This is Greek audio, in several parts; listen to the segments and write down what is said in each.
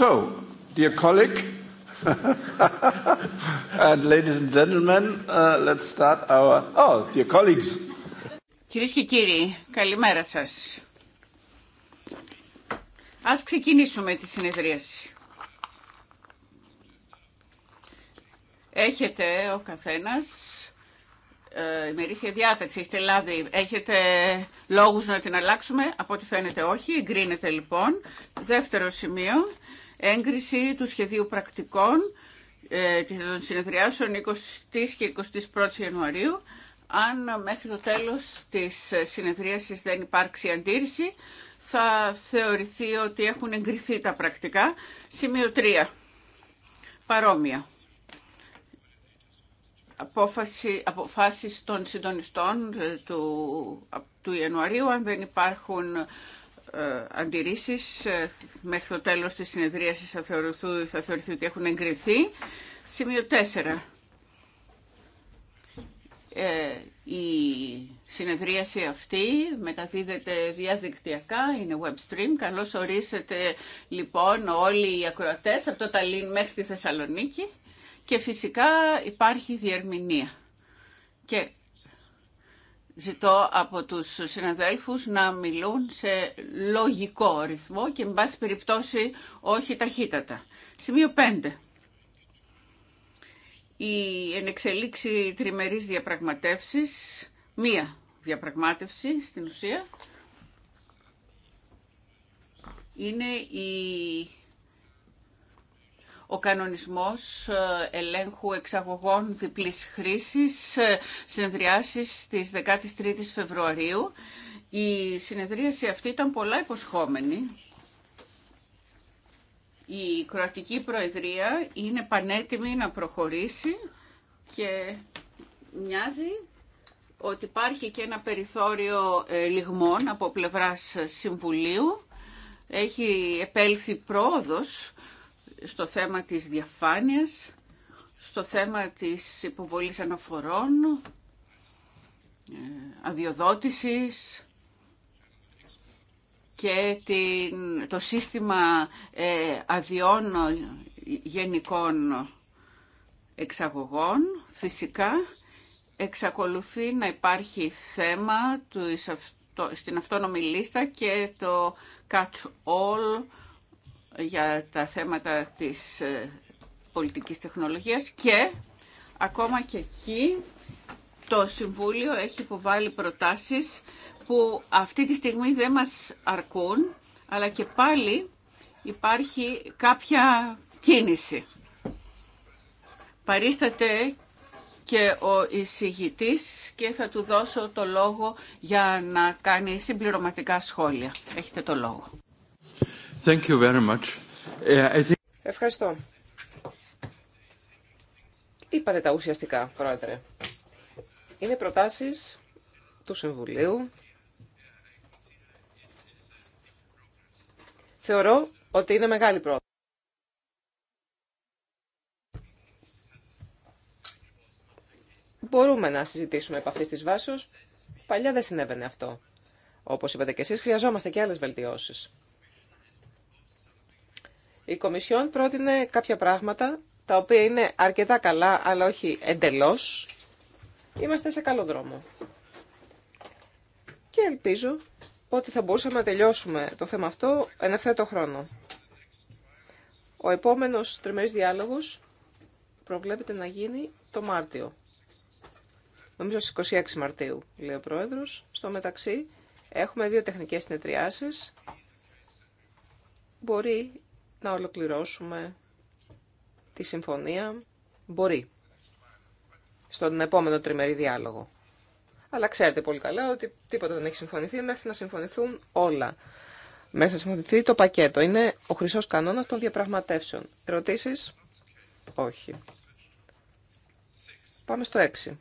So, dear colleague and ladies and gentlemen, uh, let's start our... Oh, dear colleagues. Κυρίες και κύριοι, καλημέρα σας. Ας ξεκινήσουμε τη συνεδρίαση. Έχετε ο καθένας ε, ημερήσια διάταξη, έχετε λάβει, έχετε λόγους να την αλλάξουμε, από ό,τι φαίνεται όχι, εγκρίνεται λοιπόν. Δεύτερο σημείο, έγκριση του σχεδίου πρακτικών ε, των συνεδριάσεων 20 και 21 Ιανουαρίου. Αν μέχρι το τέλος της συνεδρίασης δεν υπάρξει αντίρρηση, θα θεωρηθεί ότι έχουν εγκριθεί τα πρακτικά. Σημείο 3. Παρόμοια. Απόφαση, αποφάσεις των συντονιστών ε, του, του Ιανουαρίου, αν δεν υπάρχουν ε, αντιρρήσεις ε, μέχρι το τέλος της συνεδρίασης θα, θεωρηθού, θα θεωρηθεί ότι έχουν εγκριθεί. Σημείο 4. Ε, η συνεδρίαση αυτή μεταδίδεται διαδικτυακά, είναι web stream. Καλώς ορίσετε λοιπόν όλοι οι ακροατές από το Ταλίν μέχρι τη Θεσσαλονίκη και φυσικά υπάρχει διερμηνία. Και Ζητώ από τους συναδέλφους να μιλούν σε λογικό ρυθμό και, με πάση περιπτώσει, όχι ταχύτατα. Σημείο 5. Η ενεξελίξη τριμερής διαπραγματεύσεις, μία διαπραγμάτευση στην ουσία, είναι η ο κανονισμός ε, ελέγχου εξαγωγών διπλής χρήσης ε, συνεδριάσεις της 13 Φεβρουαρίου. Η συνεδρίαση αυτή ήταν πολλά υποσχόμενη. Η Κροατική Προεδρία είναι πανέτοιμη να προχωρήσει και μοιάζει ότι υπάρχει και ένα περιθώριο ε, λιγμών από πλευράς Συμβουλίου. Έχει επέλθει πρόοδος στο θέμα της διαφάνειας, στο θέμα της υποβολής αναφορών, ε, αδειοδότησης και το σύστημα ε, αδειών γενικών εξαγωγών. Φυσικά, εξακολουθεί να υπάρχει θέμα στην αυτόνομη λίστα και το catch-all για τα θέματα της ε, πολιτικής τεχνολογίας και ακόμα και εκεί το Συμβούλιο έχει υποβάλει προτάσεις που αυτή τη στιγμή δεν μας αρκούν, αλλά και πάλι υπάρχει κάποια κίνηση. Παρίσταται και ο εισηγητής και θα του δώσω το λόγο για να κάνει συμπληρωματικά σχόλια. Έχετε το λόγο. Thank you very much. Ευχαριστώ. Είπατε τα ουσιαστικά, Πρόεδρε. Είναι προτάσεις του Συμβουλίου. Θεωρώ ότι είναι μεγάλη πρόταση. Μπορούμε να συζητήσουμε επ' αυτής της βάσης. Παλιά δεν συνέβαινε αυτό. Όπως είπατε και εσείς, χρειαζόμαστε και άλλες βελτιώσεις. Η Κομισιόν πρότεινε κάποια πράγματα τα οποία είναι αρκετά καλά αλλά όχι εντελώς. Είμαστε σε καλό δρόμο. Και ελπίζω ότι θα μπορούσαμε να τελειώσουμε το θέμα αυτό εν ευθέτω χρόνο. Ο επόμενος τριμερής διάλογος προβλέπεται να γίνει το Μάρτιο. Νομίζω στις 26 Μαρτίου, λέει ο Πρόεδρος. Στο μεταξύ έχουμε δύο τεχνικές συνεδριάσεις. Μπορεί να ολοκληρώσουμε τη συμφωνία. Μπορεί. Στον επόμενο τριμερή διάλογο. Αλλά ξέρετε πολύ καλά ότι τίποτα δεν έχει συμφωνηθεί μέχρι να συμφωνηθούν όλα. Μέχρι να συμφωνηθεί το πακέτο. Είναι ο χρυσό κανόνα των διαπραγματεύσεων. Ερωτήσει. Όχι. Πάμε στο 6.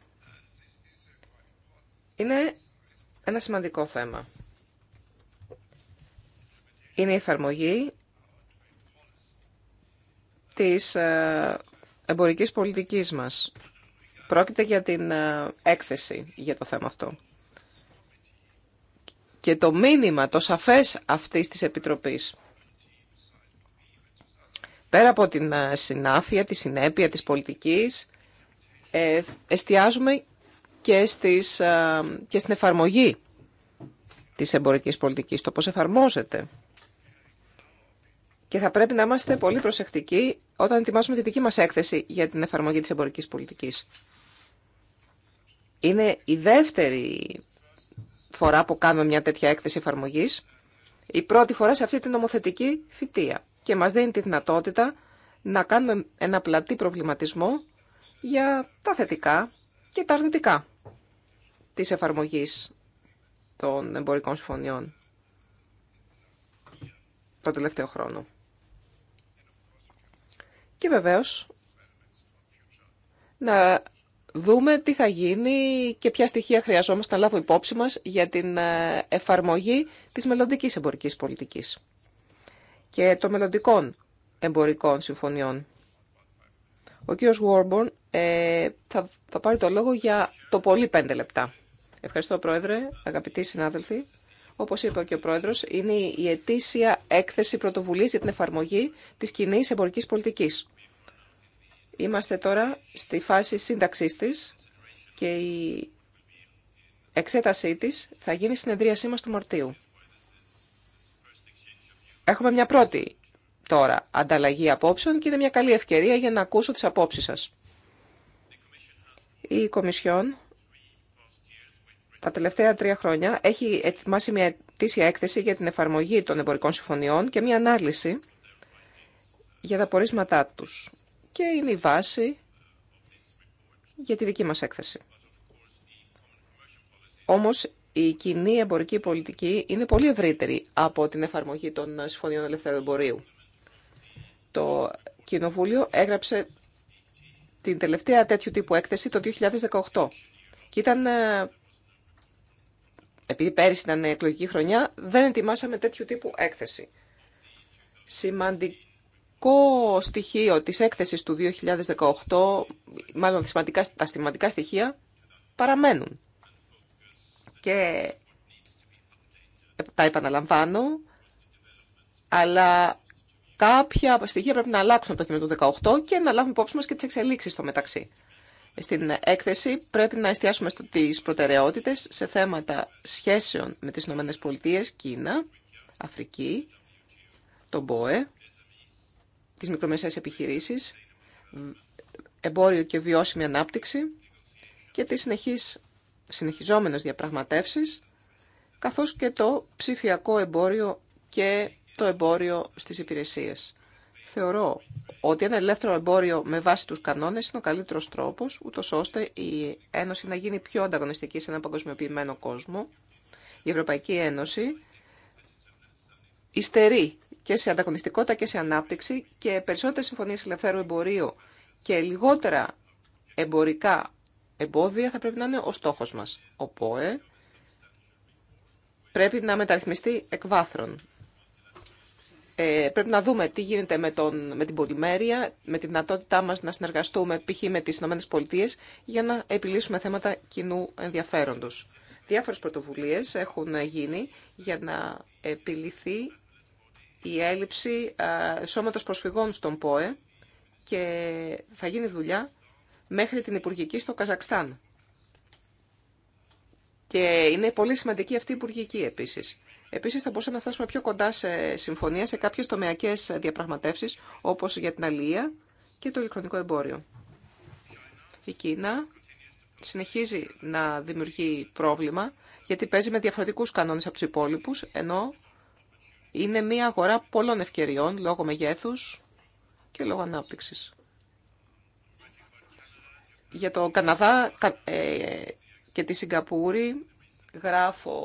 Είναι ένα σημαντικό θέμα. Είναι η εφαρμογή της ε, εμπορικής πολιτικής μας. Πρόκειται για την ε, έκθεση για το θέμα αυτό. Και το μήνυμα, το σαφές αυτής της Επιτροπής, πέρα από την ε, συνάφεια, τη συνέπεια της πολιτικής, εστιάζουμε και, στις, και στην εφαρμογή της εμπορικής πολιτικής, το πώς εφαρμόζεται και θα πρέπει να είμαστε πολύ προσεκτικοί όταν ετοιμάσουμε τη δική μας έκθεση για την εφαρμογή της εμπορικής πολιτικής. Είναι η δεύτερη φορά που κάνουμε μια τέτοια έκθεση εφαρμογής, η πρώτη φορά σε αυτή την νομοθετική θητεία και μας δίνει τη δυνατότητα να κάνουμε ένα πλατή προβληματισμό για τα θετικά και τα αρνητικά της εφαρμογής των εμπορικών συμφωνιών το τελευταίο χρόνο. Και βεβαίως να δούμε τι θα γίνει και ποια στοιχεία χρειαζόμαστε να λάβουμε υπόψη μας για την ε, εφαρμογή της μελλοντική εμπορικής πολιτικής και των μελλοντικών εμπορικών συμφωνιών. Ο κύριος Γουόρμπορν ε, θα, θα πάρει το λόγο για το πολύ πέντε λεπτά. Ευχαριστώ, Πρόεδρε, αγαπητοί συνάδελφοι. Όπως είπε και ο Πρόεδρος, είναι η ετήσια έκθεση πρωτοβουλίας για την εφαρμογή της κοινή εμπορικής πολιτικής. Είμαστε τώρα στη φάση σύνταξής της και η εξέτασή της θα γίνει στην εδριασή μας του Μαρτίου. Έχουμε μια πρώτη τώρα ανταλλαγή απόψεων και είναι μια καλή ευκαιρία για να ακούσω τις απόψεις σας. Η Κομισιόν τα τελευταία τρία χρόνια έχει ετοιμάσει μια ετήσια έκθεση για την εφαρμογή των εμπορικών συμφωνιών και μια ανάλυση για τα πορίσματά τους και είναι η βάση για τη δική μας έκθεση. Όμως η κοινή εμπορική πολιτική είναι πολύ ευρύτερη από την εφαρμογή των συμφωνιών ελευθερών εμπορίου. Το Κοινοβούλιο έγραψε την τελευταία τέτοιου τύπου έκθεση το 2018 και ήταν ε, επειδή πέρυσι ήταν εκλογική χρονιά, δεν ετοιμάσαμε τέτοιου τύπου έκθεση. Σημαντικό σημαντικό στοιχείο της έκθεσης του 2018, μάλλον σημαντικά, τα σημαντικά στοιχεία, παραμένουν. Και τα επαναλαμβάνω, αλλά κάποια στοιχεία πρέπει να αλλάξουν το κείμενο του 2018 και να λάβουμε υπόψη μας και τις εξελίξεις στο μεταξύ. Στην έκθεση πρέπει να εστιάσουμε στις προτεραιότητες σε θέματα σχέσεων με τις ΗΠΑ, Κίνα, Αφρική, τον ΠΟΕ, τις μικρομεσαίες επιχειρήσεις, εμπόριο και βιώσιμη ανάπτυξη και τις συνεχείς, συνεχιζόμενες διαπραγματεύσεις, καθώς και το ψηφιακό εμπόριο και το εμπόριο στις υπηρεσίες. Θεωρώ ότι ένα ελεύθερο εμπόριο με βάση τους κανόνες είναι ο καλύτερος τρόπος, ούτω ώστε η Ένωση να γίνει πιο ανταγωνιστική σε ένα παγκοσμιοποιημένο κόσμο. Η Ευρωπαϊκή Ένωση υστερεί και σε ανταγωνιστικότητα και σε ανάπτυξη και περισσότερες συμφωνίες ελευθέρου εμπορίου και λιγότερα εμπορικά εμπόδια θα πρέπει να είναι ο στόχος μας. Ο ΠΟΕ πρέπει να μεταρρυθμιστεί εκ βάθρων. Ε, πρέπει να δούμε τι γίνεται με, τον, με την πολυμέρεια, με τη δυνατότητά μας να συνεργαστούμε π.χ. με τις ΗΠΑ για να επιλύσουμε θέματα κοινού ενδιαφέροντος. Διάφορες πρωτοβουλίες έχουν γίνει για να επιληθεί η έλλειψη σώματος προσφυγών στον ΠΟΕ και θα γίνει δουλειά μέχρι την Υπουργική στο Καζακστάν. Και είναι πολύ σημαντική αυτή η Υπουργική επίσης. Επίσης θα μπορούσαμε να φτάσουμε πιο κοντά σε συμφωνία σε κάποιες τομεακές διαπραγματεύσεις όπως για την αλληλεία και το ηλεκτρονικό εμπόριο. Η Κίνα συνεχίζει να δημιουργεί πρόβλημα, γιατί παίζει με διαφορετικού κανόνες από του υπόλοιπου, ενώ είναι μια αγορά πολλών ευκαιριών λόγω μεγέθους και λόγω ανάπτυξης. Για το Καναδά ε, και τη Σιγκαπούρη γράφω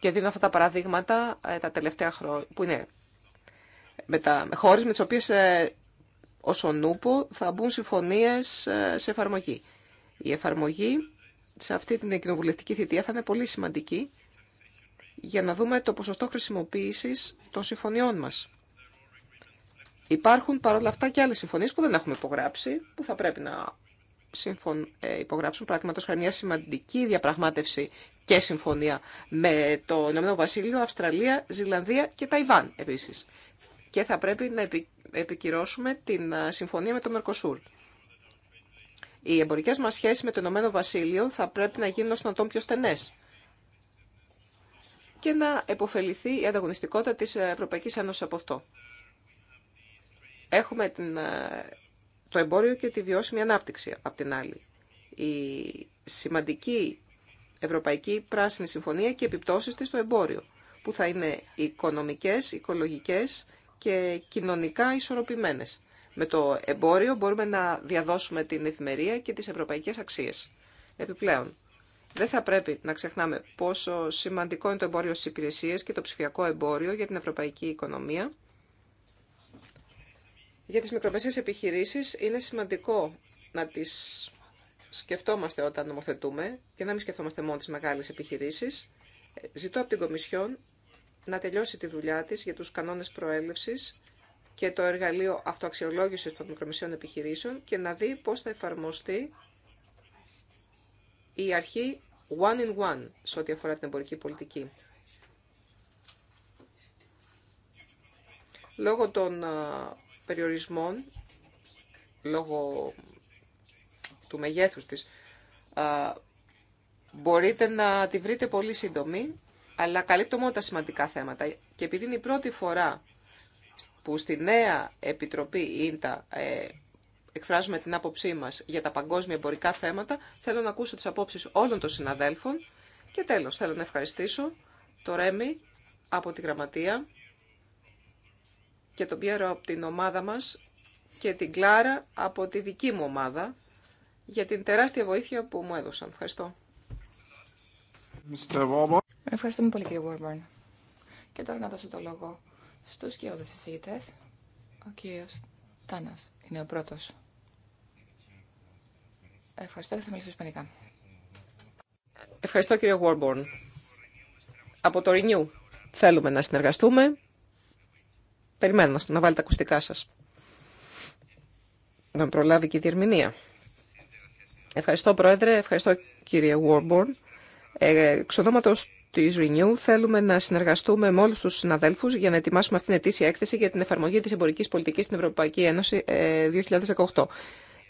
και δίνω αυτά τα παραδείγματα ε, τα τελευταία χρόνια, που είναι με, τα, με χώρες με τις οποίες ε, ως ο θα μπουν συμφωνίες σε εφαρμογή. Η εφαρμογή σε αυτή την κοινοβουλευτική θητεία θα είναι πολύ σημαντική για να δούμε το ποσοστό χρησιμοποίησης των συμφωνιών μας. Υπάρχουν παρόλα αυτά και άλλες συμφωνίες που δεν έχουμε υπογράψει, που θα πρέπει να ε, υπογράψουν πράγματος χάρη μια σημαντική διαπραγμάτευση και συμφωνία με το Ηνωμένο Βασίλειο, Αυστραλία, Ζηλανδία και Ταϊβάν επίσης. Και θα πρέπει να επικυρώσουμε την ε, συμφωνία με το Μερκοσούρ. Οι εμπορικές μας σχέσεις με το Ηνωμένο Βασίλειο θα πρέπει να γίνουν ως να τον πιο στενές και να επωφεληθεί η ανταγωνιστικότητα της Ευρωπαϊκής Ένωσης από αυτό. Έχουμε την, ε, το εμπόριο και τη βιώσιμη ανάπτυξη από την άλλη. Η σημαντική Ευρωπαϊκή Πράσινη Συμφωνία και επιπτώσεις της στο εμπόριο, που θα είναι οικονομικές, οικολογικές και κοινωνικά ισορροπημένες. Με το εμπόριο μπορούμε να διαδώσουμε την ευημερία και τις ευρωπαϊκές αξίες. Επιπλέον, δεν θα πρέπει να ξεχνάμε πόσο σημαντικό είναι το εμπόριο στις υπηρεσίες και το ψηφιακό εμπόριο για την ευρωπαϊκή οικονομία. Για τις μικρομεσαίες επιχειρήσεις είναι σημαντικό να τις σκεφτόμαστε όταν νομοθετούμε και να μην σκεφτόμαστε μόνο τις μεγάλες επιχειρήσεις. Ζητώ από την Κομισιόν να τελειώσει τη δουλειά της για τους κανόνες προέλευσης και το εργαλείο αυτοαξιολόγησης των μικρομεσαίων επιχειρήσεων και να δει πώς θα εφαρμοστεί η αρχή one in one σε ό,τι αφορά την εμπορική πολιτική. Λόγω των περιορισμών, λόγω του μεγέθους της, μπορείτε να τη βρείτε πολύ σύντομη, αλλά καλύπτω μόνο τα σημαντικά θέματα. Και επειδή είναι η πρώτη φορά που στη νέα Επιτροπή ΙΝΤΑ ε, εκφράζουμε την άποψή μας για τα παγκόσμια εμπορικά θέματα. Θέλω να ακούσω τις απόψεις όλων των συναδέλφων. Και τέλος, θέλω να ευχαριστήσω το Ρέμι από τη Γραμματεία και τον Πιέρο από την ομάδα μας και την Κλάρα από τη δική μου ομάδα για την τεράστια βοήθεια που μου έδωσαν. Ευχαριστώ. Ευχαριστούμε πολύ κύριε Βόρμπαρν. Και τώρα να δώσω το λόγο στους και Ο κύριος Τάνας είναι ο πρώτος. Ευχαριστώ και θα μιλήσω ισπανικά. Ευχαριστώ κύριε Warborn. Από το Renew θέλουμε να συνεργαστούμε. Περιμένουμε να βάλετε τα ακουστικά σας. Να προλάβει και η διερμηνία. Ευχαριστώ Πρόεδρε, ευχαριστώ κύριε Warborn. Ε, εξ ονόματος της Renew θέλουμε να συνεργαστούμε με όλου του συναδέλφου για να ετοιμάσουμε αυτήν την ετήσια έκθεση για την εφαρμογή της εμπορικής πολιτικής στην Ευρωπαϊκή Ένωση 2018. Ε,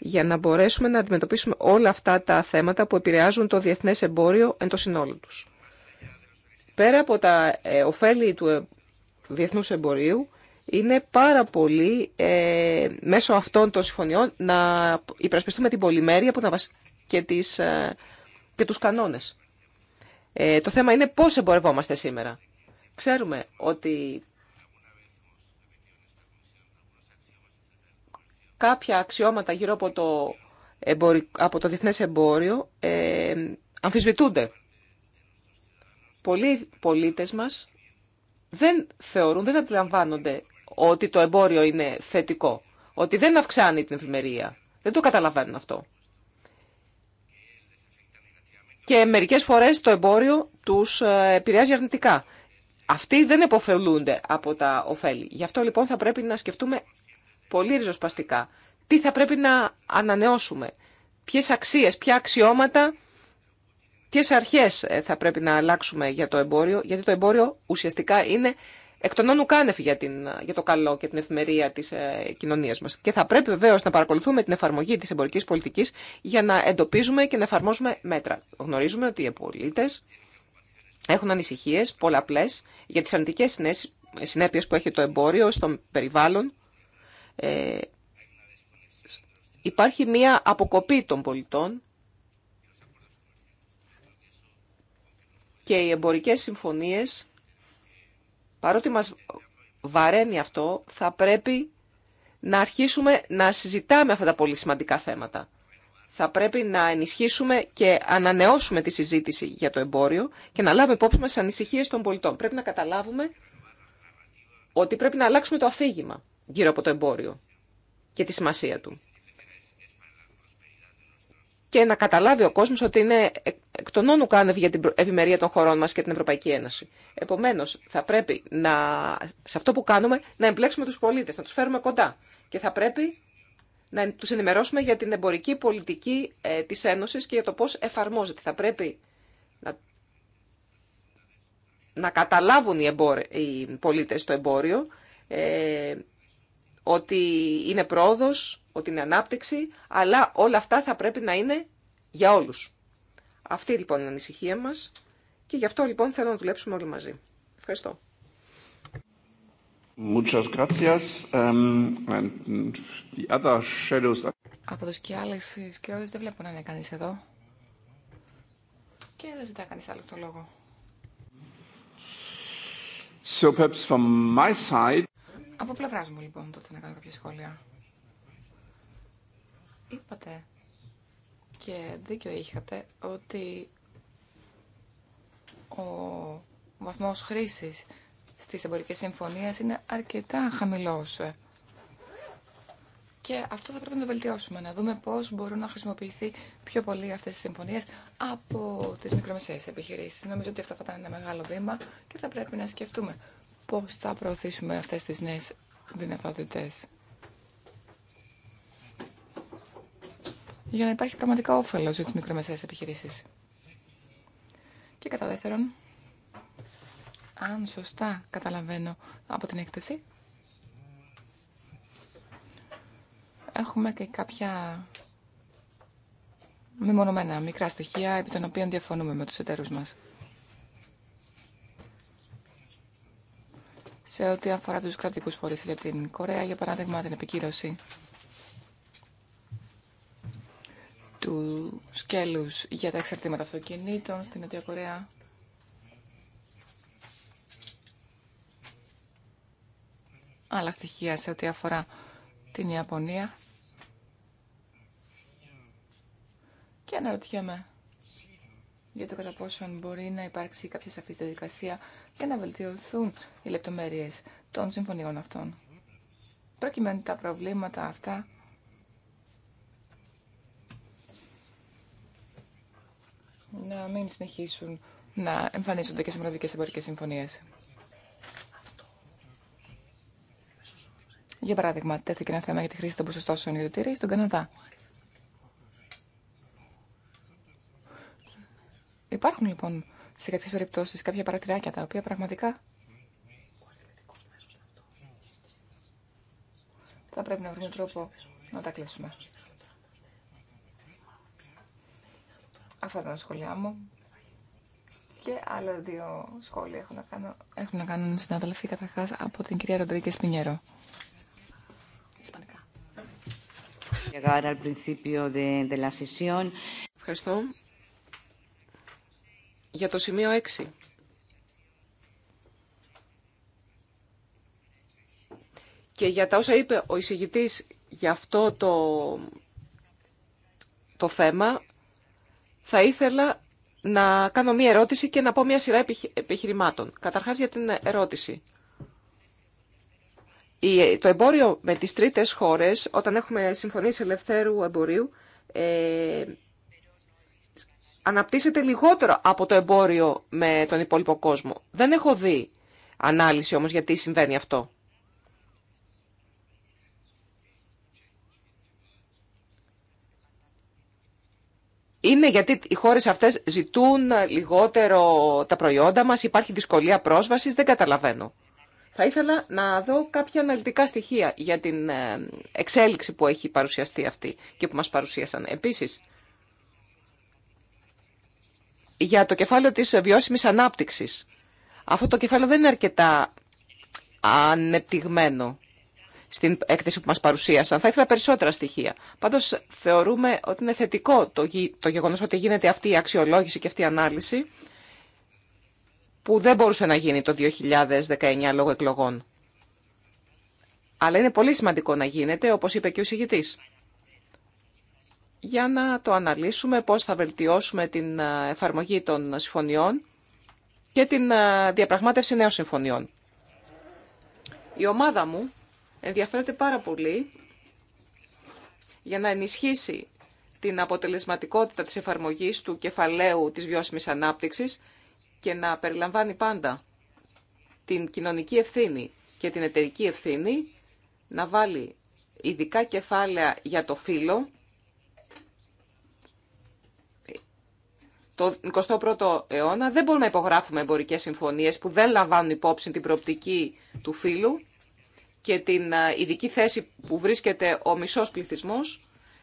για να μπορέσουμε να αντιμετωπίσουμε όλα αυτά τα θέματα που επηρεάζουν το διεθνές εμπόριο εν το συνόλου τους. Πέρα από τα ε, ωφέλη του ε, διεθνούς εμπορίου, είναι πάρα πολύ ε, μέσω αυτών των συμφωνιών να υπερασπιστούμε την πολυμέρεια και, τις, ε, και τους κανόνες. Ε, το θέμα είναι πώς εμπορευόμαστε σήμερα. Ξέρουμε ότι κάποια αξιώματα γύρω από το, εμπορι... από το διεθνές εμπόριο ε, αμφισβητούνται. Πολλοί πολίτες μας δεν θεωρούν, δεν αντιλαμβάνονται ότι το εμπόριο είναι θετικό, ότι δεν αυξάνει την ευημερία. Δεν το καταλαβαίνουν αυτό. Και μερικές φορές το εμπόριο τους ε, επηρεάζει αρνητικά. Αυτοί δεν επωφελούνται από τα ωφέλη. Γι' αυτό λοιπόν θα πρέπει να σκεφτούμε πολύ ριζοσπαστικά. Τι θα πρέπει να ανανεώσουμε, ποιες αξίες, ποια αξιώματα, ποιες αρχές ε, θα πρέπει να αλλάξουμε για το εμπόριο, γιατί το εμπόριο ουσιαστικά είναι εκ των όνου κάνευ για, την, για το καλό και την ευημερία της ε, κοινωνίας μας. Και θα πρέπει βεβαίω να παρακολουθούμε την εφαρμογή της εμπορικής πολιτικής για να εντοπίζουμε και να εφαρμόζουμε μέτρα. Γνωρίζουμε ότι οι πολίτε έχουν ανησυχίες πολλαπλές για τις αρνητικές συνέπειες που έχει το εμπόριο στο περιβάλλον, ε, υπάρχει μία αποκοπή των πολιτών και οι εμπορικές συμφωνίες, παρότι μας βαραίνει αυτό, θα πρέπει να αρχίσουμε να συζητάμε αυτά τα πολύ σημαντικά θέματα. Θα πρέπει να ενισχύσουμε και ανανεώσουμε τη συζήτηση για το εμπόριο και να λάβουμε υπόψη μας ανησυχίες των πολιτών. Πρέπει να καταλάβουμε ότι πρέπει να αλλάξουμε το αφήγημα γύρω από το εμπόριο και τη σημασία του. Και να καταλάβει ο κόσμος ότι είναι εκ των όνου κάνευ για την ευημερία των χωρών μας και την Ευρωπαϊκή Ένωση. Επομένως, θα πρέπει να, σε αυτό που κάνουμε να εμπλέξουμε τους πολίτες, να τους φέρουμε κοντά. Και θα πρέπει να τους ενημερώσουμε για την εμπορική πολιτική ε, της Ένωσης και για το πώς εφαρμόζεται. Θα πρέπει να, να καταλάβουν οι, πολίτε οι πολίτες το εμπόριο, ε, ότι είναι πρόοδος, ότι είναι ανάπτυξη, αλλά όλα αυτά θα πρέπει να είναι για όλους. Αυτή λοιπόν είναι η ανησυχία μας και γι' αυτό λοιπόν θέλω να δουλέψουμε όλοι μαζί. Ευχαριστώ. Muchas gracias. And the other shadows... Από τους και άλλες δεν βλέπω να είναι κανείς εδώ. Και δεν ζητά κανείς άλλο το λόγο. So perhaps from my side... Από πλευράς μου λοιπόν τότε να κάνω κάποια σχόλια. Είπατε και δίκιο είχατε ότι ο βαθμός χρήσης στις εμπορικές συμφωνίες είναι αρκετά χαμηλός. Και αυτό θα πρέπει να το βελτιώσουμε, να δούμε πώς μπορούν να χρησιμοποιηθεί πιο πολύ αυτές οι συμφωνίες από τις μικρομεσαίες επιχειρήσεις. Νομίζω ότι αυτό θα ήταν ένα μεγάλο βήμα και θα πρέπει να σκεφτούμε πώς θα προωθήσουμε αυτές τις νέες δυνατότητες. Για να υπάρχει πραγματικά όφελος για τις μικρομεσαίες επιχειρήσεις. Και κατά δεύτερον, αν σωστά καταλαβαίνω από την έκθεση, έχουμε και κάποια μεμονωμένα μικρά στοιχεία επί των οποίων διαφωνούμε με τους εταίρους μας. σε ό,τι αφορά τους κρατικούς φορείς για την Κορέα, για παράδειγμα την επικύρωση του σκέλους για τα εξαρτήματα αυτοκινήτων στην Νότια Κορέα. Άλλα στοιχεία σε ό,τι αφορά την Ιαπωνία. Και αναρωτιέμαι για το κατά πόσον μπορεί να υπάρξει κάποια σαφής διαδικασία για να βελτιωθούν οι λεπτομέρειες των συμφωνιών αυτών. Προκειμένου τα προβλήματα αυτά να μην συνεχίσουν να εμφανίζονται και σε εμπορικές συμφωνίες. Για παράδειγμα, τέθηκε ένα θέμα για τη χρήση των ποσοστώσεων ιδιωτήρη στον Καναδά. Υπάρχουν λοιπόν σε κάποιες περιπτώσει κάποια παρατηράκια τα οποία πραγματικά θα πρέπει να βρούμε τρόπο να τα κλείσουμε. Αυτά ήταν τα σχόλιά μου. Και άλλα δύο σχόλια έχουν να κάνουν, έχουν να κάνουν συναδελφοί καταρχά από την κυρία Ροντρίκη Σπινιέρο. Ευχαριστώ. Για το σημείο 6. Και για τα όσα είπε ο εισηγητής για αυτό το, το θέμα, θα ήθελα να κάνω μία ερώτηση και να πω μία σειρά επιχειρημάτων. Καταρχάς για την ερώτηση. Το εμπόριο με τις τρίτες χώρες, όταν έχουμε συμφωνήσει ελευθέρου εμπορίου, ε, αναπτύσσεται λιγότερο από το εμπόριο με τον υπόλοιπο κόσμο. Δεν έχω δει ανάλυση όμως γιατί συμβαίνει αυτό. Είναι γιατί οι χώρες αυτές ζητούν λιγότερο τα προϊόντα μας, υπάρχει δυσκολία πρόσβασης, δεν καταλαβαίνω. Θα ήθελα να δω κάποια αναλυτικά στοιχεία για την ε, εξέλιξη που έχει παρουσιαστεί αυτή και που μας παρουσίασαν. Επίσης, για το κεφάλαιο της βιώσιμης ανάπτυξης. Αυτό το κεφάλαιο δεν είναι αρκετά ανεπτυγμένο στην έκθεση που μας παρουσίασαν. Θα ήθελα περισσότερα στοιχεία. Πάντως θεωρούμε ότι είναι θετικό το, το γεγονός ότι γίνεται αυτή η αξιολόγηση και αυτή η ανάλυση που δεν μπορούσε να γίνει το 2019 λόγω εκλογών. Αλλά είναι πολύ σημαντικό να γίνεται, όπως είπε και ο συγητής για να το αναλύσουμε πώς θα βελτιώσουμε την ε, εφαρμογή των συμφωνιών και την ε, διαπραγμάτευση νέων συμφωνιών. Η ομάδα μου ενδιαφέρεται πάρα πολύ για να ενισχύσει την αποτελεσματικότητα της εφαρμογής του κεφαλαίου της βιώσιμης ανάπτυξης και να περιλαμβάνει πάντα την κοινωνική ευθύνη και την εταιρική ευθύνη, να βάλει ειδικά κεφάλαια για το φύλλο το 21ο αιώνα δεν μπορούμε να υπογράφουμε εμπορικέ συμφωνίε που δεν λαμβάνουν υπόψη την προοπτική του φύλου και την ειδική θέση που βρίσκεται ο μισός πληθυσμό.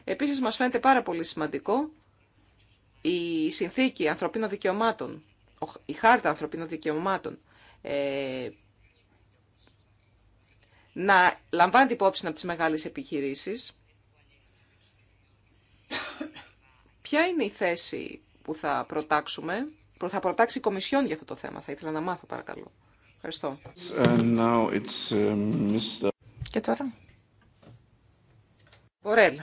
Επίσης μας φαίνεται πάρα πολύ σημαντικό η συνθήκη ανθρωπίνων δικαιωμάτων, η χάρτα ανθρωπίνων δικαιωμάτων ε, να λαμβάνει υπόψη από τις μεγάλες επιχειρήσεις. Ποια είναι η θέση που θα προτάξουμε, θα προτάξει η Κομισιόν για αυτό το θέμα. Θα ήθελα να μάθω παρακαλώ. Ευχαριστώ. Uh, και τώρα. Μπορέλ.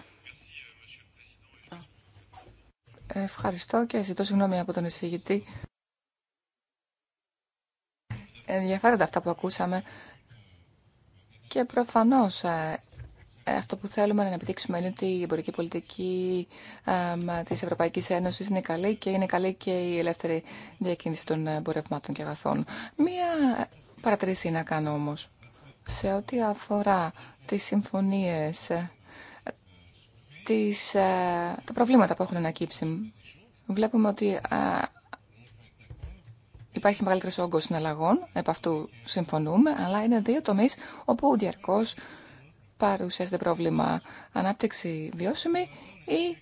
Ευχαριστώ και ζητώ συγγνώμη από τον εισηγητή. Ενδιαφέροντα αυτά που ακούσαμε. Και προφανώς ε, ε, αυτό που θέλουμε να επιτύξουμε είναι ότι η εμπορική πολιτική τη της Ευρωπαϊκής είναι καλή και είναι καλή και η ελεύθερη διακίνηση των εμπορευμάτων και αγαθών. Μία παρατηρήση να κάνω όμως. Σε ό,τι αφορά τις συμφωνίες, ε, ε, τα προβλήματα που έχουν ανακύψει, βλέπουμε ότι υπάρχει μεγαλύτερο όγκο συναλλαγών, επ' αυτού συμφωνούμε, αλλά είναι δύο τομεί όπου διαρκώ παρουσιάζεται πρόβλημα ανάπτυξη βιώσιμη ή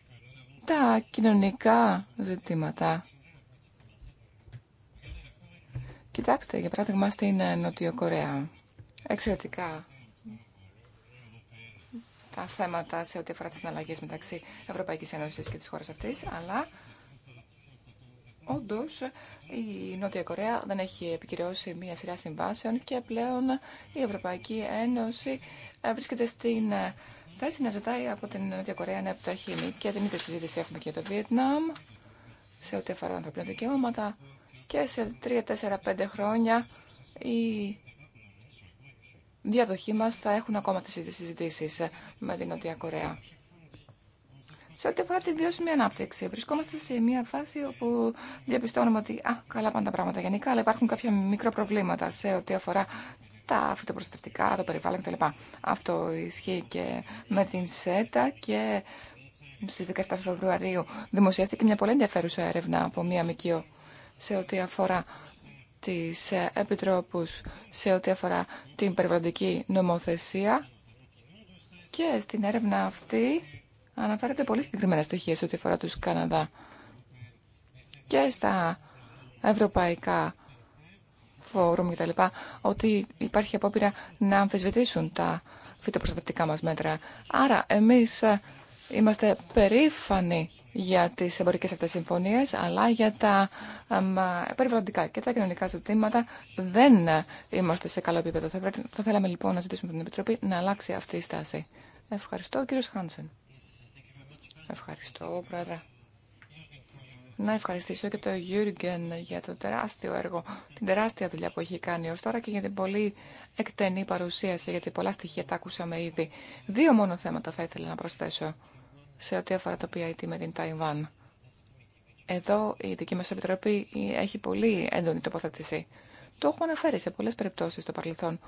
τα κοινωνικά ζητήματα. Κοιτάξτε, για παράδειγμα, στην Νότιο Κορέα. Εξαιρετικά τα θέματα σε ό,τι αφορά τις συναλλαγές μεταξύ Ευρωπαϊκής Ένωσης και της χώρας αυτής, αλλά Όντω, η Νότια Κορέα δεν έχει επικυρώσει μία σειρά συμβάσεων και πλέον η Ευρωπαϊκή Ένωση ε, βρίσκεται στην ε, θέση να ζητάει από την Νότια Κορέα να επιταχύνει και την ίδια συζήτηση έχουμε και το Βιετνάμ σε ό,τι αφορά τα ανθρωπίνα δικαιώματα και σε 3-4-5 χρόνια οι διαδοχή μα θα έχουν ακόμα τι ίδιε συζητήσει ε, με την Νότια Κορέα. Σε ό,τι αφορά τη βιώσιμη ανάπτυξη, βρισκόμαστε σε μια φάση όπου διαπιστώνουμε ότι α, καλά πάνε τα πράγματα γενικά, αλλά υπάρχουν κάποια προβλήματα σε ό,τι αφορά τα φυτοπροστατευτικά, το περιβάλλον κτλ. Αυτό ισχύει και με την ΣΕΤΑ και στις 17 Φεβρουαρίου δημοσιεύτηκε μια πολύ ενδιαφέρουσα έρευνα από μία ΜΚΙΟ σε ό,τι αφορά τι ε, επιτρόπους, σε ό,τι αφορά την περιβαλλοντική νομοθεσία και στην έρευνα αυτή αναφέρεται πολύ συγκεκριμένα στοιχεία σε ό,τι αφορά του Καναδά και στα ευρωπαϊκά φόρουμ κτλ. ότι υπάρχει απόπειρα να αμφισβητήσουν τα φυτοπροστατευτικά μας μέτρα. Άρα εμείς ε, είμαστε περήφανοι για τις εμπορικές αυτές συμφωνίες, αλλά για τα περιβαλλοντικά και τα κοινωνικά ζητήματα δεν είμαστε σε καλό επίπεδο. Θα, θέλαμε λοιπόν να ζητήσουμε την Επιτροπή να αλλάξει αυτή η στάση. Ευχαριστώ, κύριος Χάνσεν. Ευχαριστώ, Πρόεδρε να ευχαριστήσω και το Γιούργεν για το τεράστιο έργο, την τεράστια δουλειά που έχει κάνει ως τώρα και για την πολύ εκτενή παρουσίαση, γιατί πολλά στοιχεία τα ακούσαμε ήδη. Δύο μόνο θέματα θα ήθελα να προσθέσω σε ό,τι αφορά το PIT με την Ταϊβάν. Εδώ η δική μας επιτροπή έχει πολύ έντονη τοποθέτηση. Το έχουμε αναφέρει σε πολλές περιπτώσεις στο παρελθόν.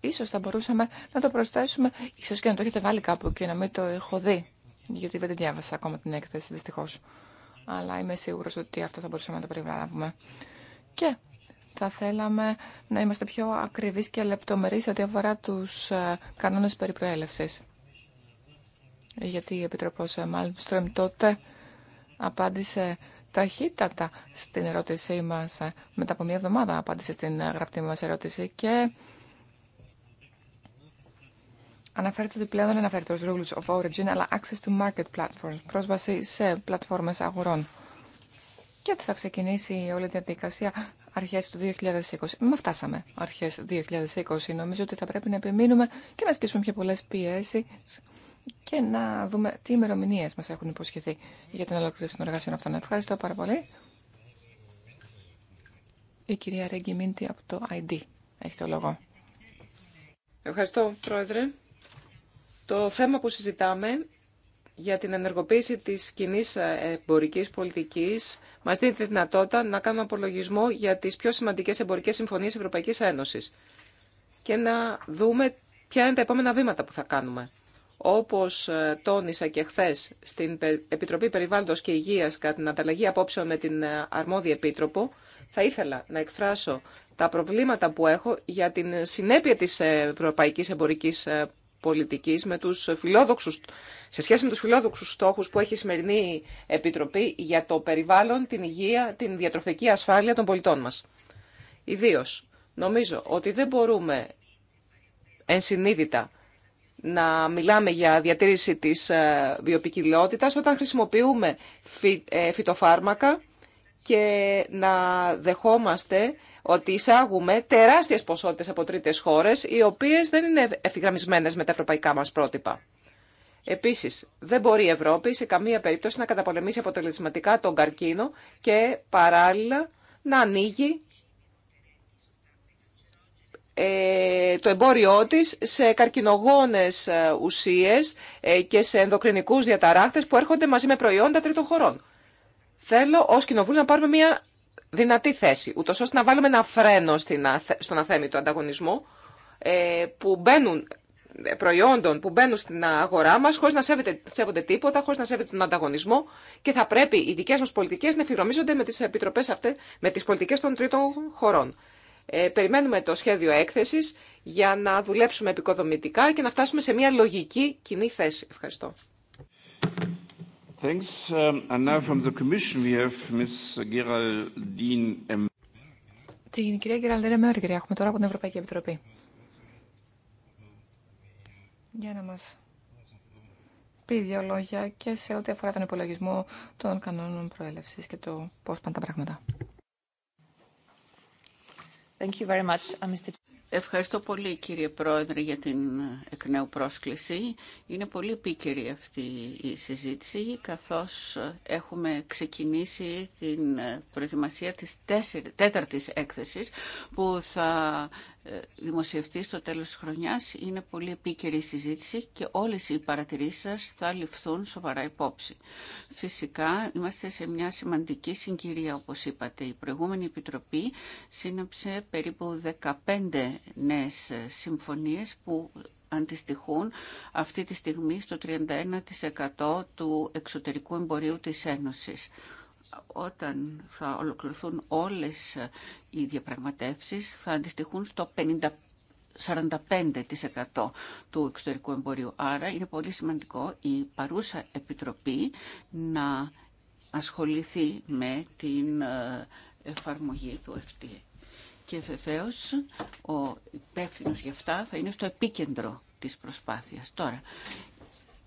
Ίσως θα μπορούσαμε να το προσθέσουμε, ίσως και να το έχετε βάλει κάπου και να μην το έχω δει, γιατί δεν διάβασα ακόμα την έκθεση δυστυχώς αλλά είμαι σίγουρο ότι αυτό θα μπορούσαμε να το περιγράφουμε. Και θα θέλαμε να είμαστε πιο ακριβείς και λεπτομερείς ό,τι αφορά τους ε, κανόνες περί Γιατί η Επιτροπός ε, Μάλμστρεμ τότε απάντησε ταχύτατα στην ερώτησή μας. Ε, μετά από μια εβδομάδα απάντησε στην γραπτή μας ερώτηση και Αναφέρεται ότι πλέον δεν αναφέρεται ως rules of origin, αλλά access to market platforms, πρόσβαση σε πλατφόρμες αγορών. Και ότι θα ξεκινήσει όλη η διαδικασία αρχές του 2020. Με φτάσαμε αρχές 2020. Νομίζω ότι θα πρέπει να επιμείνουμε και να ασκήσουμε πιο πολλές πιέσεις και να δούμε τι ημερομηνίε μας έχουν υποσχεθεί για την ολοκλήρωση των εργασιών αυτών. Ευχαριστώ πάρα πολύ. Η κυρία Ρέγκη Μίντι από το ID έχει το λόγο. Ευχαριστώ, Πρόεδρε. Το θέμα που συζητάμε για την ενεργοποίηση της κοινή εμπορικής πολιτικής μας δίνει τη δυνατότητα να κάνουμε απολογισμό για τις πιο σημαντικές εμπορικές συμφωνίες Ευρωπαϊκής Ένωσης και να δούμε ποια είναι τα επόμενα βήματα που θα κάνουμε. Όπως ε, τόνισα και χθε στην Επιτροπή Περιβάλλοντος και Υγείας κατά την ανταλλαγή απόψεων με την ε, αρμόδια Επίτροπο, θα ήθελα να εκφράσω τα προβλήματα που έχω για την συνέπεια της ε, ευρωπαϊκής εμπορικής πολιτικής με τους φιλόδοξους, σε σχέση με τους φιλόδοξους στόχους που έχει η σημερινή Επιτροπή για το περιβάλλον, την υγεία, την διατροφική ασφάλεια των πολιτών μας. Ιδίω, νομίζω ότι δεν μπορούμε ενσυνείδητα να μιλάμε για διατήρηση της ε, βιοπικιλότητας όταν χρησιμοποιούμε ε, φυτοφάρμακα και να δεχόμαστε ότι εισάγουμε τεράστιες ποσότητες από τρίτε χώρες, οι οποίες δεν είναι ευθυγραμμισμένε με τα ευρωπαϊκά μας πρότυπα. Επίση, δεν μπορεί η Ευρώπη σε καμία περίπτωση να καταπολεμήσει αποτελεσματικά τον καρκίνο και παράλληλα να ανοίγει ε, το εμπόριό της σε καρκινογόνες ε, ουσίες ε, και σε ενδοκρινικούς διαταράκτες που έρχονται μαζί με προϊόντα τρίτων χωρών. Θέλω ως Κοινοβούλιο να πάρουμε μια δυνατή θέση, ούτως ώστε να βάλουμε ένα φρένο στην, στον αθέμητο ανταγωνισμό ε, που μπαίνουν ε, προϊόντων που μπαίνουν στην αγορά μας χωρίς να σέβεται, σέβονται τίποτα, χωρίς να σέβεται τον ανταγωνισμό και θα πρέπει οι δικές μας πολιτικές να εφηγρομίζονται με τις επιτροπές αυτές, με τις πολιτικές των τρίτων χωρών. Ε, περιμένουμε το σχέδιο έκθεσης για να δουλέψουμε επικοδομητικά και να φτάσουμε σε μια λογική κοινή θέση. Ευχαριστώ. Thanks. Um, and now from the Commission Την κυρία Γεραλντίν Μέργκερ έχουμε τώρα από την Ευρωπαϊκή Επιτροπή. Για να μας πει δύο λόγια και σε ό,τι αφορά τον υπολογισμό των κανόνων προέλευσης και το πώς πάνε τα πράγματα. Uh, Ευχαριστώ πολύ κύριε Πρόεδρε για την εκ νέου πρόσκληση. Είναι πολύ επίκαιρη αυτή η συζήτηση καθώς έχουμε ξεκινήσει την προετοιμασία της τέταρτης έκθεσης που θα δημοσιευτεί στο τέλος της χρονιάς. Είναι πολύ επίκαιρη η συζήτηση και όλες οι παρατηρήσεις σας θα ληφθούν σοβαρά υπόψη. Φυσικά είμαστε σε μια σημαντική συγκυρία όπως είπατε. Η προηγούμενη Επιτροπή σύναψε περίπου 15 νέες συμφωνίες που αντιστοιχούν αυτή τη στιγμή στο 31% του εξωτερικού εμπορίου της Ένωσης όταν θα ολοκληρωθούν όλες οι διαπραγματεύσεις θα αντιστοιχούν στο 50, 45% του εξωτερικού εμπορίου. Άρα είναι πολύ σημαντικό η παρούσα Επιτροπή να ασχοληθεί με την ε, εφαρμογή του FTA. Και βεβαίω ο υπεύθυνο για αυτά θα είναι στο επίκεντρο της προσπάθειας. Τώρα,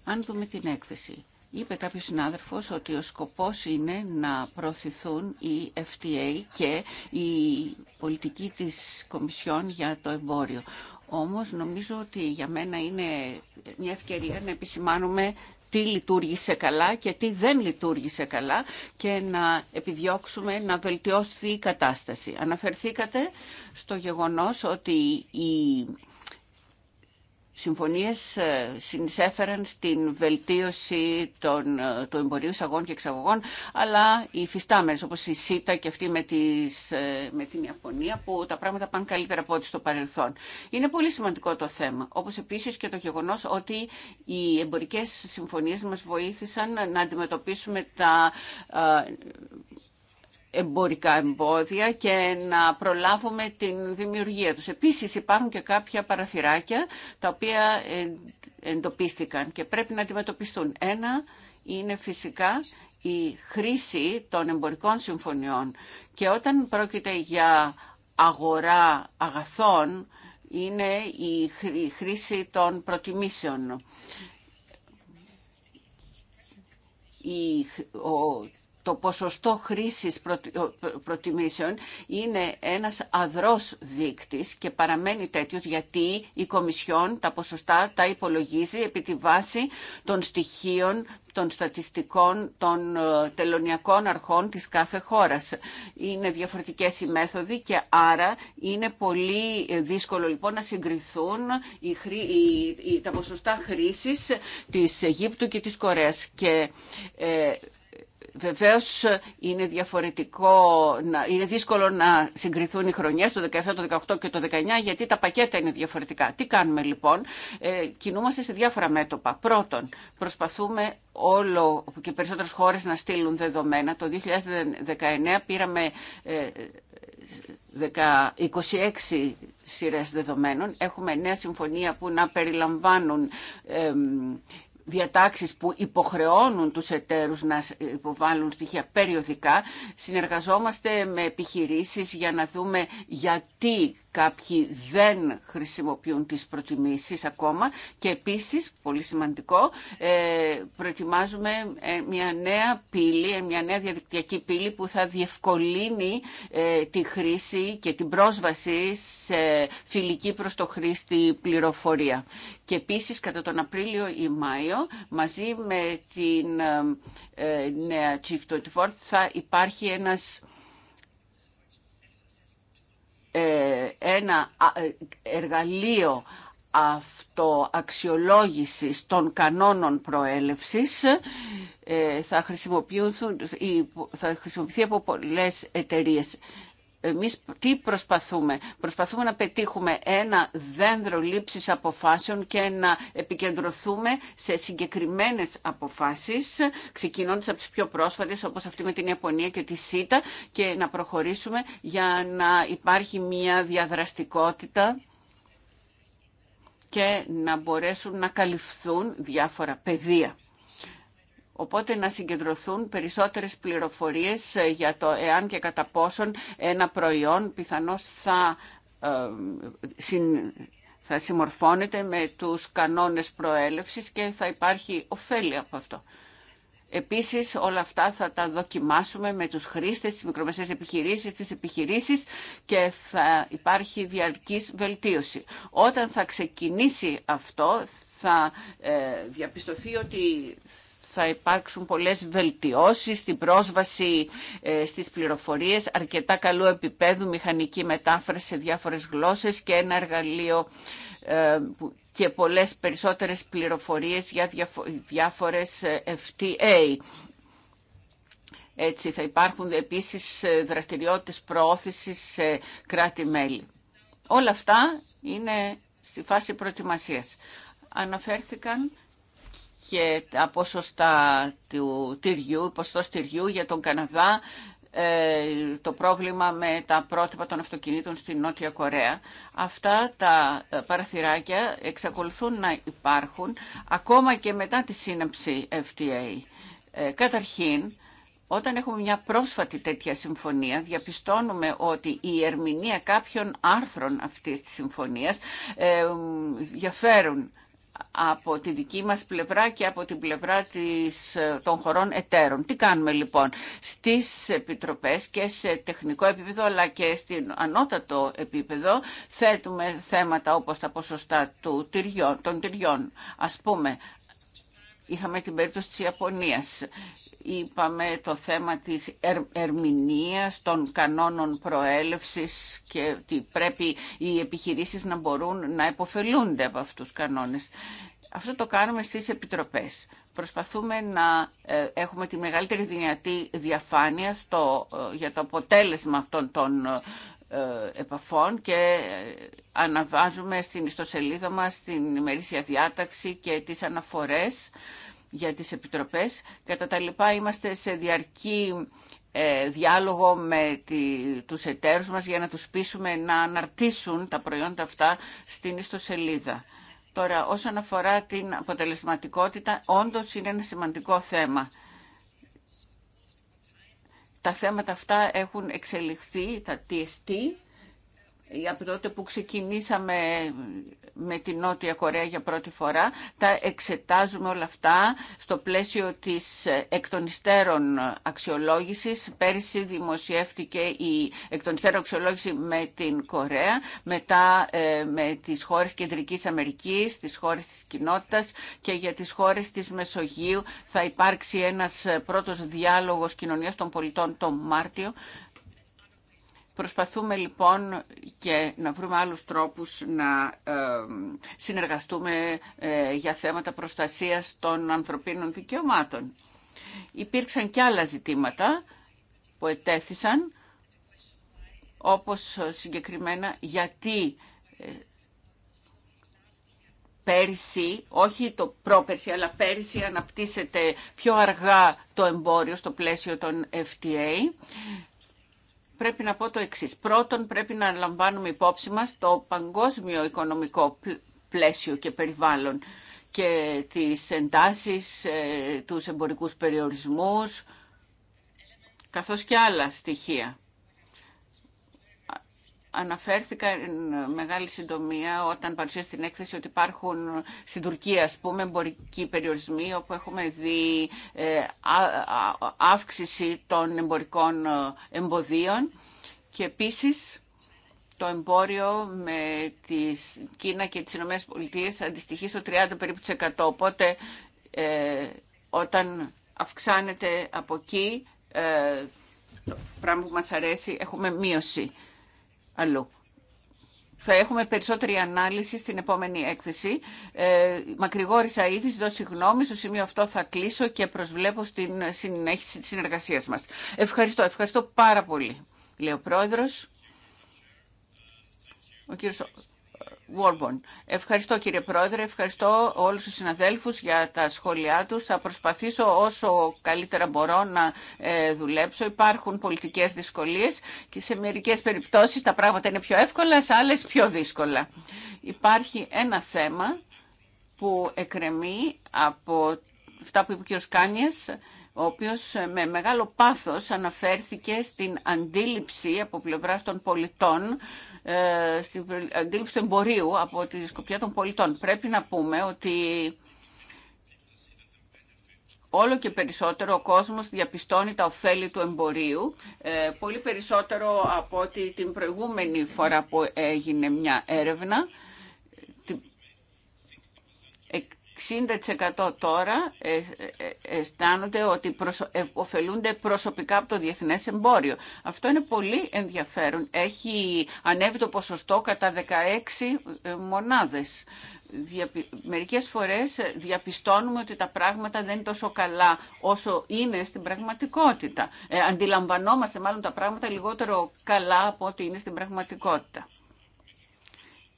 αν δούμε την έκθεση, Είπε κάποιος συνάδελφος ότι ο σκοπός είναι να προωθηθούν οι FTA και η πολιτική της Κομισιόν για το εμπόριο. Όμως νομίζω ότι για μένα είναι μια ευκαιρία να επισημάνουμε τι λειτουργήσε καλά και τι δεν λειτουργήσε καλά και να επιδιώξουμε να βελτιώσει η κατάσταση. Αναφερθήκατε στο γεγονός ότι η συμφωνίες ε, συνεισέφεραν στην βελτίωση των, ε, του εμπορίου εισαγών και εξαγωγών, αλλά οι φυστάμενες όπως η ΣΥΤΑ και αυτή με, τις, ε, με την Ιαπωνία που τα πράγματα πάνε καλύτερα από ό,τι στο παρελθόν. Είναι πολύ σημαντικό το θέμα, όπως επίσης και το γεγονός ότι οι εμπορικές συμφωνίες μας βοήθησαν να αντιμετωπίσουμε τα εμπορικά εμπόδια και να προλάβουμε την δημιουργία τους. Επίσης υπάρχουν και κάποια παραθυράκια τα οποία εντοπίστηκαν και πρέπει να αντιμετωπιστούν. Ένα είναι φυσικά η χρήση των εμπορικών συμφωνιών και όταν πρόκειται για αγορά αγαθών είναι η χρήση των προτιμήσεων το ποσοστό χρήσης προτιμήσεων είναι ένας αδρός δείκτης και παραμένει τέτοιος γιατί η Κομισιόν τα ποσοστά τα υπολογίζει επί τη βάση των στοιχείων των στατιστικών των ε, τελωνιακών αρχών της κάθε χώρας. Είναι διαφορετικές οι μέθοδοι και άρα είναι πολύ ε, δύσκολο λοιπόν να συγκριθούν οι, τα ποσοστά χρήσης της Αιγύπτου και της Κορέας. Και ε, Βεβαίω ε, είναι διαφορετικό, είναι δύσκολο να συγκριθούν οι χρονιές το 17, το 18 και το 19 γιατί τα πακέτα είναι διαφορετικά. Τι κάνουμε λοιπόν, ε, κινούμαστε σε διάφορα μέτωπα. Πρώτον, προσπαθούμε όλο και περισσότερες χώρες να στείλουν δεδομένα. Το 2019 πήραμε ε, 26 σειρές δεδομένων. Έχουμε νέα συμφωνία που να περιλαμβάνουν διατάξεις που υποχρεώνουν τους εταίρους να υποβάλουν στοιχεία περιοδικά. Συνεργαζόμαστε με επιχειρήσεις για να δούμε γιατί κάποιοι δεν χρησιμοποιούν τις προτιμήσεις ακόμα και επίσης, πολύ σημαντικό, ε, προετοιμάζουμε ε, μια νέα πύλη, ε, μια νέα διαδικτυακή πύλη που θα διευκολύνει τη χρήση και την πρόσβαση σε φιλική προς το χρήστη πληροφορία. Και επίσης κατά τον Απρίλιο ή Μάιο μαζί με την νέα Chief 24 θα υπάρχει ένας ε, ένα ε, εργαλείο αυτό των κανόνων προέλευσης ε, θα, χρησιμοποιηθούν, θα χρησιμοποιηθεί από πολλές εταιρείες. Εμεί τι προσπαθούμε. Προσπαθούμε να πετύχουμε ένα δένδρο λήψη αποφάσεων και να επικεντρωθούμε σε συγκεκριμένες αποφάσεις, ξεκινώντα από τι πιο πρόσφατε, όπως αυτή με την Ιαπωνία και τη ΣΥΤΑ, και να προχωρήσουμε για να υπάρχει μια διαδραστικότητα και να μπορέσουν να καλυφθούν διάφορα πεδία. Οπότε να συγκεντρωθούν περισσότερες πληροφορίες ε, για το εάν και κατά πόσον ένα προϊόν πιθανώς θα, ε, θα συμμορφώνεται με τους κανόνες προέλευσης και θα υπάρχει ωφέλεια από αυτό. Επίσης όλα αυτά θα τα δοκιμάσουμε με τους χρήστες, τις μικρομεσαίες επιχειρήσεις, τις επιχειρήσεις και θα υπάρχει διαρκής βελτίωση. Όταν θα ξεκινήσει αυτό θα ε, διαπιστωθεί ότι θα υπάρξουν πολλές βελτιώσεις στην πρόσβαση ε, στις πληροφορίες, αρκετά καλού επίπεδου μηχανική μετάφραση σε διάφορες γλώσσες και ένα εργαλείο ε, και πολλές περισσότερες πληροφορίες για διάφορες FTA. Ε, Έτσι θα υπάρχουν επίσης δραστηριότητες προώθησης σε κράτη-μέλη. Όλα αυτά είναι στη φάση προετοιμασίας. Αναφέρθηκαν και τα ποσοστά του τυριού, ποσοστός τυριού για τον Καναδά, ε, το πρόβλημα με τα πρότυπα των αυτοκινήτων στην Νότια Κορέα. Αυτά τα ε, παραθυράκια εξακολουθούν να υπάρχουν ακόμα και μετά τη σύναψη FTA. Ε, καταρχήν, όταν έχουμε μια πρόσφατη τέτοια συμφωνία, διαπιστώνουμε ότι η ερμηνεία κάποιων άρθρων αυτής της συμφωνίας διαφέρουν από τη δική μας πλευρά και από την πλευρά της, των χωρών εταίρων. Τι κάνουμε λοιπόν στις επιτροπές και σε τεχνικό επίπεδο αλλά και στην ανώτατο επίπεδο θέτουμε θέματα όπως τα ποσοστά του τυριών, των τυριών. Ας πούμε Είχαμε την περίπτωση της Ιαπωνίας. Είπαμε το θέμα της ερ, ερμηνείας των κανόνων προέλευσης και ότι πρέπει οι επιχειρήσεις να μπορούν να επωφελούνται από αυτούς τους κανόνες. Αυτό το κάνουμε στις επιτροπές. Προσπαθούμε να ε, έχουμε τη μεγαλύτερη δυνατή διαφάνεια στο, ε, για το αποτέλεσμα αυτών των ε, ε, επαφών και ε, αναβάζουμε στην ιστοσελίδα μας την ημερήσια διάταξη και τις αναφορές για τις επιτροπές. Κατά τα λοιπά είμαστε σε διαρκή ε, διάλογο με τη, τους εταίρους μας για να τους πείσουμε να αναρτήσουν τα προϊόντα αυτά στην ιστοσελίδα. Τώρα, όσον αφορά την αποτελεσματικότητα, όντως είναι ένα σημαντικό θέμα τα θέματα αυτά έχουν εξελιχθεί, τα TST, από τότε που ξεκινήσαμε με την Νότια Κορέα για πρώτη φορά, τα εξετάζουμε όλα αυτά στο πλαίσιο της εκτονιστέρων των υστέρων αξιολόγησης. δημοσιεύτηκε η εκ αξιολόγηση με την Κορέα, μετά ε, με τις χώρες Κεντρικής Αμερικής, τις χώρες της κοινότητας και για τις χώρες της Μεσογείου θα υπάρξει ένας πρώτος διάλογος κοινωνίας των πολιτών τον Μάρτιο Προσπαθούμε λοιπόν και να βρούμε άλλους τρόπους να ε, συνεργαστούμε ε, για θέματα προστασίας των ανθρωπίνων δικαιωμάτων. Υπήρξαν και άλλα ζητήματα που ετέθησαν, όπως συγκεκριμένα γιατί ε, πέρσι, όχι το πρόπερσι, αλλά πέρσι αναπτύσσεται πιο αργά το εμπόριο στο πλαίσιο των FTA πρέπει να πω το εξής. Πρώτον, πρέπει να λαμβάνουμε υπόψη μας το παγκόσμιο οικονομικό πλαίσιο και περιβάλλον και τις εντάσεις, ε, τους εμπορικούς περιορισμούς, καθώς και άλλα στοιχεία. Αναφέρθηκα μεγάλη συντομία όταν παρουσίασε την έκθεση ότι υπάρχουν στην Τουρκία, ας πούμε, εμπορικοί περιορισμοί όπου έχουμε δει ε, αύξηση των εμπορικών ε, εμποδίων και επίσης το εμπόριο με τη Κίνα και τις Ηνωμένες Πολιτείες αντιστοιχεί στο 30 περίπου Οπότε ε, όταν αυξάνεται από εκεί, το πράγμα που μας αρέσει, έχουμε μείωση αλλού. Θα έχουμε περισσότερη ανάλυση στην επόμενη έκθεση. Ε, ήδη, ζητώ συγγνώμη. Στο σημείο αυτό θα κλείσω και προσβλέπω στην συνέχιση της συνεργασίας μας. Ευχαριστώ, ευχαριστώ πάρα πολύ, λέει ο Πρόεδρος. Ευχαριστώ κύριε Πρόεδρε, ευχαριστώ όλους τους συναδέλφους για τα σχόλιά τους. Θα προσπαθήσω όσο καλύτερα μπορώ να ε, δουλέψω. Υπάρχουν πολιτικές δυσκολίες και σε μερικές περιπτώσεις τα πράγματα είναι πιο εύκολα, σε άλλες πιο δύσκολα. Υπάρχει ένα θέμα που εκρεμεί από αυτά που είπε ο κ. Κάνιες, ο οποίος με μεγάλο πάθος αναφέρθηκε στην αντίληψη από πλευράς των πολιτών ε, στην αντίληψη του εμπορίου από τη σκοπιά των πολιτών. Πρέπει να πούμε ότι όλο και περισσότερο ο κόσμος διαπιστώνει τα ωφέλη του εμπορίου, ε, πολύ περισσότερο από ότι την προηγούμενη φορά που έγινε μια έρευνα. 60% τώρα ε, ε, ε, αισθάνονται ότι ωφελούνται προσωπικά από το διεθνές εμπόριο. Αυτό είναι πολύ ενδιαφέρον. Έχει ανέβει το ποσοστό κατά 16 μονάδες. Μερικές φορές διαπιστώνουμε ότι τα πράγματα δεν είναι τόσο καλά όσο είναι στην πραγματικότητα. αντιλαμβανόμαστε μάλλον τα πράγματα λιγότερο καλά από ό,τι είναι στην πραγματικότητα.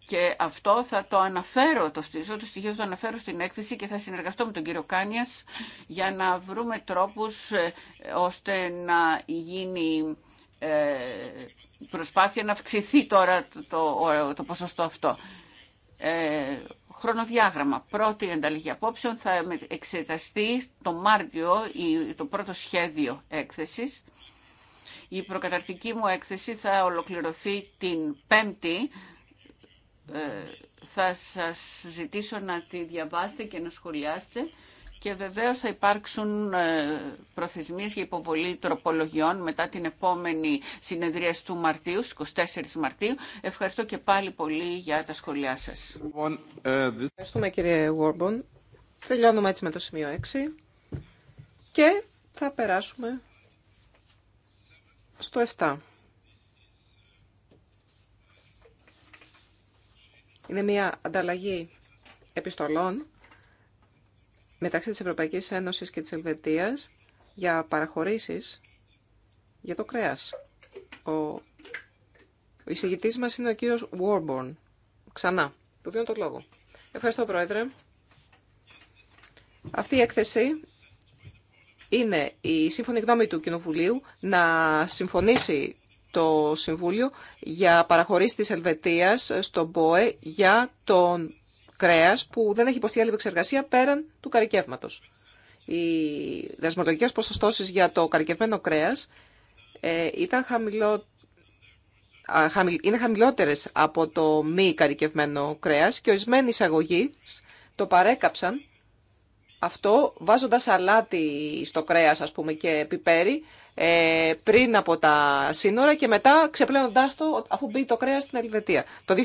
Και αυτό θα το αναφέρω, το, το στοιχείο θα το αναφέρω στην έκθεση και θα συνεργαστώ με τον κύριο Κάνιας για να βρούμε τρόπους ε, ώστε να γίνει ε, προσπάθεια να αυξηθεί τώρα το, το, ποσοστό αυτό. Ε, χρονοδιάγραμμα. Πρώτη ανταλλαγή απόψεων θα εξεταστεί το Μάρτιο το πρώτο σχέδιο έκθεσης. Η προκαταρτική μου έκθεση θα ολοκληρωθεί την Πέμπτη ε, θα σας ζητήσω να τη διαβάσετε και να σχολιάσετε και βεβαίως θα υπάρξουν ε, προθεσμίες για υποβολή τροπολογιών μετά την επόμενη συνεδρία του Μαρτίου, 24 Μαρτίου. Ευχαριστώ και πάλι πολύ για τα σχόλιά σας. Λοιπόν, ε, Ευχαριστούμε κύριε Βόρμπον. Τελειώνουμε έτσι με το σημείο 6 και θα περάσουμε στο 7. Είναι μια ανταλλαγή επιστολών μεταξύ της Ευρωπαϊκής Ένωσης και της Ελβετίας για παραχωρήσεις για το κρέας. Ο, ο εισηγητής μας είναι ο κύριος Warborn. Ξανά. Του δίνω το λόγο. Ευχαριστώ, Πρόεδρε. Αυτή η έκθεση είναι η σύμφωνη γνώμη του Κοινοβουλίου να συμφωνήσει το Συμβούλιο για παραχωρήσει της Ελβετίας στον ΠΟΕ για τον κρέας που δεν έχει υποστεί άλλη επεξεργασία πέραν του καρικεύματος. Οι δεσμολογικές ποσοστώσεις για το καρικευμένο κρέας ε, ήταν είναι χαμηλότερες από το μη καρικευμένο κρέας και ορισμένοι εισαγωγοί το παρέκαψαν αυτό βάζοντας αλάτι στο κρέας ας πούμε και πιπέρι ε, πριν από τα σύνορα και μετά ξεπλένοντάς το αφού μπει το κρέας στην Ελβετία. Το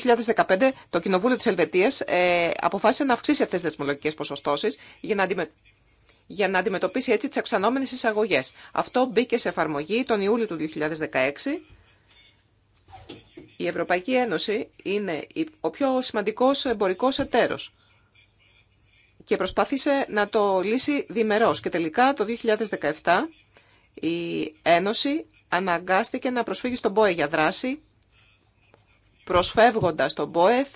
2015 το Κοινοβούλιο της Ελβετίας ε, αποφάσισε να αυξήσει αυτές τις δεσμολογικές ποσοστώσεις για να, για να αντιμετωπίσει έτσι τις αυξανόμενες εισαγωγές. Αυτό μπήκε σε εφαρμογή τον Ιούλιο του 2016. Η Ευρωπαϊκή Ένωση είναι ο πιο σημαντικός εμπορικός εταίρος και προσπάθησε να το λύσει διμερώς. Και τελικά το 2017 η Ένωση αναγκάστηκε να προσφύγει στον ΠΟΕ για δράση, προσφεύγοντας τον ΠΟΕ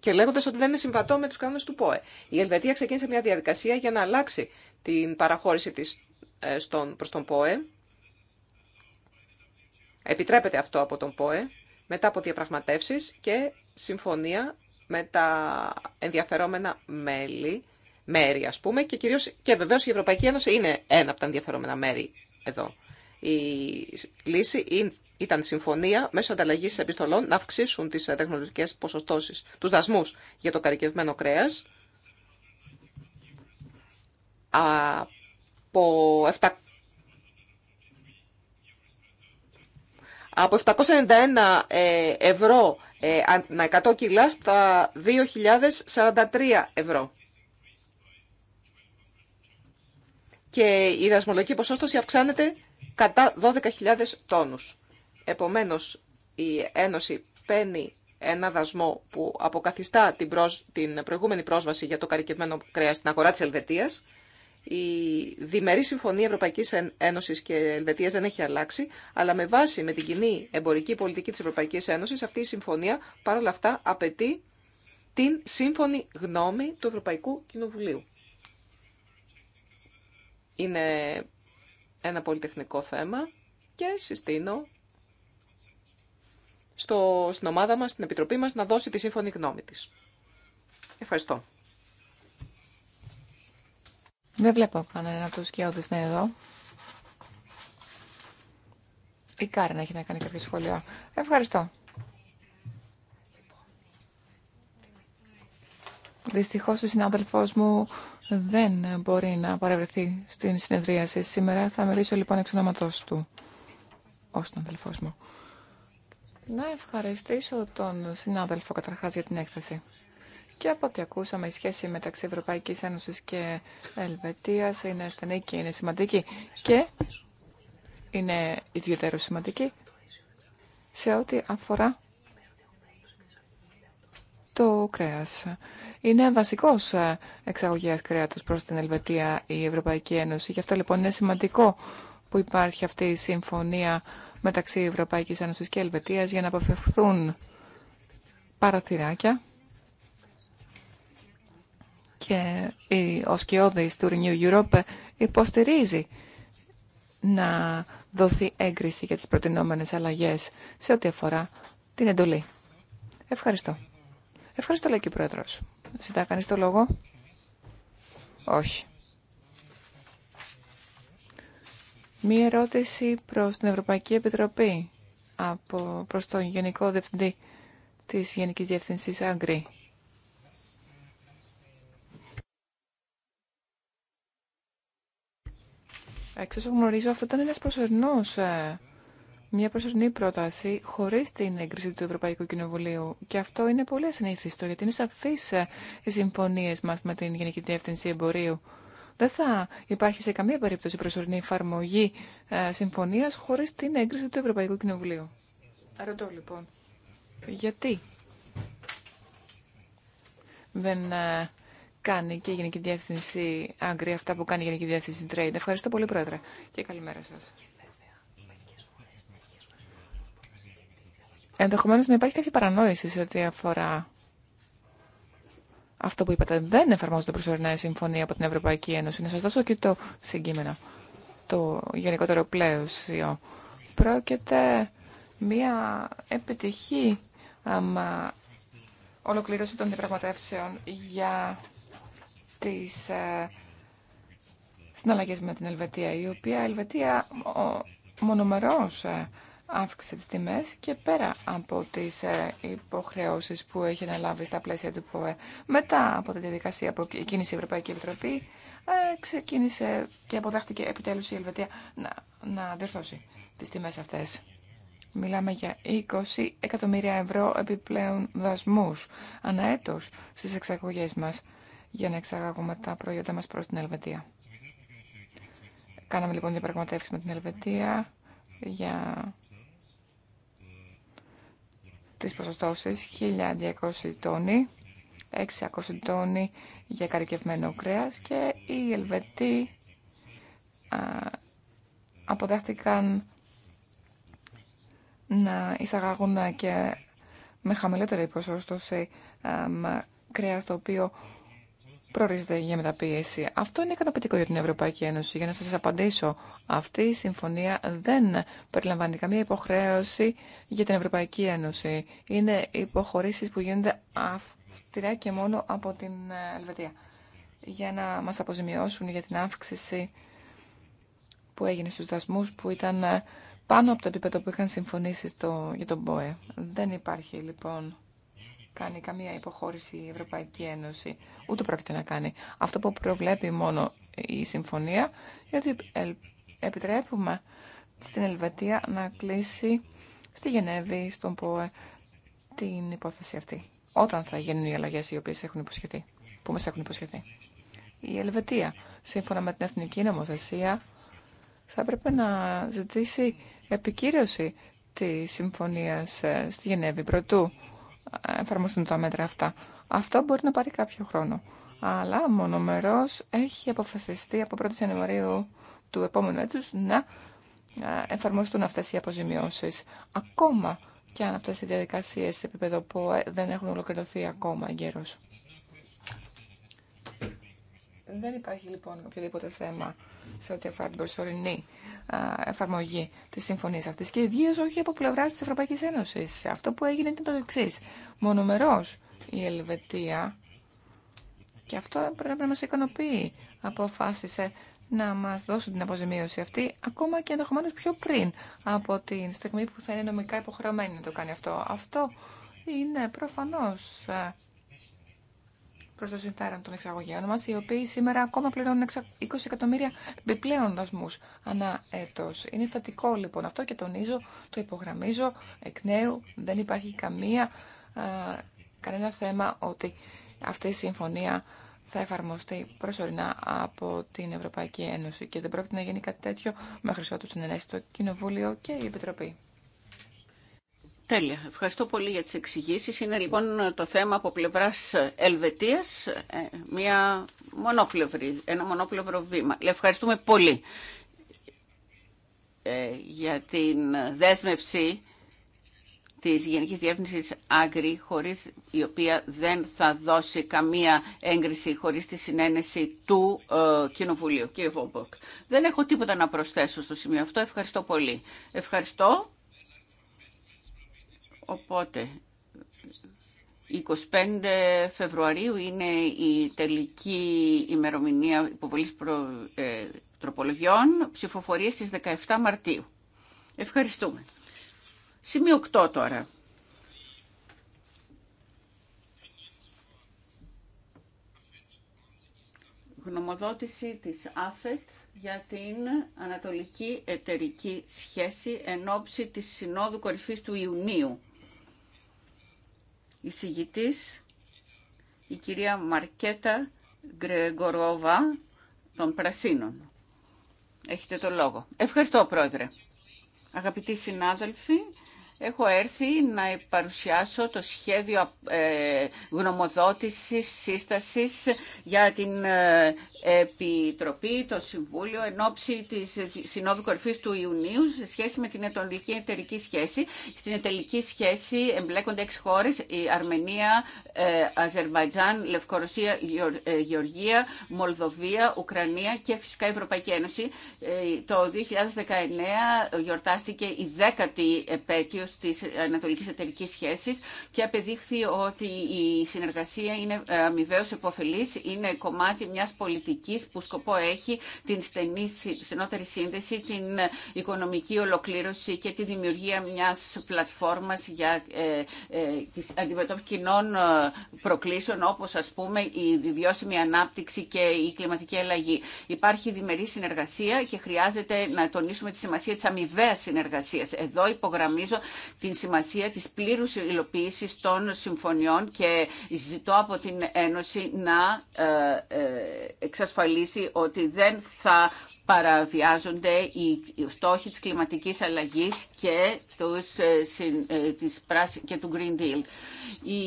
και λέγοντας ότι δεν είναι συμβατό με τους κανόνες του ΠΟΕ. Η Ελβετία ξεκίνησε μια διαδικασία για να αλλάξει την παραχώρηση της ε, στον, προς τον ΠΟΕ. Επιτρέπεται αυτό από τον ΠΟΕ μετά από διαπραγματεύσεις και συμφωνία με τα ενδιαφερόμενα μέλη μέρη, ας πούμε, και, κυρίως, και βεβαίως η Ευρωπαϊκή Ένωση είναι ένα από τα ενδιαφερόμενα μέρη εδώ. Η λύση ήταν συμφωνία μέσω ανταλλαγή επιστολών να αυξήσουν τις ε, τεχνολογικές ποσοστώσεις, τους δασμούς για το καρικευμένο κρέας από από 791 ε, ευρώ ε, ανά 100 κιλά στα 2.043 ευρώ. και η δασμολογική ποσόστοση αυξάνεται κατά 12.000 τόνους. Επομένως, η Ένωση παίρνει ένα δασμό που αποκαθιστά την, την προηγούμενη πρόσβαση για το καρικευμένο κρέας στην αγορά της Ελβετίας. Η διμερή συμφωνία Ευρωπαϊκής Ένωσης και Ελβετίας δεν έχει αλλάξει, αλλά με βάση με την κοινή εμπορική πολιτική της Ευρωπαϊκής Ένωσης, αυτή η συμφωνία παρόλα αυτά απαιτεί την σύμφωνη γνώμη του Ευρωπαϊκού Κοινοβουλίου. Είναι ένα πολυτεχνικό θέμα και συστήνω στο, στην ομάδα μας, στην Επιτροπή μας, να δώσει τη σύμφωνη γνώμη της. Ευχαριστώ. Δεν βλέπω κανένα από τους σκιώδες να είναι εδώ. Η καρινα έχει να κάνει κάποιο σχόλιο. Ευχαριστώ. Δυστυχώς η συνάδελφός μου δεν μπορεί να παρευρεθεί στην συνεδρίαση σήμερα. Θα μιλήσω λοιπόν εξ ονόματος του, ως τον αδελφός μου. Να ευχαριστήσω τον συνάδελφο καταρχάς για την έκθεση. Και από ό,τι ακούσαμε, η σχέση μεταξύ Ευρωπαϊκή Ένωση και Ελβετία είναι στενή και είναι σημαντική. Και είναι ιδιαίτερο σημαντική σε ό,τι αφορά το κρέας είναι βασικός ε, εξαγωγέας κρέατος προς την Ελβετία η Ευρωπαϊκή Ένωση. Γι' αυτό λοιπόν είναι σημαντικό που υπάρχει αυτή η συμφωνία μεταξύ Ευρωπαϊκής Ένωση και Ελβετίας για να αποφευχθούν παραθυράκια και ο σκιώδη του Renew Europe υποστηρίζει να δοθεί έγκριση για τις προτινόμενες αλλαγές σε ό,τι αφορά την εντολή. Ευχαριστώ. Ευχαριστώ, λέει και ο Πρόεδρος. Ζητά κανείς το λόγο. Όχι. Μία ερώτηση προς την Ευρωπαϊκή Επιτροπή από, προς τον Γενικό Διευθυντή της Γενικής Διευθυνσής Άγκρη. Εξ γνωρίζω, αυτό ήταν ένας προσωρινός ε, μια προσωρινή πρόταση χωρί την έγκριση του Ευρωπαϊκού Κοινοβουλίου. Και αυτό είναι πολύ ασυνήθιστο, γιατί είναι σαφεί ε, οι συμφωνίε μα με την Γενική Διεύθυνση Εμπορίου. Δεν θα υπάρχει σε καμία περίπτωση προσωρινή εφαρμογή ε, συμφωνία χωρί την έγκριση του Ευρωπαϊκού Κοινοβουλίου. Ρωτώ λοιπόν, γιατί δεν ε, κάνει και η Γενική Διεύθυνση Άγκρη αυτά που κάνει η Γενική Διεύθυνση Trade. Ευχαριστώ πολύ, Πρόεδρε, και καλημέρα σα. Ενδεχομένως να υπάρχει κάποια παρανόηση σε ό,τι αφορά αυτό που είπατε. Δεν εφαρμόζονται προσωρινά η συμφωνία από την Ευρωπαϊκή Ένωση. Να σας δώσω και το συγκείμενο, το γενικότερο πλαίσιο. Πρόκειται μια επιτυχή αμα, ολοκλήρωση των διαπραγματεύσεων για τις ε, συναλλαγές με την Ελβετία, η οποία Ελβετία ο, αύξησε τις τιμές και πέρα από τις ε, υποχρεώσεις που έχει αναλάβει στα πλαίσια του ΠΟΕ. Μετά από τη διαδικασία που κίνησε η Ευρωπαϊκή Επιτροπή, ε, ξεκίνησε και αποδέχτηκε επιτέλους η Ελβετία να, να διορθώσει τις τιμές αυτές. Μιλάμε για 20 εκατομμύρια ευρώ επιπλέον δασμούς ανά στις εξαγωγές μας για να εξαγάγουμε τα προϊόντα μας προς την Ελβετία. Κάναμε λοιπόν διαπραγματεύσεις με την Ελβετία για τις ποσοστώσεις 1.200 τόνοι, 600 τόνοι για καρικευμένο κρέας και οι Ελβετοί αποδέχτηκαν να εισαγάγουν και με χαμηλότερη ποσόστοση κρέας το οποίο προορίζεται για μεταπίεση. Αυτό είναι ικανοποιητικό για την Ευρωπαϊκή Ένωση. Για να σας απαντήσω, αυτή η συμφωνία δεν περιλαμβάνει καμία υποχρέωση για την Ευρωπαϊκή Ένωση. Είναι υποχωρήσεις που γίνονται αυτηρά και μόνο από την ε, Ελβετία για να μας αποζημιώσουν για την αύξηση που έγινε στους δασμούς που ήταν ε, πάνω από το επίπεδο που είχαν συμφωνήσει στο, για τον ΠΟΕ. Δεν υπάρχει λοιπόν κάνει καμία υποχώρηση η Ευρωπαϊκή Ένωση. Ούτε πρόκειται να κάνει. Αυτό που προβλέπει μόνο η συμφωνία είναι ότι επιτρέπουμε στην Ελβετία να κλείσει στη Γενέβη, στον ΠΟΕ, την υπόθεση αυτή. Όταν θα γίνουν οι αλλαγές οι οποίες έχουν υποσχεθεί, που μα έχουν υποσχεθεί. Η Ελβετία, σύμφωνα με την Εθνική Νομοθεσία, θα έπρεπε να ζητήσει επικύρωση τη συμφωνία ε, στη Γενέβη πρωτού εφαρμοστούν τα μέτρα αυτά. Αυτό μπορεί να πάρει κάποιο χρόνο. Αλλά μονομερός έχει αποφασιστεί από 1η Ιανουαρίου του επόμενου έτου να ε, εφαρμοστούν αυτέ οι αποζημιώσει Ακόμα και αν αυτέ οι διαδικασίε σε επίπεδο που δεν έχουν ολοκληρωθεί ακόμα εγκαίρω. Δεν υπάρχει λοιπόν οποιοδήποτε θέμα σε ό,τι αφορά την προσωρινή εφαρμογή τη συμφωνία αυτή και ιδίω όχι από πλευρά τη Ευρωπαϊκή Ένωση. Αυτό που έγινε ήταν το εξή. Μονομερό η Ελβετία, και αυτό πρέπει να μα ικανοποιεί, αποφάσισε να μα δώσει την αποζημίωση αυτή, ακόμα και ενδεχομένω πιο πριν από την στιγμή που θα είναι νομικά υποχρεωμένη να το κάνει αυτό. Αυτό είναι προφανώ προ το συμφέρον των εξαγωγέων μα, οι οποίοι σήμερα ακόμα πληρώνουν 20 εκατομμύρια επιπλέον δασμού ανά έτο. Είναι θετικό, λοιπόν αυτό και τονίζω, το υπογραμμίζω εκ νέου. Δεν υπάρχει καμία, κανένα θέμα ότι αυτή η συμφωνία θα εφαρμοστεί προσωρινά από την Ευρωπαϊκή Ένωση και δεν πρόκειται να γίνει κάτι τέτοιο μέχρι ότου συνενέσει το Κοινοβούλιο και η Επιτροπή. Τέλεια. Ευχαριστώ πολύ για τις εξηγήσεις. Είναι λοιπόν το θέμα από πλευράς Ελβετίας ε, μια μονόπλευρη, ένα μονόπλευρο βήμα. Ευχαριστούμε πολύ ε, για την δέσμευση της Γενικής Διεύθυνσης Άγκρη, χωρίς, η οποία δεν θα δώσει καμία έγκριση χωρίς τη συνένεση του ε, Κοινοβουλίου. Κύριε Βόμποκ, δεν έχω τίποτα να προσθέσω στο σημείο αυτό. Ευχαριστώ πολύ. Ευχαριστώ. Οπότε, 25 Φεβρουαρίου είναι η τελική ημερομηνία υποβολής προ, ε, τροπολογιών, ψηφοφορία στις 17 Μαρτίου. Ευχαριστούμε. Σημείο 8 τώρα. Γνωμοδότηση της ΑΦΕΤ για την Ανατολική Εταιρική Σχέση εν ώψη της Συνόδου Κορυφής του Ιουνίου εισηγητής η κυρία Μαρκέτα Γρεγορόβα των Πρασίνων. Έχετε το λόγο. Ευχαριστώ, Πρόεδρε. Αγαπητοί συνάδελφοι, Έχω έρθει να παρουσιάσω το σχέδιο ε, γνωμοδότησης, σύστασης για την ε, Επιτροπή, το Συμβούλιο, εν ώψη της Συνόδου Κορυφής του Ιουνίου, σε σχέση με την ετονική εταιρική σχέση. Στην εταιρική σχέση εμπλέκονται έξι χώρες, η Αρμενία, ε, Αζερβαϊτζάν, Λευκορωσία, Γεωργία, Μολδοβία, Ουκρανία και φυσικά η Ευρωπαϊκή Ένωση. Το 2019 γιορτάστηκε η δέκατη επέτειο Τη της ανατολικής εταιρικής σχέσης και απεδείχθη ότι η συνεργασία είναι ε, αμοιβαίως επωφελής, είναι κομμάτι μιας πολιτικής που σκοπό έχει την στενή, στενότερη σύνδεση, την οικονομική ολοκλήρωση και τη δημιουργία μιας πλατφόρμας για ε, ε αντιμετώπιση κοινών ε, προκλήσεων όπως ας πούμε η βιώσιμη ανάπτυξη και η κλιματική αλλαγή. Υπάρχει διμερή συνεργασία και χρειάζεται να τονίσουμε τη σημασία της αμοιβαία συνεργασία. Εδώ υπογραμμίζω την σημασία της πλήρους υλοποίησης των συμφωνιών και ζητώ από την Ένωση να ε, ε, εξασφαλίσει ότι δεν θα παραβιάζονται οι στόχοι της κλιματικής αλλαγής και, τους, ε, ε, της, και του Green Deal. Οι,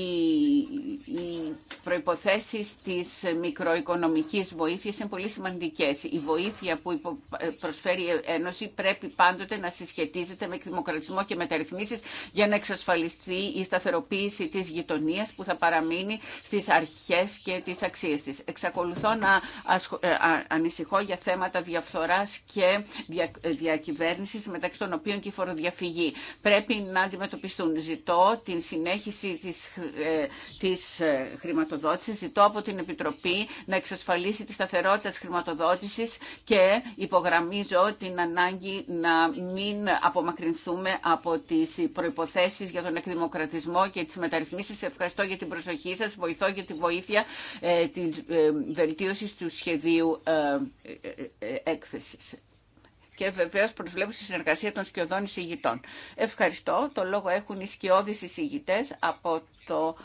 οι προϋποθέσεις της μικροοικονομικής βοήθειας είναι πολύ σημαντικές. Η βοήθεια που ε, προσφέρει η Ένωση πρέπει πάντοτε να συσχετίζεται με δημοκρατισμό και μεταρρυθμίσεις για να εξασφαλιστεί η σταθεροποίηση της γειτονίας που θα παραμείνει στις αρχές και τις αξίες της. Εξακολουθώ να ανησυχώ για θέματα διαφθοράς διαφθοράς και διακυβέρνησης μεταξύ των οποίων και η φοροδιαφυγή. Πρέπει να αντιμετωπιστούν. Ζητώ την συνέχιση της, ε, της ε, χρηματοδότησης, ζητώ από την Επιτροπή να εξασφαλίσει τη σταθερότητα της χρηματοδότησης και υπογραμμίζω την ανάγκη να μην απομακρυνθούμε από τις προϋποθέσεις για τον εκδημοκρατισμό και τις μεταρρυθμίσεις. Ευχαριστώ για την προσοχή σας, βοηθώ για τη βοήθεια, ε, την βελτίωση του σχεδίου και βεβαίω προσβλέπω στη συνεργασία των σκιωδών εισηγητών. Ευχαριστώ. Το λόγο έχουν οι σκιώδης εισηγητέ από το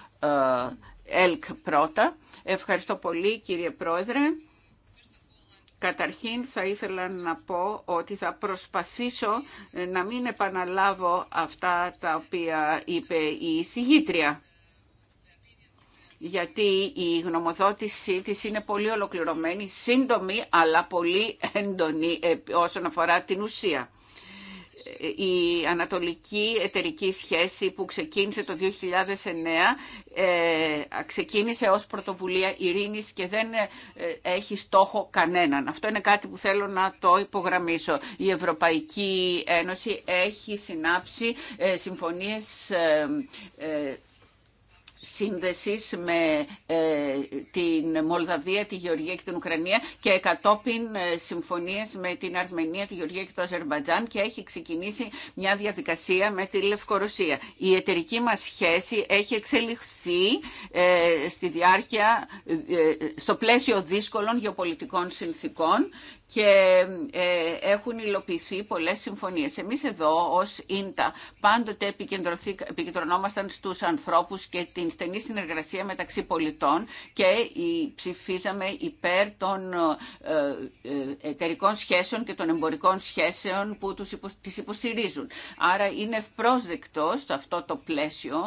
ε, ΕΛΚ πρώτα. Ευχαριστώ πολύ κύριε Πρόεδρε. Καταρχήν θα ήθελα να πω ότι θα προσπαθήσω ε, να μην επαναλάβω αυτά τα οποία είπε η εισηγήτρια γιατί η γνωμοδότησή της είναι πολύ ολοκληρωμένη, σύντομη αλλά πολύ έντονη ε, όσον αφορά την ουσία. Ε, η ανατολική εταιρική σχέση που ξεκίνησε το 2009 ε, ξεκίνησε ως πρωτοβουλία ειρήνης και δεν ε, έχει στόχο κανέναν. Αυτό είναι κάτι που θέλω να το υπογραμμίσω. Η Ευρωπαϊκή Ένωση έχει συνάψει ε, συμφωνίες σύνδεση με ε, την Μολδαβία, τη Γεωργία και την Ουκρανία και εκατόπιν ε, συμφωνίε με την Αρμενία, τη Γεωργία και το Αζερβατζάν και έχει ξεκινήσει μια διαδικασία με τη Λευκορωσία. Η εταιρική μας σχέση έχει εξελιχθεί ε, στη διάρκεια, στο πλαίσιο δύσκολων γεωπολιτικών συνθήκων και ε, έχουν υλοποιηθεί πολλές συμφωνίες. Εμείς εδώ ως ΙΝΤΑ πάντοτε επικεντρωνόμασταν στους ανθρώπους και την στενή συνεργασία μεταξύ πολιτών και ψηφίζαμε υπέρ των ε, ε, εταιρικών σχέσεων και των εμπορικών σχέσεων που τους τις υποστηρίζουν. Άρα είναι ευπρόσδεκτο αυτό το πλαίσιο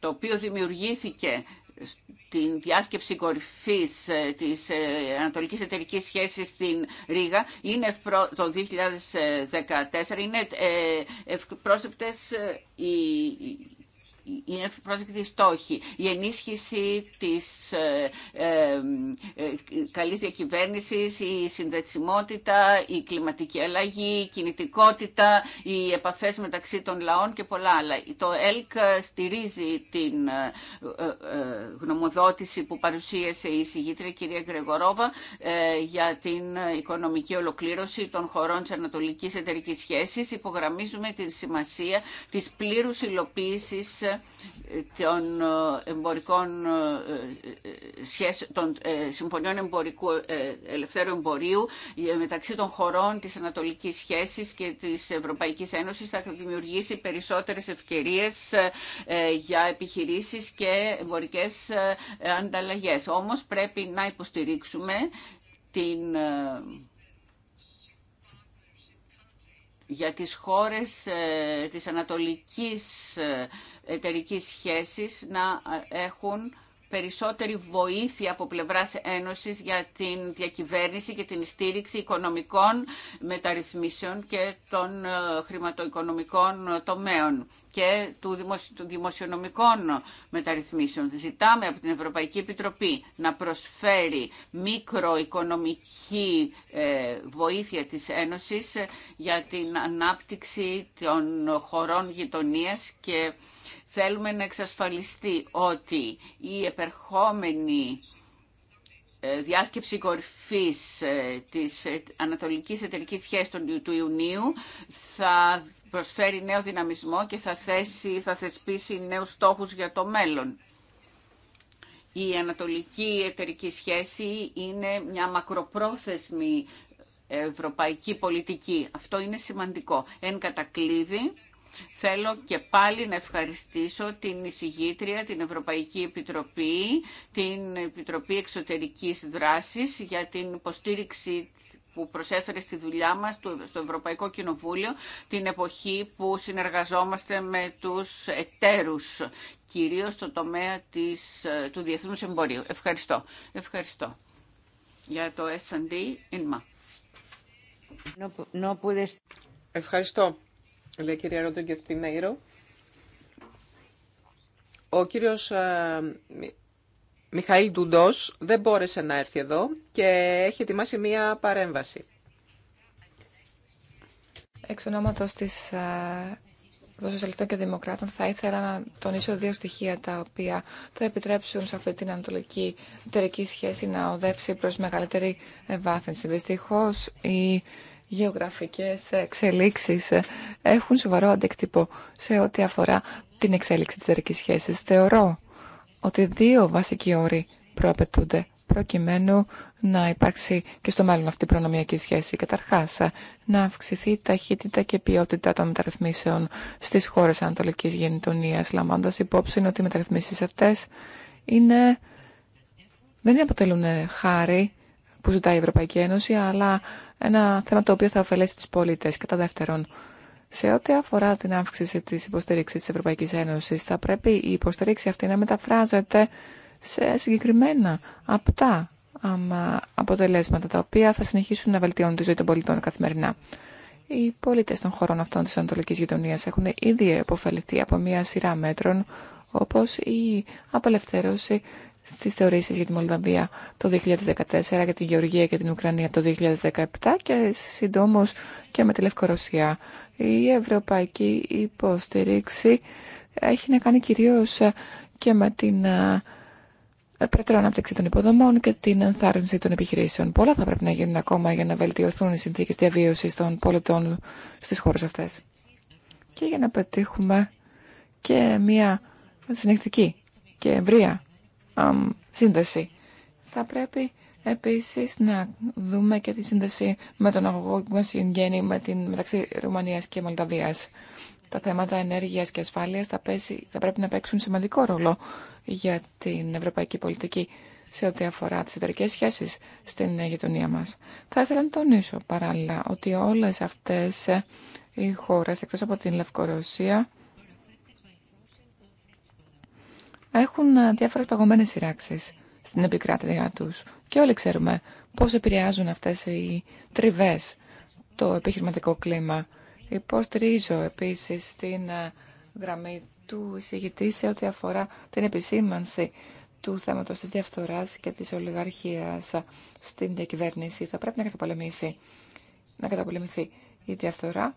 το οποίο δημιουργήθηκε την διάσκεψη κορυφής ε, της ε, Ανατολικής Εταιρικής Σχέσης στην Ρήγα είναι το 2014 είναι ε, ευπρόσεπτες οι είναι πρόσδεκτοι στόχοι. Η ενίσχυση της ε, ε, ε, καλής διακυβέρνησης, η συνδεσιμότητα, η κλιματική αλλαγή, η κινητικότητα, οι επαφές μεταξύ των λαών και πολλά άλλα. Το ΕΛΚ στηρίζει την ε, ε, ε γνωμοδότηση που παρουσίασε η συγγήτρια κυρία Γκρεγορόβα για την οικονομική ολοκλήρωση των χωρών της Ανατολικής Εταιρικής Σχέσης. Υπογραμμίζουμε τη σημασία της πλήρους υλοποίησης των ε, εμπορικών ε, ε, των συμφωνιών εμπορικού, ελευθέρου εμπορίου μεταξύ των χωρών της Ανατολικής Σχέσης και της Ευρωπαϊκής Ένωσης θα δημιουργήσει περισσότερες ευκαιρίες για επιχειρήσεις και εμπορικές ανταλλαγές. Όμως πρέπει να υποστηρίξουμε την για τις χώρες της Ανατολικής εταιρικής σχέσης να ε, έχουν περισσότερη βοήθεια από πλευράς Ένωσης για την διακυβέρνηση και την στήριξη οικονομικών μεταρρυθμίσεων και των ε, χρηματοοικονομικών τομέων και του δημοσιονομικών μεταρρυθμίσεων. Ζητάμε από την Ευρωπαϊκή Επιτροπή να προσφέρει μικροοικονομική ε, βοήθεια της Ένωσης για την ανάπτυξη των χωρών γειτονίας και Θέλουμε να εξασφαλιστεί ότι η επερχόμενη ε, διάσκεψη κορυφής ε, της ε, Ανατολικής Εταιρικής Σχέσης του Ιουνίου θα προσφέρει νέο δυναμισμό και θα, θέσει, θα θεσπίσει νέους στόχους για το μέλλον. Η Ανατολική Εταιρική Σχέση είναι μια μακροπρόθεσμη ευρωπαϊκή πολιτική. Αυτό είναι σημαντικό. Εν κατακλείδη, Θέλω και πάλι να ευχαριστήσω την εισηγήτρια, την Ευρωπαϊκή Επιτροπή, την Επιτροπή Εξωτερικής Δράσης για την υποστήριξη που προσέφερε στη δουλειά μας στο Ευρωπαϊκό Κοινοβούλιο την εποχή που συνεργαζόμαστε με τους εταίρους, κυρίως στο τομέα της, του διεθνούς εμπορίου. Ευχαριστώ. Ευχαριστώ. Για το S&D, Ευχαριστώ λέει η κυρία Ροντρίγκεθ Πινέιρο. Ο κύριος Μιχαήλ Ντουντός δεν μπόρεσε να έρθει εδώ και έχει ετοιμάσει μία παρέμβαση. Εξ ονόματος της και Δημοκράτων θα ήθελα να τονίσω δύο στοιχεία τα οποία θα επιτρέψουν σε αυτή την ανατολική εταιρική σχέση να οδεύσει προς μεγαλύτερη ευάθυνση. Δυστυχώς η γεωγραφικές εξελίξεις ε, έχουν σοβαρό αντίκτυπο σε ό,τι αφορά την εξέλιξη της εταιρικής σχέσης. Θεωρώ ότι δύο βασικοί όροι προαπαιτούνται προκειμένου να υπάρξει και στο μέλλον αυτή η προνομιακή σχέση. Καταρχάς, ε, να αυξηθεί η ταχύτητα και ποιότητα των μεταρρυθμίσεων στις χώρες Ανατολικής Γενιτονίας, λαμβάνοντας υπόψη ότι οι μεταρρυθμίσεις αυτές είναι, δεν αποτελούν χάρη που ζητάει η Ευρωπαϊκή Ένωση, αλλά ένα θέμα το οποίο θα ωφελέσει τους πολίτες. Κατά δεύτερον, σε ό,τι αφορά την αύξηση της υποστήριξης της Ευρωπαϊκής Ένωσης, θα πρέπει η υποστήριξη αυτή να μεταφράζεται σε συγκεκριμένα απτά αποτελέσματα, τα οποία θα συνεχίσουν να βελτιώνουν τη ζωή των πολιτών καθημερινά. Οι πολίτε των χωρών αυτών τη Ανατολική Γειτονία έχουν ήδη επωφεληθεί από μία σειρά μέτρων, όπω η απελευθέρωση στις θεωρήσεις για τη Μολδαβία το 2014, για την Γεωργία και την Ουκρανία το 2017 και σύντομω και με τη Λευκορωσία. Η ευρωπαϊκή υποστηρίξη έχει να κάνει κυρίως ε, και με την ε, ε, Πρέτρο ανάπτυξη των υποδομών και την ενθάρρυνση των επιχειρήσεων. Πολλά θα πρέπει να γίνουν ακόμα για να βελτιωθούν οι συνθήκες διαβίωσης των πολιτών στις χώρες αυτές. Και για να πετύχουμε και μια συνεχτική και ευρεία σύνδεση. Θα πρέπει επίσης να δούμε και τη σύνδεση με τον αγωγό που μας συγγένει με την, μεταξύ Ρουμανίας και Μολδαβίας. Τα θέματα ενέργειας και ασφάλειας θα, θα πρέπει να παίξουν σημαντικό ρόλο για την ευρωπαϊκή πολιτική σε ό,τι αφορά τις εταιρικέ σχέσεις στην γειτονία μας. Θα ήθελα να τονίσω παράλληλα ότι όλε αυτέ οι χώρε, εκτό από την Λευκορωσία, έχουν ε, διάφορες παγωμένες σειράξεις στην επικράτειά τους. Και όλοι ξέρουμε πώς επηρεάζουν αυτές οι τριβές το επιχειρηματικό κλίμα. Υποστηρίζω επίσης την ε, γραμμή του εισηγητή σε ό,τι αφορά την επισήμανση του θέματος της διαφθοράς και της ολιγαρχίας στην διακυβέρνηση. Θα πρέπει να καταπολεμήσει, να καταπολεμηθεί η διαφθορά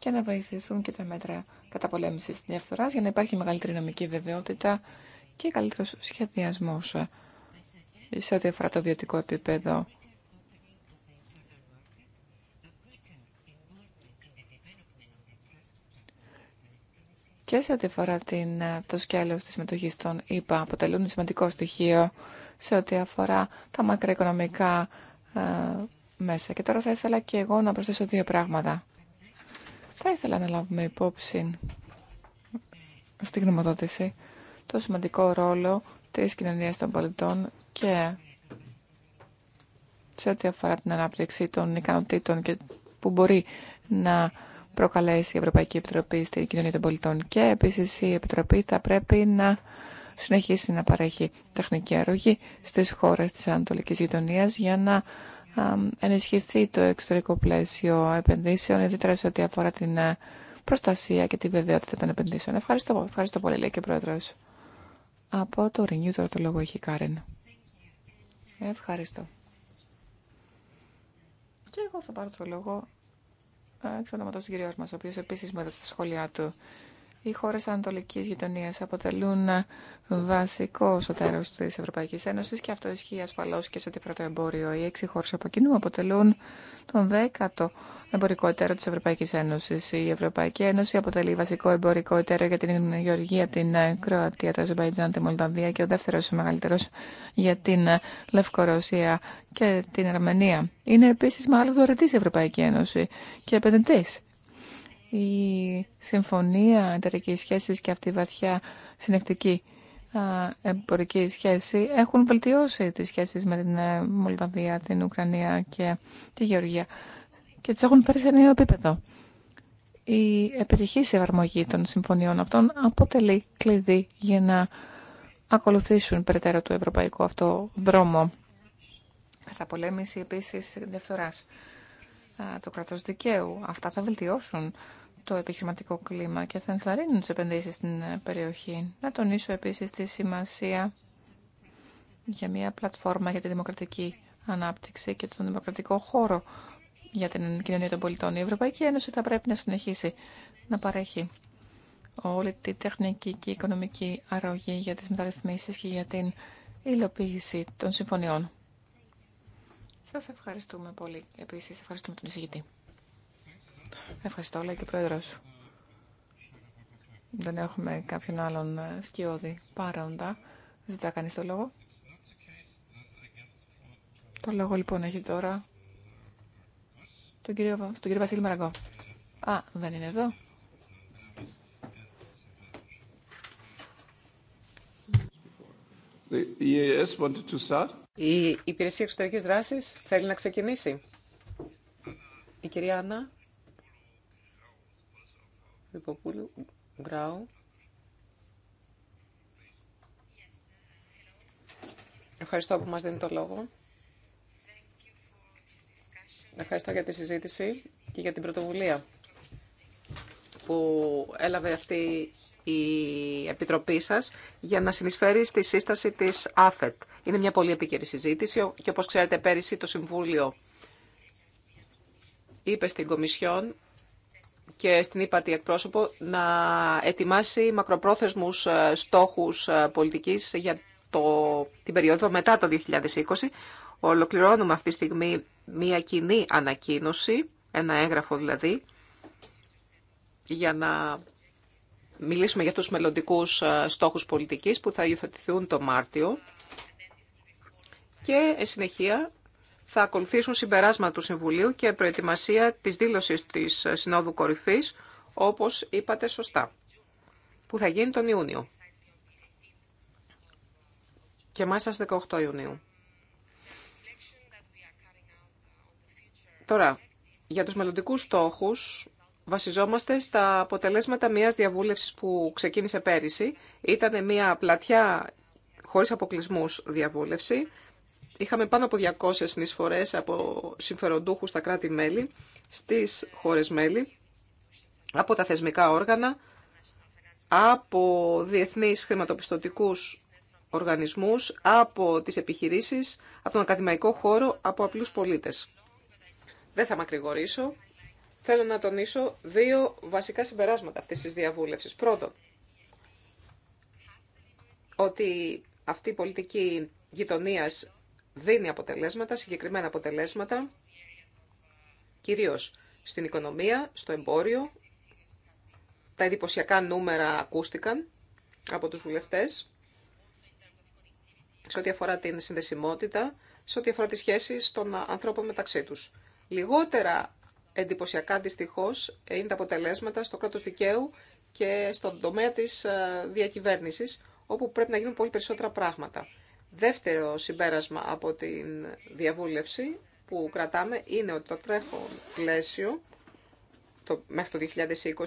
και να βοηθηθούν και τα μέτρα καταπολέμησης της διαφθοράς για να υπάρχει μεγαλύτερη νομική βεβαιότητα και καλύτερος σχεδιασμός σε ό,τι αφορά το βιωτικό επίπεδο. Και σε ό,τι αφορά την, το σκέλος της συμμετοχής των ΙΠΑ αποτελούν σημαντικό στοιχείο σε ό,τι αφορά τα μακροοικονομικά ε, μέσα. Και τώρα θα ήθελα και εγώ να προσθέσω δύο πράγματα. Θα ήθελα να λάβουμε υπόψη στη γνωμοδότηση το σημαντικό ρόλο της κοινωνίας των πολιτών και σε ό,τι αφορά την ανάπτυξη των ικανοτήτων και που μπορεί να προκαλέσει η Ευρωπαϊκή Επιτροπή στην κοινωνία των πολιτών. Και επίσης η Επιτροπή θα πρέπει να συνεχίσει να παρέχει τεχνική αρρωγή στις χώρες της Ανατολικής Γειτονίας για να ε, ενισχυθεί το εξωτερικό πλαίσιο επενδύσεων, ιδιαίτερα σε ό,τι αφορά την ε, προστασία και τη βεβαιότητα των επενδύσεων. Ευχαριστώ, ευχαριστώ πολύ, λέει και πρόεδρο. Από το Renew τώρα το λόγο έχει η Κάρεν. Ευχαριστώ. Και εγώ θα πάρω το λόγο ε, εξ ονόματο του κυρίου Άρμας, ο οποίο επίσης μου έδωσε τα σχόλιά του οι χώρε ανατολικής γειτονία αποτελούν βασικό σωτέρο τη Ευρωπαϊκή Ένωση και αυτό ισχύει ασφαλώ και σε ό,τι πρώτο εμπόριο. Οι έξι χώρε από κοινού αποτελούν τον δέκατο εμπορικό εταίρο της Ευρωπαϊκής Ένωσης. Η Ευρωπαϊκή Ένωση αποτελεί βασικό εμπορικό εταίρο για την Γεωργία, την Κροατία, το Αζερβαϊτζάν, τη Μολδαβία και ο δεύτερο μεγαλύτερο για την Λευκορωσία και την Αρμενία. Είναι επίση μεγάλο δωρετή η Ευρωπαϊκή Ένωση και επενδυτή η συμφωνία εταιρική σχέση και αυτή η βαθιά συνεκτική εμπορική σχέση έχουν βελτιώσει τις σχέσεις με την ε, Μολδαβία, την Ουκρανία και τη Γεωργία και τις έχουν φέρει σε νέο επίπεδο. Η επιτυχής εφαρμογή των συμφωνιών αυτών αποτελεί κλειδί για να ακολουθήσουν περαιτέρω του ευρωπαϊκού αυτό δρόμο. Κατά πολέμηση επίσης διαφθοράς, το κρατός δικαίου. Αυτά θα βελτιώσουν το επιχειρηματικό κλίμα και θα ενθαρρύνουν τι επενδύσει στην ε, περιοχή. Να τονίσω επίσης τη σημασία για μια πλατφόρμα για τη δημοκρατική ανάπτυξη και τον δημοκρατικό χώρο για την κοινωνία των πολιτών. Η Ευρωπαϊκή Ένωση θα πρέπει να συνεχίσει να παρέχει όλη τη τεχνική και οικονομική αρρωγή για τις μεταρρυθμίσεις και για την υλοποίηση των συμφωνιών. Σας ευχαριστούμε πολύ. Επίσης, ευχαριστούμε τον εισηγητή. Ευχαριστώ, λέει και πρόεδρο. Δεν έχουμε κάποιον άλλον ε, σκιώδη παρόντα. Ζητά κανεί το λόγο. Το λόγο λοιπόν έχει τώρα τον κύριο, στον κύριο Βασίλη Μαραγκό. Α, δεν είναι εδώ. E Η Υπηρεσία Εξωτερικής Δράσης θέλει να ξεκινήσει. Η κυρία Άννα Ευχαριστώ που μας δίνει το λόγο. Ευχαριστώ για τη συζήτηση και για την πρωτοβουλία που έλαβε αυτή η Επιτροπή σας για να συνεισφέρει στη σύσταση της ΑΦΕΤ. Είναι μια πολύ επίκαιρη συζήτηση και όπως ξέρετε πέρυσι το Συμβούλιο είπε στην Κομισιόν και στην ύπατη εκπρόσωπο να ετοιμάσει μακροπρόθεσμους ε, στόχους ε, πολιτικής για το, την περίοδο μετά το 2020. Ολοκληρώνουμε αυτή τη στιγμή μία κοινή ανακοίνωση, ένα έγγραφο δηλαδή, για να μιλήσουμε για τους μελλοντικούς ε, στόχους πολιτικής που θα υιοθετηθούν το Μάρτιο. Και συνεχεία θα ακολουθήσουν συμπεράσματα του Συμβουλίου και προετοιμασία της δήλωσης της Συνόδου Κορυφής, όπως είπατε σωστά, που θα γίνει τον Ιούνιο και μάλιστα στις 18 Ιουνίου. Τώρα, για τους μελλοντικού στόχους βασιζόμαστε στα αποτελέσματα μιας διαβούλευσης που ξεκίνησε πέρυσι. Ήταν μια πλατιά χωρίς αποκλεισμούς διαβούλευση Είχαμε πάνω από 200 συνεισφορές από συμφεροντούχους στα κράτη-μέλη, στις χώρες-μέλη, από τα θεσμικά όργανα, από διεθνείς χρηματοπιστωτικούς οργανισμούς, από τις επιχειρήσεις, από τον ακαδημαϊκό χώρο, από απλούς πολίτες. Δεν θα μακρηγορήσω. Θέλω να τονίσω δύο βασικά συμπεράσματα αυτής της διαβούλευσης. Πρώτον, ότι αυτή η πολιτική γειτονίας δίνει αποτελέσματα, συγκεκριμένα αποτελέσματα, κυρίως στην οικονομία, στο εμπόριο. Τα εντυπωσιακά νούμερα ακούστηκαν από τους βουλευτές σε ό,τι αφορά την συνδεσιμότητα, σε ό,τι αφορά τις σχέσεις των ανθρώπων μεταξύ τους. Λιγότερα εντυπωσιακά δυστυχώ είναι τα αποτελέσματα στο κράτος δικαίου και στον τομέα της ε, διακυβέρνησης, όπου πρέπει να γίνουν πολύ περισσότερα πράγματα. Δεύτερο συμπέρασμα από την διαβούλευση που κρατάμε είναι ότι το τρέχον πλαίσιο το, μέχρι το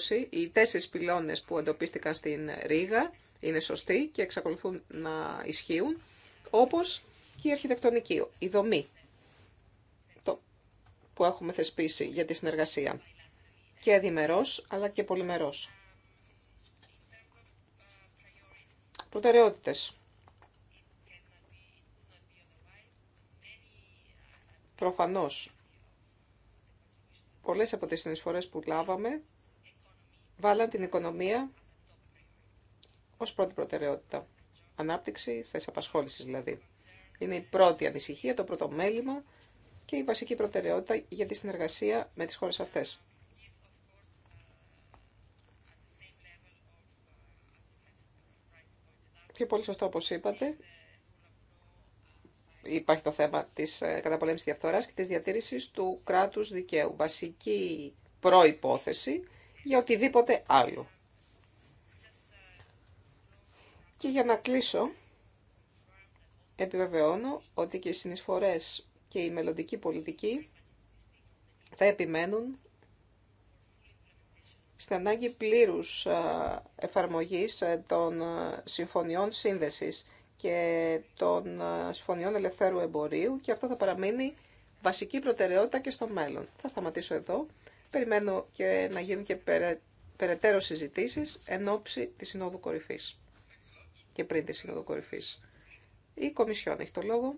2020 οι τέσσερις πυλώνες που εντοπίστηκαν στην Ρήγα είναι σωστοί και εξακολουθούν να ισχύουν όπως και η αρχιτεκτονική, η δομή το, που έχουμε θεσπίσει για τη συνεργασία και διμερός αλλά και πολυμερός. Προτεραιότητες. Προφανώς, πολλές από τις συνεισφορές που λάβαμε βάλαν την οικονομία ως πρώτη προτεραιότητα. Ανάπτυξη, θέση απασχόληση δηλαδή. Είναι η πρώτη ανησυχία, το πρώτο μέλημα και η βασική προτεραιότητα για τη συνεργασία με τις χώρες αυτές. Και πολύ σωστό, όπως είπατε, υπάρχει το θέμα της ε, καταπολέμησης διαφθοράς και της διατήρησης του κράτους δικαίου. Βασική προϋπόθεση για οτιδήποτε άλλο. Και για να κλείσω, επιβεβαιώνω ότι και οι συνεισφορές και η μελλοντική πολιτική θα επιμένουν στην ανάγκη πλήρους ε, εφαρμογής ε, των συμφωνιών σύνδεσης και των ε, συμφωνιών ελευθέρου εμπορίου και αυτό θα παραμείνει βασική προτεραιότητα και στο μέλλον. Θα σταματήσω εδώ. Περιμένω και να γίνουν και περαιτέρω συζητήσεις εν ώψη της Συνόδου Κορυφής και πριν τη Συνόδου Κορυφής. Η Κομισιόν έχει το λόγο.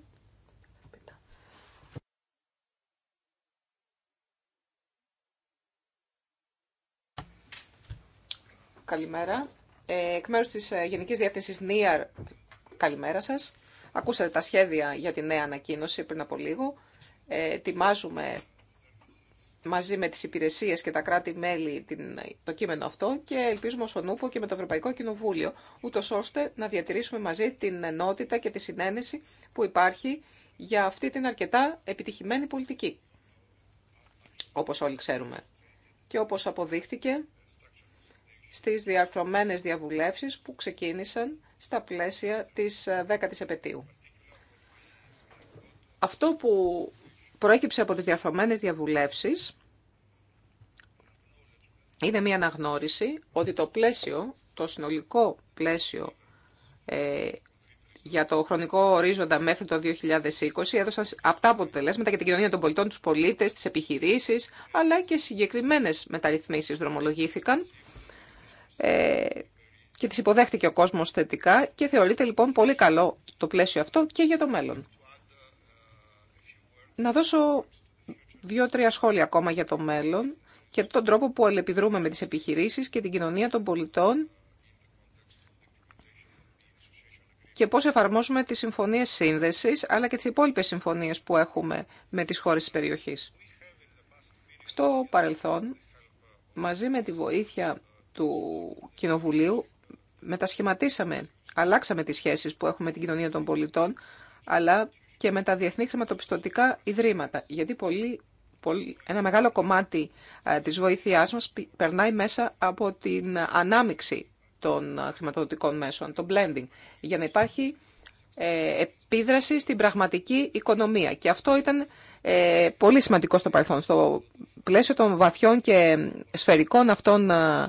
Καλημέρα. Ε, εκ μέρους της ε, Γενικής Διεύθυνσης ΝΙΑΡ Καλημέρα σας. Ακούσατε τα σχέδια για τη νέα ανακοίνωση πριν από λίγο. Ε, ετοιμάζουμε μαζί με τις υπηρεσίες και τα κράτη-μέλη το κείμενο αυτό και ελπίζουμε ως ονούπο και με το Ευρωπαϊκό Κοινοβούλιο, ούτω ώστε να διατηρήσουμε μαζί την ενότητα και τη συνένεση που υπάρχει για αυτή την αρκετά επιτυχημένη πολιτική, όπως όλοι ξέρουμε. Και όπως αποδείχτηκε στις διαρθρωμένες διαβουλεύσεις που ξεκίνησαν στα πλαίσια της 10ης ε, επαιτίου. Αυτό που προέκυψε από τις διαρθρωμένες διαβουλεύσεις είναι μια αναγνώριση ότι το πλαίσιο, το συνολικό πλαίσιο ε, για το χρονικό ορίζοντα μέχρι το 2020 έδωσαν αυτά αποτελέσματα για την κοινωνία των πολιτών, τους πολίτες, τις επιχειρήσεις, αλλά και συγκεκριμένες μεταρρυθμίσεις δρομολογήθηκαν ε, και τις υποδέχτηκε ο κόσμος θετικά και θεωρείται λοιπόν πολύ καλό το πλαίσιο αυτό και για το μέλλον. Να δώσω δύο-τρία σχόλια ακόμα για το μέλλον και τον τρόπο που αλληλεπιδρούμε με τις επιχειρήσεις και την κοινωνία των πολιτών και πώς εφαρμόζουμε τις συμφωνίες σύνδεσης αλλά και τις υπόλοιπες συμφωνίες που έχουμε με τις χώρες της περιοχής. Στο παρελθόν, μαζί με τη βοήθεια του Κοινοβουλίου μετασχηματίσαμε, αλλάξαμε τις σχέσεις που έχουμε με την κοινωνία των πολιτών, αλλά και με τα διεθνή χρηματοπιστωτικά ιδρύματα. Γιατί πολύ, πολύ, ένα μεγάλο κομμάτι ε, της βοήθειάς μας περνάει μέσα από την ανάμιξη των χρηματοδοτικών μέσων, το blending, για να υπάρχει ε, επίδραση στην πραγματική οικονομία. Και αυτό ήταν ε, πολύ σημαντικό στο παρελθόν. Στο πλαίσιο των βαθιών και σφαιρικών αυτών ε,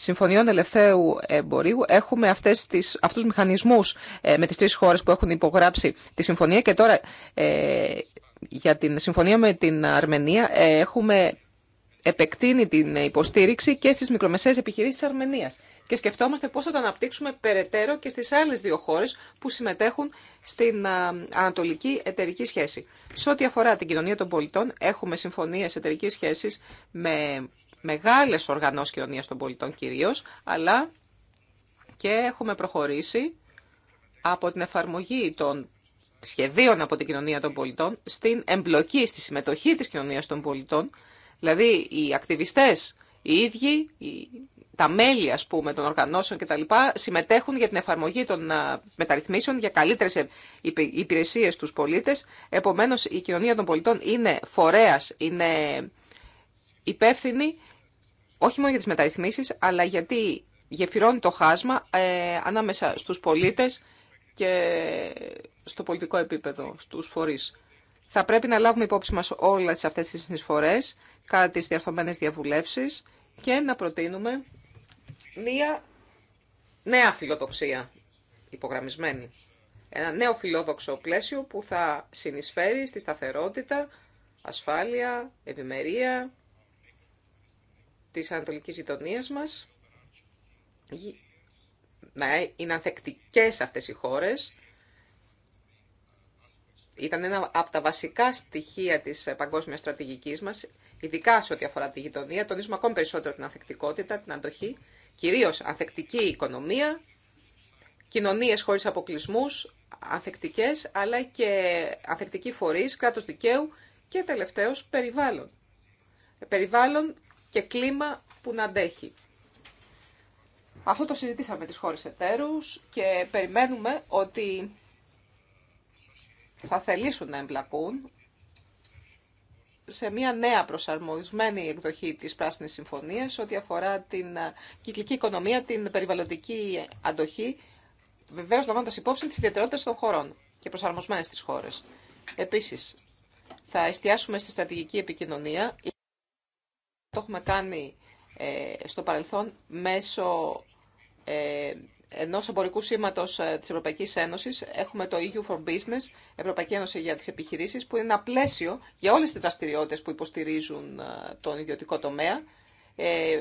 συμφωνιών ελευθέρου εμπορίου έχουμε αυτές τις, αυτούς τους μηχανισμούς ε, με τις τρεις χώρες που έχουν υπογράψει τη συμφωνία και τώρα ε, για την συμφωνία με την Αρμενία ε, έχουμε επεκτείνει την υποστήριξη και στις μικρομεσαίες επιχειρήσεις της Αρμενίας. Και σκεφτόμαστε πώς θα το αναπτύξουμε περαιτέρω και στις άλλες δύο χώρες που συμμετέχουν στην ανατολική εταιρική σχέση. Σε ό,τι αφορά την κοινωνία των πολιτών, έχουμε συμφωνίες εταιρικής σχέσης με μεγάλες οργανώσεις κοινωνίας των πολιτών κυρίως, αλλά και έχουμε προχωρήσει από την εφαρμογή των σχεδίων από την κοινωνία των πολιτών στην εμπλοκή, στη συμμετοχή της κοινωνίας των πολιτών, δηλαδή οι ακτιβιστές οι ίδιοι, τα μέλη ας πούμε των οργανώσεων λοιπά συμμετέχουν για την εφαρμογή των μεταρρυθμίσεων για καλύτερες ε, υπηρεσίες στους πολίτες. Επομένως η κοινωνία των πολιτών είναι φορέας, είναι υπεύθυνη όχι μόνο για τις μεταρρυθμίσεις, αλλά γιατί γεφυρώνει το χάσμα ε, ανάμεσα στους πολίτες και στο πολιτικό επίπεδο, στους φορείς. Θα πρέπει να λάβουμε υπόψη μας όλες αυτές τις συνεισφορές κατά τις διαρθωμένες διαβουλεύσεις και να προτείνουμε μία νέα φιλοδοξία υπογραμμισμένη. Ένα νέο φιλόδοξο πλαίσιο που θα συνεισφέρει στη σταθερότητα, ασφάλεια, ευημερία της ανατολικής γειτονία μας να είναι ανθεκτικές αυτές οι χώρες. Ήταν ένα από τα βασικά στοιχεία της παγκόσμιας στρατηγικής μας, ειδικά σε ό,τι αφορά τη γειτονία. Τονίζουμε ακόμη περισσότερο την ανθεκτικότητα, την αντοχή, κυρίως ανθεκτική οικονομία, κοινωνίες χωρίς αποκλεισμούς, ανθεκτικές, αλλά και ανθεκτικοί φορείς, κράτος δικαίου και τελευταίως περιβάλλον. Περιβάλλον και κλίμα που να αντέχει. Αυτό το συζητήσαμε τις χώρες εταίρους και περιμένουμε ότι θα θελήσουν να εμπλακούν σε μια νέα προσαρμοσμένη εκδοχή της Πράσινης Συμφωνίας ό,τι αφορά την κυκλική οικονομία, την περιβαλλοντική αντοχή, βεβαίως λαμβάνοντας υπόψη τις ιδιαιτερότητες των χωρών και προσαρμοσμένες στις χώρες. Επίσης, θα εστιάσουμε στη στρατηγική επικοινωνία. Το έχουμε κάνει ε, στο παρελθόν μέσω ε, ενός εμπορικού σήματος ε, της Ευρωπαϊκής Ένωσης. Έχουμε το EU for Business, Ευρωπαϊκή Ένωση για τις Επιχειρήσεις, που είναι ένα πλαίσιο για όλες τις δραστηριότητες που υποστηρίζουν τον ιδιωτικό τομέα.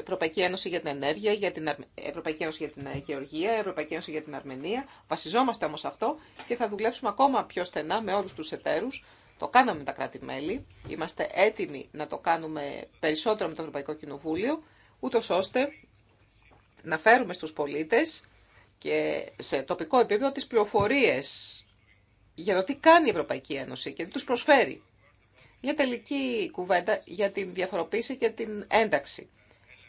Ευρωπαϊκή Ένωση για την Ενέργεια, για την Ευρωπαϊκή Ένωση για την Γεωργία, Ευρωπαϊκή Ένωση για την Αρμενία. Βασιζόμαστε όμως αυτό και θα δουλέψουμε ακόμα πιο στενά με όλους τους εταίρους το κάναμε με τα κράτη-μέλη, είμαστε έτοιμοι να το κάνουμε περισσότερο με το Ευρωπαϊκό Κοινοβούλιο, ούτω ώστε να φέρουμε στους πολίτες και σε τοπικό επίπεδο τις πληροφορίες για το τι κάνει η Ευρωπαϊκή Ένωση και τι τους προσφέρει. Μια τελική κουβέντα για την διαφοροποίηση και την ένταξη.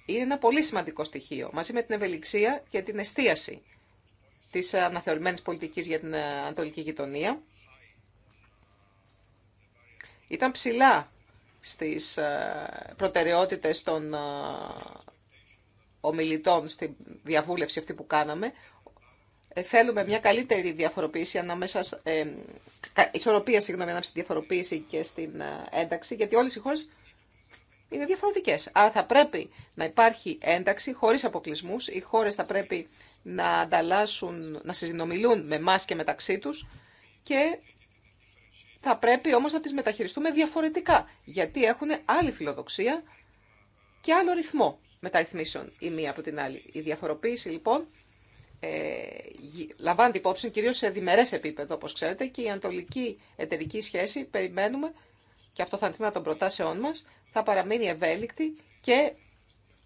Είναι ένα πολύ σημαντικό στοιχείο, μαζί με την ευελιξία και την εστίαση της αναθεωρημένης πολιτικής για την Ανατολική Γειτονία ήταν ψηλά στις ε, προτεραιότητες των ε, ομιλητών στη διαβούλευση αυτή που κάναμε. Ε, θέλουμε μια καλύτερη διαφοροποίηση ανάμεσα, ε, ισορροπία συγγνώμη, ανάμεσα στη διαφοροποίηση και στην ένταξη, γιατί όλες οι χώρες είναι διαφορετικές. Άρα θα πρέπει να υπάρχει ένταξη χωρίς αποκλεισμούς. Οι χώρες θα πρέπει να ανταλλάσσουν, να συνομιλούν με εμά και μεταξύ τους και θα πρέπει όμως να τις μεταχειριστούμε διαφορετικά, γιατί έχουν άλλη φιλοδοξία και άλλο ρυθμό μεταρρυθμίσεων η μία από την άλλη. Η διαφοροποίηση λοιπόν ε, λαμβάνεται υπόψη κυρίως σε διμερές επίπεδο, όπως ξέρετε, και η αντολική εταιρική σχέση, περιμένουμε, και αυτό θα είναι θύμα των προτάσεών μας, θα παραμείνει ευέλικτη και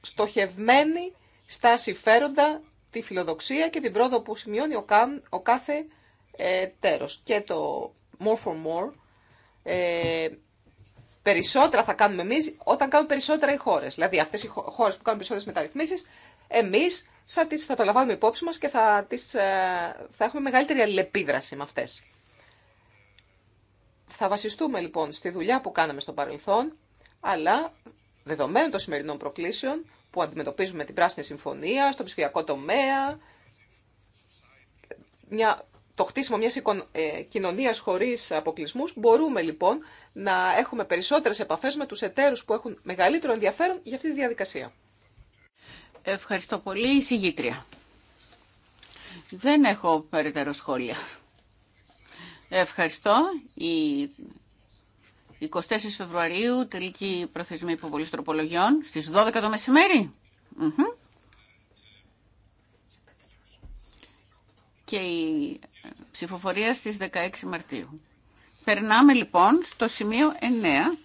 στοχευμένη στα συμφέροντα, τη φιλοδοξία και την πρόοδο που σημειώνει ο, ο κάθε ε, τέρος. Και το more for more, ε, περισσότερα θα κάνουμε εμείς όταν κάνουν περισσότερα οι χώρε. Δηλαδή αυτές οι χώρε που κάνουν περισσότερες μεταρρυθμίσει, εμείς θα, τις, θα το λαμβάνουμε υπόψη μα και θα, τις, ε, θα έχουμε μεγαλύτερη αλληλεπίδραση με αυτέ. Θα βασιστούμε λοιπόν στη δουλειά που κάναμε στο παρελθόν, αλλά δεδομένων των σημερινών προκλήσεων που αντιμετωπίζουμε την Πράσινη Συμφωνία, στον ψηφιακό τομέα, μια το χτίσιμο μιας ε, κοινωνίας χωρίς αποκλεισμούς, μπορούμε λοιπόν να έχουμε περισσότερες επαφές με τους εταίρους που έχουν μεγαλύτερο ενδιαφέρον για αυτή τη διαδικασία. Ευχαριστώ πολύ, η συγγήτρια. Δεν έχω περαιτέρω σχόλια. Ευχαριστώ. Η 24 Φεβρουαρίου, τελική προθεσμή υποβολής τροπολογιών, στις 12 το μεσημέρι. Και η Ψηφοφορία στις 16 Μαρτίου. Περνάμε λοιπόν στο σημείο 9.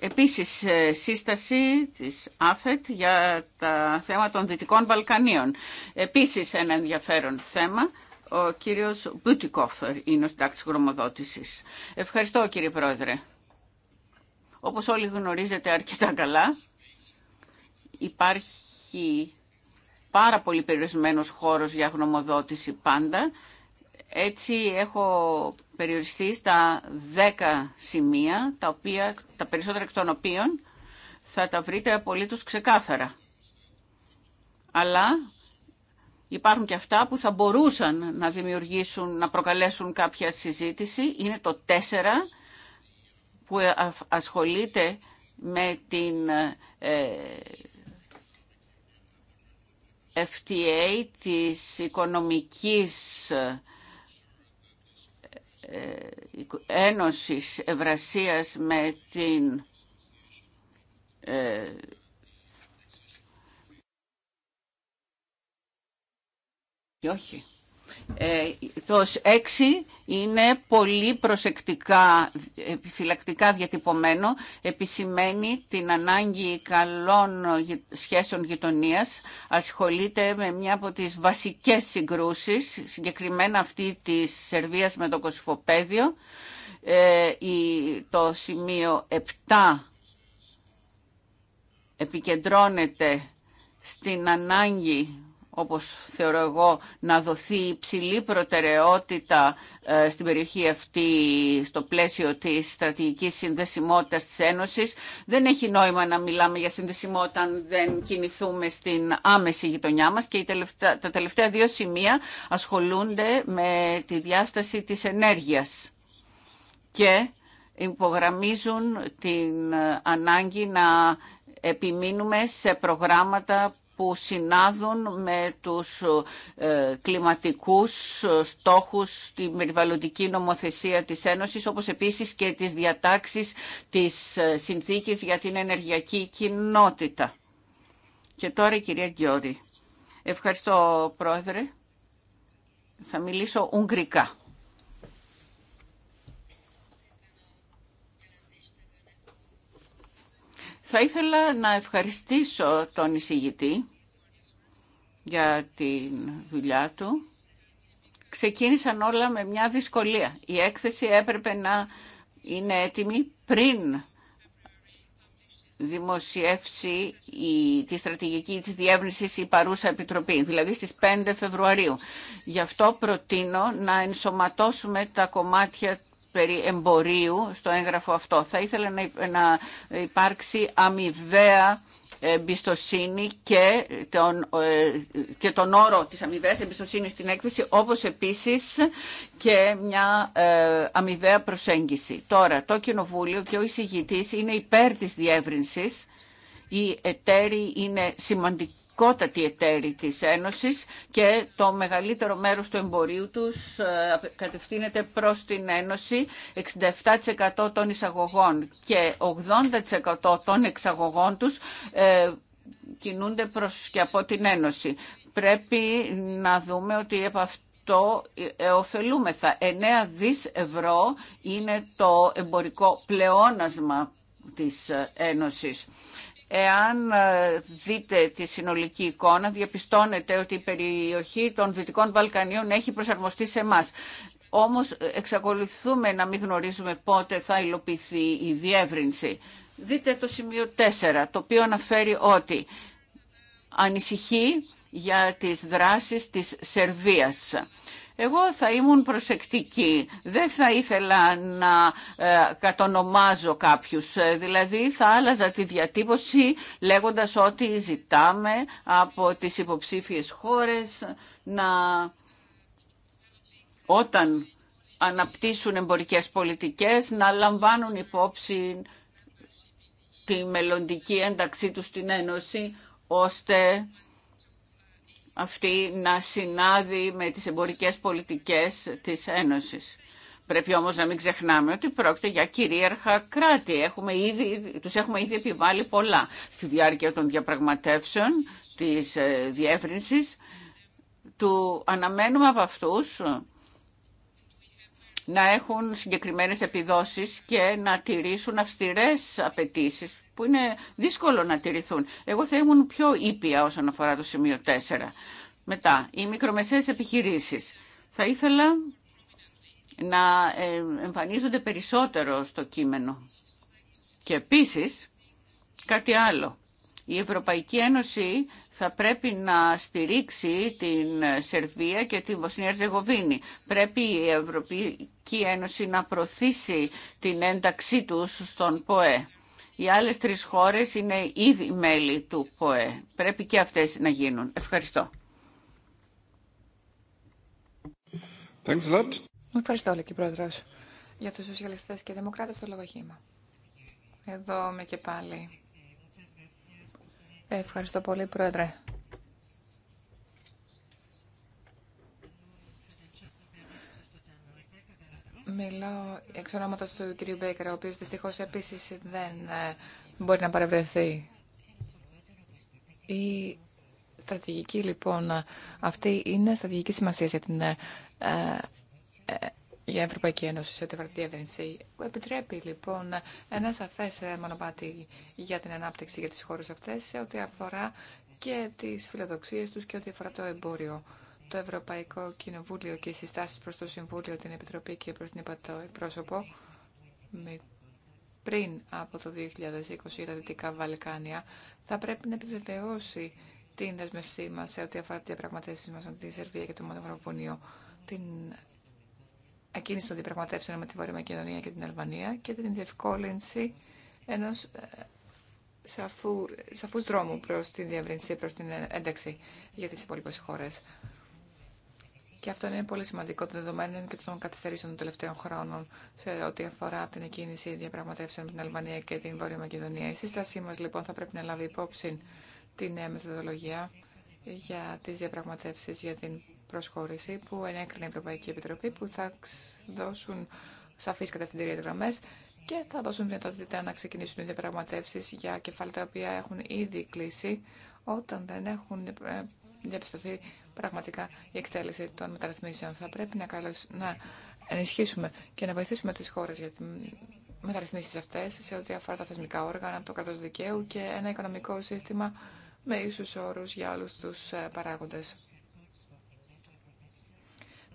Επίσης, ε, σύσταση της ΑΦΕΤ για τα θέματα των Δυτικών Βαλκανίων. Επίσης, ένα ενδιαφέρον θέμα. Ο κύριος Μπουτικόφερ είναι ο συντάκτης γνωμοδότησης. Ευχαριστώ κύριε Πρόεδρε. Όπως όλοι γνωρίζετε αρκετά καλά, υπάρχει πάρα πολύ περιορισμένος χώρος για γνωμοδότηση πάντα έτσι έχω περιοριστεί στα 10 σημεία, τα, οποία, τα περισσότερα εκ των οποίων θα τα βρείτε απολύτως ξεκάθαρα. Αλλά υπάρχουν και αυτά που θα μπορούσαν να δημιουργήσουν, να προκαλέσουν κάποια συζήτηση. Είναι το 4 που ασχολείται με την ε, FTA της οικονομικής ε, ε, Ένωσης Ευρασίας με την ε, και όχι. Ε, το 6 είναι πολύ προσεκτικά, επιφυλακτικά διατυπωμένο, επισημαίνει την ανάγκη καλών σχέσεων γειτονίας, ασχολείται με μια από τις βασικές συγκρούσεις, συγκεκριμένα αυτή της Σερβίας με το Κοσφοπέδιο, ε, το σημείο 7 επικεντρώνεται στην ανάγκη όπως θεωρώ εγώ, να δοθεί υψηλή προτεραιότητα ε, στην περιοχή αυτή στο πλαίσιο της στρατηγικής συνδεσιμότητας της Ένωσης. Δεν έχει νόημα να μιλάμε για συνδεσιμότητα αν δεν κινηθούμε στην άμεση γειτονιά μας και τα τελευταία δύο σημεία ασχολούνται με τη διάσταση της ενέργειας και υπογραμμίζουν την ε, ανάγκη να επιμείνουμε σε προγράμματα που συνάδουν με τους ε, κλιματικούς στόχους στην περιβαλλοντική νομοθεσία της Ένωσης, όπως επίσης και τις διατάξεις της ε, συνθήκης για την ενεργειακή κοινότητα. Και τώρα η κυρία Γκιώρη. Ευχαριστώ, Πρόεδρε. Θα μιλήσω ουγγρικά. Θα ήθελα να ευχαριστήσω τον εισηγητή για τη δουλειά του. Ξεκίνησαν όλα με μια δυσκολία. Η έκθεση έπρεπε να είναι έτοιμη πριν δημοσιεύσει η, τη στρατηγική της διεύνησης η παρούσα επιτροπή, δηλαδή στις 5 Φεβρουαρίου. Γι' αυτό προτείνω να ενσωματώσουμε τα κομμάτια περί εμπορίου στο έγγραφο αυτό. Θα ήθελα να υπάρξει αμοιβαία εμπιστοσύνη και τον, ε, και τον όρο της αμοιβαίας εμπιστοσύνη στην έκθεση, όπως επίσης και μια ε, αμοιβαία προσέγγιση. Τώρα, το Κοινοβούλιο και ο εισηγητής είναι υπέρ της διεύρυνσης. Οι εταίροι είναι σημαντικοί σημαντικότατη εταίρη της Ένωσης και το μεγαλύτερο μέρος του εμπορίου τους ε, κατευθύνεται προς την Ένωση 67% των εισαγωγών και 80% των εξαγωγών τους ε, κινούνται προς και από την Ένωση. Πρέπει να δούμε ότι από το ε, ωφελούμεθα. 9 δις ευρώ είναι το εμπορικό πλεόνασμα της Ένωσης. Εάν ε, δείτε τη συνολική εικόνα, διαπιστώνετε ότι η περιοχή των Δυτικών Βαλκανίων έχει προσαρμοστεί σε εμά. Όμως εξακολουθούμε να μην γνωρίζουμε πότε θα υλοποιηθεί η διεύρυνση. Δείτε το σημείο 4, το οποίο αναφέρει ότι ανησυχεί για τις δράσεις της Σερβίας εγώ θα ήμουν προσεκτική. Δεν θα ήθελα να ε, κατονομάζω κάποιους. Ε, δηλαδή θα άλλαζα τη διατύπωση λέγοντας ότι ζητάμε από τις υποψήφιες χώρες να όταν αναπτύσσουν εμπορικές πολιτικές να λαμβάνουν υπόψη τη μελλοντική ένταξή τους στην Ένωση ώστε αυτή να συνάδει με τις εμπορικές πολιτικές της Ένωσης. Πρέπει όμως να μην ξεχνάμε ότι πρόκειται για κυρίαρχα κράτη. Έχουμε ήδη, τους έχουμε ήδη επιβάλει πολλά στη διάρκεια των διαπραγματεύσεων της ε, διεύρυνσης. Του αναμένουμε από αυτούς να έχουν συγκεκριμένες επιδόσεις και να τηρήσουν αυστηρές απαιτήσεις που είναι δύσκολο να τηρηθούν. Εγώ θα ήμουν πιο ήπια όσον αφορά το σημείο 4. Μετά, οι μικρομεσαίες επιχειρήσεις. Θα ήθελα να ε, εμφανίζονται περισσότερο στο κείμενο. Και επίσης, κάτι άλλο. Η Ευρωπαϊκή Ένωση θα πρέπει να στηρίξει την Σερβία και την Βοσνία Ερζεγοβίνη. Πρέπει η Ευρωπαϊκή Ένωση να προωθήσει την ένταξή τους στον ΠΟΕ. Οι άλλες τρεις χώρες είναι ήδη μέλη του ΠΟΕ. Πρέπει και αυτές να γίνουν. Ευχαριστώ. Thanks a lot. Ευχαριστώ όλοι και πρόεδρος για τους σοσιαλιστές και δημοκράτες στο λογοχήμα. Εδώ είμαι και πάλι. Ευχαριστώ πολύ, Πρόεδρε. Μιλάω εξ ονόματος του κ. Μπέικερ, ο οποίος δυστυχώς επίσης δεν ε, μπορεί να παρευρεθεί. Η στρατηγική λοιπόν αυτή είναι στρατηγική σημασία για την ε, ε Ευρωπαϊκή Ένωση σε ό,τι διεύρυνση. Επιτρέπει λοιπόν ένα σαφέ ε, μονοπάτι για την ανάπτυξη για τις χώρες αυτές σε ό,τι αφορά και τις φιλοδοξίες τους και ό,τι αφορά το εμπόριο το Ευρωπαϊκό Κοινοβούλιο και οι συστάσεις προς το Συμβούλιο, την Επιτροπή και προς την με, πριν από το 2020 για τα Δυτικά Βαλκάνια, θα πρέπει να επιβεβαιώσει την δεσμευσή μα σε ό,τι αφορά τι διαπραγματεύσει μα με τη Σερβία και το Μαυροβουνίο, την ακίνηση των διαπραγματεύσεων με τη Βόρεια Μακεδονία και την Αλβανία και την διευκόλυνση ενό ε, σαφού, σαφούς δρόμου προ την διευρύνση, προ την ένταξη για τι υπόλοιπε χώρε. Και αυτό είναι πολύ σημαντικό δεδομένο και των καθυστερήσεων των τελευταίων χρόνων σε ό,τι αφορά την εκκίνηση διαπραγματεύσεων με την Αλβανία και την Βόρεια Μακεδονία. Η σύστασή μα λοιπόν θα πρέπει να λάβει υπόψη τη νέα μεθοδολογία για τι διαπραγματεύσει για την προσχώρηση που ενέκρινε η Ευρωπαϊκή Επιτροπή, που θα δώσουν σαφεί κατευθυντήριε γραμμέ και θα δώσουν δυνατότητα να ξεκινήσουν οι διαπραγματεύσει για κεφάλαια τα οποία έχουν ήδη κλείσει όταν δεν έχουν ε, διαπιστωθεί πραγματικά η εκτέλεση των μεταρρυθμίσεων. Θα πρέπει να, καλώς, να ενισχύσουμε και να βοηθήσουμε τις χώρες για τις μεταρρυθμίσεις αυτές σε ό,τι αφορά τα θεσμικά όργανα, το κράτος δικαίου και ένα οικονομικό σύστημα με ίσους όρους για όλους τους ε, παράγοντες.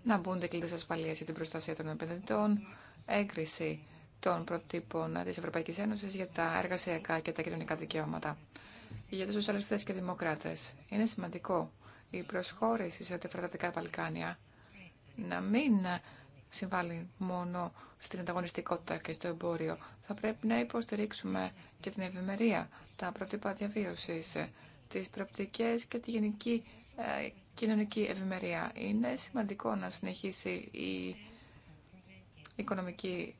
Να μπουν κλείδες ασφαλείας για την προστασία των επενδυτών, έγκριση των προτύπων της Ευρωπαϊκής Ένωσης για τα εργασιακά και τα κοινωνικά δικαιώματα. Για τους σοσιαλιστές και δημοκράτες είναι σημαντικό η προσχώρηση σε ό,τι αφορά τα Βαλκάνια να μην συμβάλλει μόνο στην ανταγωνιστικότητα και στο εμπόριο. Θα πρέπει να υποστηρίξουμε και την ευημερία, τα πρότυπα διαβίωση, τι προοπτικέ και τη γενική ε, κοινωνική ευημερία. Είναι σημαντικό να συνεχίσει η οικονομική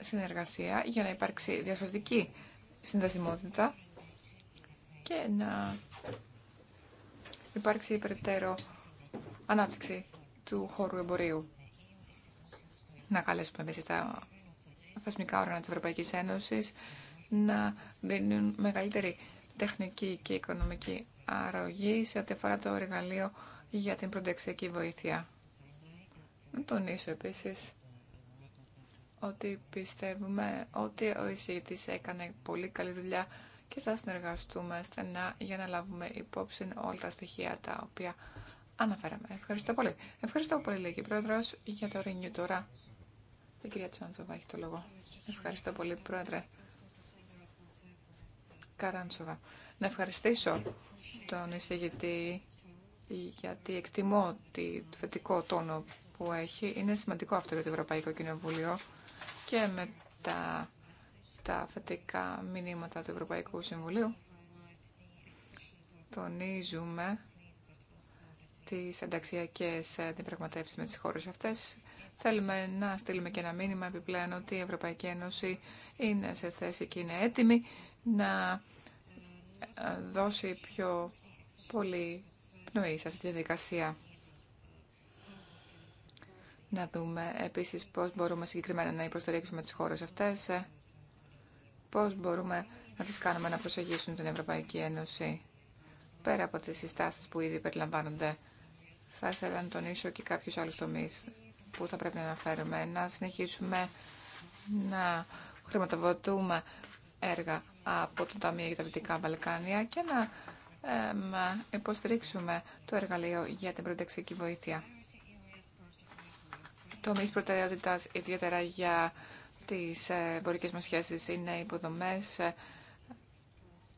συνεργασία για να υπάρξει διαφορετική συνδεσιμότητα και να υπάρξει υπεραιτέρω ανάπτυξη του χώρου εμπορίου. Να καλέσουμε εμείς τα θεσμικά όργανα της Ευρωπαϊκής Ένωσης να δίνουν μεγαλύτερη τεχνική και οικονομική αρρωγή σε ό,τι αφορά το εργαλείο για την πρωτεξιακή βοήθεια. Να τονίσω επίσης ότι πιστεύουμε ότι ο εισηγητής έκανε πολύ καλή δουλειά και θα συνεργαστούμε στενά για να λάβουμε υπόψη όλα τα στοιχεία τα οποία αναφέραμε. Ευχαριστώ πολύ. Ευχαριστώ πολύ, λέει και για το Renew τώρα. Η κυρία Τσάντσοβα έχει το λόγο. Ευχαριστώ πολύ, πρόεδρε. Καράντσοβα. Να ευχαριστήσω τον εισηγητή γιατί εκτιμώ τη θετικό τόνο που έχει. Είναι σημαντικό αυτό για το Ευρωπαϊκό Κοινοβούλιο και με τα τα θετικά μηνύματα του Ευρωπαϊκού Συμβουλίου. Τονίζουμε τις ενταξιακές διαπραγματεύσεις με τις χώρες αυτές. Θέλουμε να στείλουμε και ένα μήνυμα επιπλέον ότι η Ευρωπαϊκή Ένωση είναι σε θέση και είναι έτοιμη να δώσει πιο πολύ πνοή σε αυτή τη διαδικασία. Να δούμε επίσης πώς μπορούμε συγκεκριμένα να υποστηρίξουμε τις χώρες αυτές πώς μπορούμε να τις κάνουμε να προσεγγίσουν την Ευρωπαϊκή Ένωση πέρα από τις συστάσεις που ήδη περιλαμβάνονται. Θα ήθελα να τονίσω και κάποιους άλλους τομείς που θα πρέπει να αναφέρουμε. Να συνεχίσουμε να χρηματοδοτούμε έργα από το Ταμείο για τα Δυτικά Βαλκάνια και να υποστηρίξουμε το εργαλείο για την προτεξική βοήθεια. Τομείς προτεραιότητας ιδιαίτερα για τις ε, εμπορικές μας σχέσεις είναι υποδομές ε,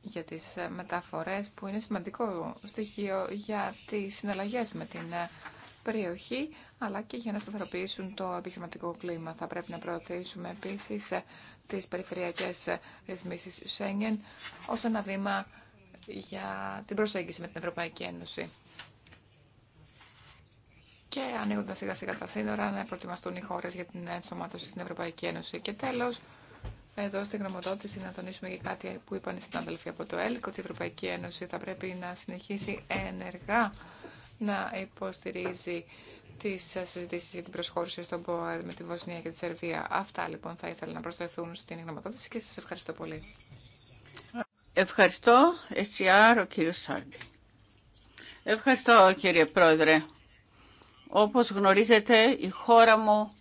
για τις ε, μεταφορές που είναι σημαντικό στοιχείο για τις συναλλαγές με την περιοχή αλλά και για να σταθεροποιήσουν το επιχειρηματικό κλίμα. Θα πρέπει να προωθήσουμε επίσης τις περιφερειακές ρυθμίσεις Schengen ως ένα βήμα για την προσέγγιση με την Ευρωπαϊκή Ένωση και ανοίγοντα σιγά σιγά τα σύνορα να προετοιμαστούν οι χώρε για την ενσωμάτωση στην Ευρωπαϊκή Ένωση. Και τέλο, εδώ στην γραμματότηση να τονίσουμε και κάτι που είπαν οι συνάδελφοι από το ΕΛΚ, ότι η Ευρωπαϊκή Ένωση θα πρέπει να συνεχίσει ενεργά να υποστηρίζει τι συζητήσει για την προσχώρηση στον ΠΟΕΔ με τη Βοσνία και τη Σερβία. Αυτά λοιπόν θα ήθελα να προσθεθούν στην γνωμοδότηση και σα ευχαριστώ πολύ. Ευχαριστώ, Εσιάρ, ο κύριο Σάρντι. Ευχαριστώ, κύριε Πρόεδρε. Όπως γνωρίζετε, η χώρα μου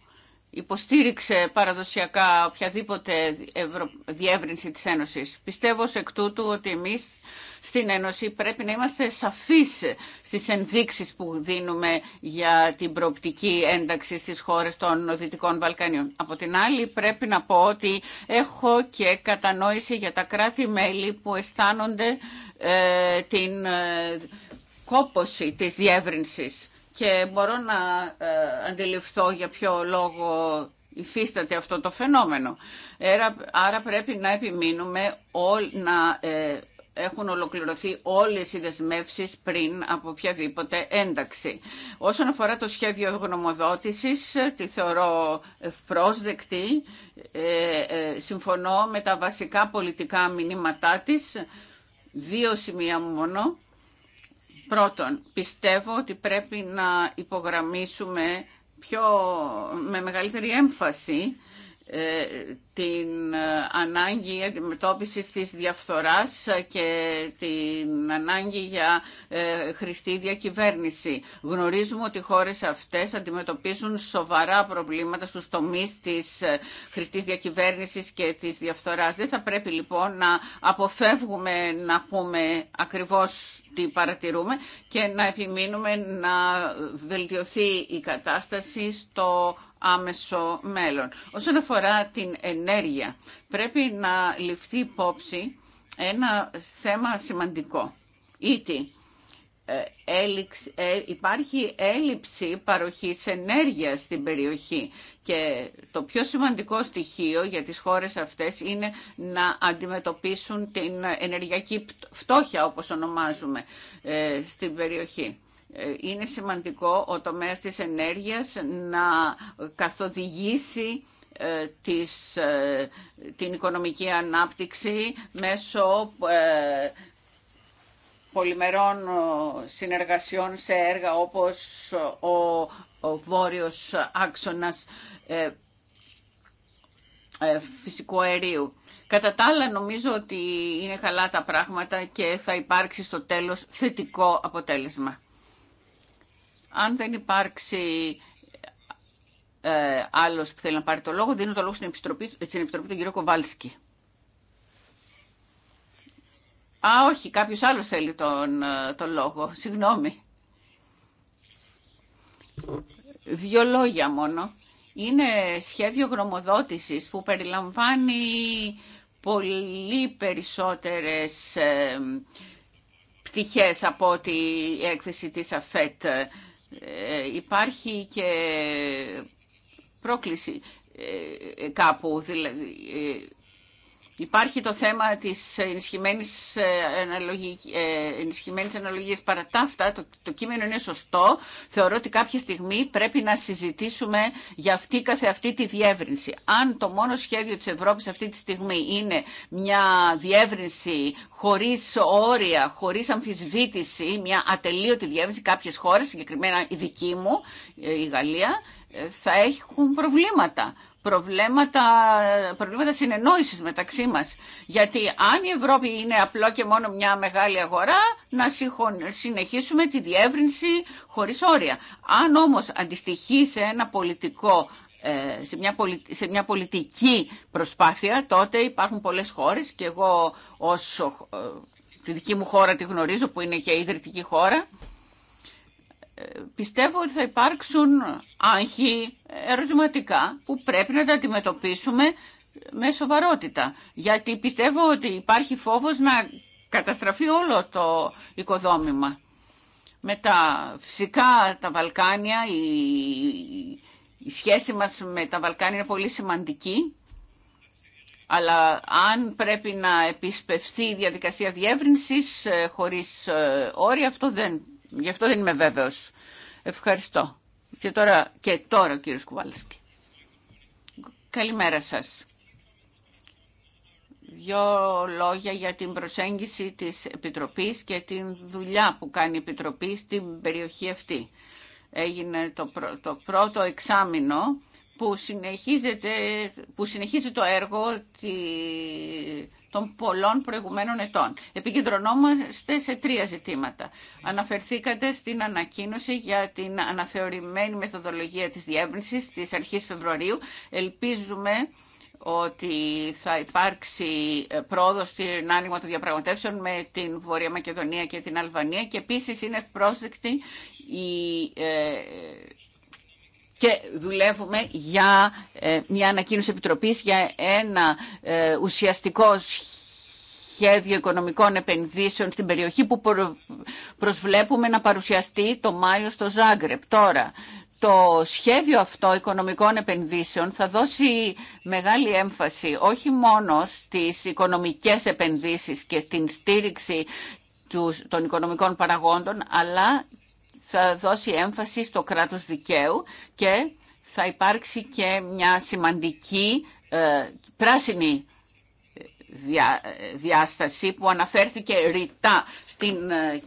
υποστήριξε παραδοσιακά οποιαδήποτε διεύρυνση της Ένωσης. Πιστεύω σε εκ τούτου ότι εμείς στην Ένωση πρέπει να είμαστε σαφείς στις ενδείξεις που δίνουμε για την προοπτική ένταξη στις χώρες των Δυτικών Βαλκανίων. Από την άλλη πρέπει να πω ότι έχω και κατανόηση για τα κράτη-μέλη που αισθάνονται ε, την ε, κόποση της διεύρυνσης και μπορώ να ε, αντιληφθώ για ποιο λόγο υφίσταται αυτό το φαινόμενο. Άρα πρέπει να επιμείνουμε να ε, έχουν ολοκληρωθεί όλες οι δεσμεύσεις πριν από οποιαδήποτε ένταξη. Όσον αφορά το σχέδιο γνωμοδότησης, ε, τη θεωρώ ευπρόσδεκτη. Συμφωνώ με τα βασικά πολιτικά μηνύματά της. Δύο σημεία μόνο Πρώτον, πιστεύω ότι πρέπει να υπογραμμίσουμε πιο, με μεγαλύτερη έμφαση ε, την ε, ανάγκη αντιμετώπισης της διαφθοράς και την ανάγκη για ε, χρηστή διακυβέρνηση. Γνωρίζουμε ότι οι χώρες αυτές αντιμετωπίζουν σοβαρά προβλήματα στους τομείς της χρηστής διακυβέρνησης και της διαφθοράς. Δεν θα πρέπει λοιπόν να αποφεύγουμε να πούμε ακριβώς τι παρατηρούμε και να επιμείνουμε να βελτιωθεί η κατάσταση στο άμεσο μέλλον. Όσον αφορά την ενέργεια, πρέπει να ληφθεί υπόψη ένα θέμα σημαντικό. Ήτι, ε, ε, υπάρχει έλλειψη παροχής ενέργειας στην περιοχή και το πιο σημαντικό στοιχείο για τις χώρες αυτές είναι να αντιμετωπίσουν την ενεργειακή φτώχεια όπως ονομάζουμε ε, στην περιοχή είναι σημαντικό ο τομέας της ενέργειας να καθοδηγήσει ε, της, ε, την οικονομική ανάπτυξη μέσω ε, πολυμερών συνεργασιών σε έργα όπως ο, ο βόρειος άξονας φυσικού αερίου. Κατά τα άλλα νομίζω ότι είναι καλά τα πράγματα και θα υπάρξει στο τέλος θετικό αποτέλεσμα. Αν δεν υπάρξει ε, άλλος που θέλει να πάρει το λόγο, δίνω το λόγο στην Επιτροπή, στην τον κύριο Κοβάλσκι. Α, όχι, κάποιος άλλος θέλει τον, ε, τον λόγο. Συγγνώμη. Δύο λόγια μόνο. Είναι σχέδιο γνωμοδότησης που περιλαμβάνει πολύ περισσότερες ε, πτυχές από η έκθεση της ΑΦΕΤ. Ε, υπάρχει και πρόκληση ε, κάπου, δηλαδή ε, Υπάρχει το θέμα της ενισχυμένης, ε, αναλογι... Ε, ενισχυμένης αναλογίας. Παρά τα αυτά, το, το κείμενο είναι σωστό. Θεωρώ ότι κάποια στιγμή πρέπει να συζητήσουμε για αυτή καθεαυτή τη διεύρυνση. Αν το μόνο σχέδιο της Ευρώπης αυτή τη στιγμή είναι μια διεύρυνση χωρίς όρια, χωρίς αμφισβήτηση, μια ατελείωτη διεύρυνση, κάποιες χώρες, συγκεκριμένα η δική μου, ε, η Γαλλία, θα έχουν προβλήματα προβλήματα, προβλήματα συνεννόησης μεταξύ μας. Γιατί αν η Ευρώπη είναι απλό και μόνο μια μεγάλη αγορά, να συνεχίσουμε τη διεύρυνση χωρίς όρια. Αν όμως αντιστοιχεί σε ένα πολιτικό ε, σε μια, πολιτική, σε μια πολιτική προσπάθεια, τότε υπάρχουν πολλές χώρες και εγώ ως ε, τη δική μου χώρα τη γνωρίζω που είναι και ιδρυτική χώρα ε, πιστεύω ότι θα υπάρξουν άγχοι ερωτηματικά που πρέπει να τα αντιμετωπίσουμε με σοβαρότητα. Γιατί πιστεύω ότι υπάρχει φόβος να καταστραφεί όλο το οικοδόμημα. Με τα φυσικά τα Βαλκάνια, η, η σχέση μας με τα Βαλκάνια είναι πολύ σημαντική. Αλλά αν πρέπει να επισπευθεί η διαδικασία διεύρυνσης ε, χωρίς ε, όρια, αυτό δεν Γι' αυτό δεν είμαι βέβαιος. Ευχαριστώ. Και τώρα, και τώρα ο κύριος Κουβάλσκι. Καλημέρα σας. Δύο λόγια για την προσέγγιση της Επιτροπής και την δουλειά που κάνει η Επιτροπή στην περιοχή αυτή. Έγινε το, πρώτο εξάμεινο που που συνεχίζει το έργο τη, των πολλών προηγουμένων ετών. Επικεντρωνόμαστε σε τρία ζητήματα. Αναφερθήκατε στην ανακοίνωση για την αναθεωρημένη μεθοδολογία της διεύρυνσης της αρχής Φεβρουαρίου. Ελπίζουμε ότι θα υπάρξει ε, πρόοδος στην άνοιγμα των διαπραγματεύσεων με την Βόρεια Μακεδονία και την Αλβανία και επίσης είναι ευπρόσδεκτη η ε, και δουλεύουμε για ε, μια ανακοίνωση επιτροπής για ένα ε, ουσιαστικό σχέδιο οικονομικών επενδύσεων στην περιοχή που προσβλέπουμε να παρουσιαστεί το Μάιο στο Ζάγκρεπ. Τώρα, το σχέδιο αυτό οικονομικών επενδύσεων θα δώσει μεγάλη έμφαση όχι μόνο στις οικονομικές επενδύσεις και στην στήριξη των οικονομικών παραγόντων, αλλά θα δώσει έμφαση στο κράτος δικαίου και θα υπάρξει και μια σημαντική ε, πράσινη ε, ε, διάσταση που αναφέρθηκε ρητά στην ε,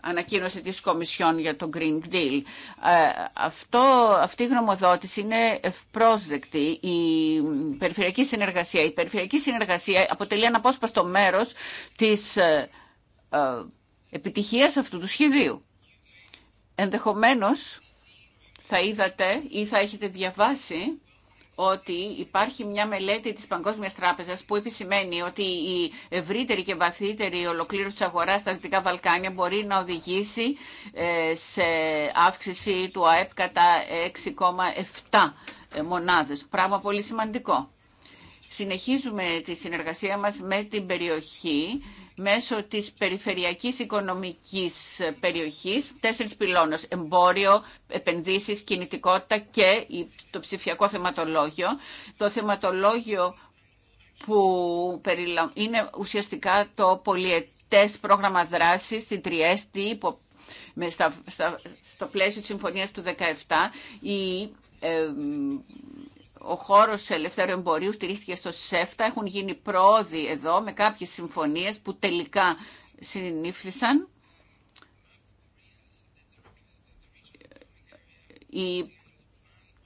ανακοίνωση της Κομισιόν για το Green Deal. αυτό, αυτή η γνωμοδότηση είναι ευπρόσδεκτη. Η περιφερειακή συνεργασία, η περιφερειακή συνεργασία αποτελεί ένα απόσπαστο μέρος της επιτυχίας αυτού του σχεδίου. Ενδεχομένως θα είδατε ή θα έχετε διαβάσει ότι υπάρχει μια μελέτη της Παγκόσμιας Τράπεζας που επισημαίνει ότι η ευρύτερη και βαθύτερη ολοκλήρωση της αγοράς στα Δυτικά Βαλκάνια μπορεί να οδηγήσει ε, σε αύξηση του ΑΕΠ κατά 6,7 ε, μονάδες. Πράγμα πολύ σημαντικό. Συνεχίζουμε τη συνεργασία μας με την περιοχή μέσω της περιφερειακής οικονομικής περιοχής, τέσσερις πυλώνες, εμπόριο, επενδύσεις, κινητικότητα και το ψηφιακό θεματολόγιο. Το θεματολόγιο που είναι ουσιαστικά το πολιετές πρόγραμμα δράσης στην Τριέστη, στο πλαίσιο της Συμφωνίας του 2017 ο χώρος ελευθέρου εμπορίου στηρίχθηκε στο ΣΕΦΤΑ. Έχουν γίνει πρόοδοι εδώ με κάποιες συμφωνίες που τελικά συνήφθησαν. Η,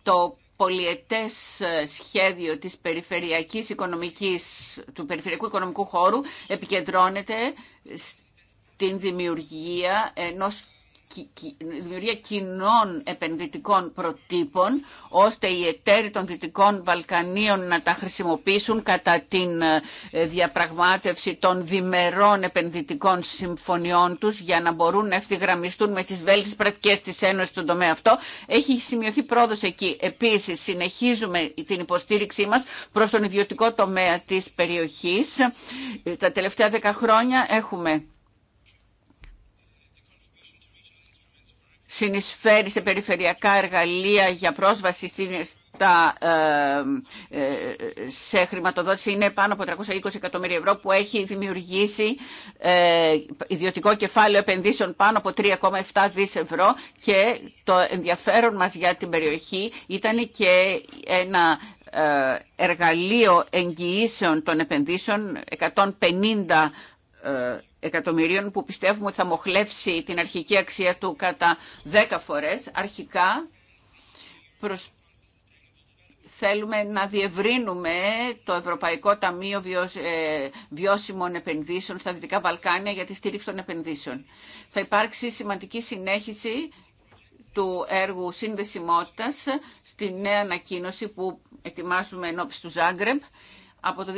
το πολιετές σχέδιο της περιφερειακής οικονομικής, του περιφερειακού οικονομικού χώρου επικεντρώνεται στην δημιουργία ενός δημιουργία κοινών επενδυτικών προτύπων, ώστε οι εταίροι των Δυτικών Βαλκανίων να τα χρησιμοποιήσουν κατά την ε, διαπραγμάτευση των διμερών επενδυτικών συμφωνιών τους για να μπορούν να ευθυγραμμιστούν με τις βέλτιστες πρακτικές της Ένωσης στον τομέα αυτό. Έχει σημειωθεί πρόοδος εκεί. Επίσης, συνεχίζουμε την υποστήριξή μας προς τον ιδιωτικό τομέα της περιοχής. Τα τελευταία δέκα χρόνια έχουμε συνεισφέρει σε περιφερειακά εργαλεία για πρόσβαση στην, τα, ε, ε, σε χρηματοδότηση είναι πάνω από 320 εκατομμύρια ευρώ που έχει δημιουργήσει ε, ιδιωτικό κεφάλαιο επενδύσεων πάνω από 3,7 δις ευρώ και το ενδιαφέρον μας για την περιοχή ήταν και ένα ε, εργαλείο εγγυήσεων των επενδύσεων 150 ε, εκατομμυρίων που πιστεύουμε ότι θα μοχλεύσει την αρχική αξία του κατά 10 φορές. Αρχικά προς... θέλουμε να διευρύνουμε το Ευρωπαϊκό Ταμείο ε, Βιώσιμων Επενδύσεων στα Δυτικά Βαλκάνια για τη στήριξη των επενδύσεων. Θα υπάρξει σημαντική συνέχιση του έργου συνδεσιμότητας στη νέα ανακοίνωση που ετοιμάζουμε ενώπιση του Ζάγκρεμπ από το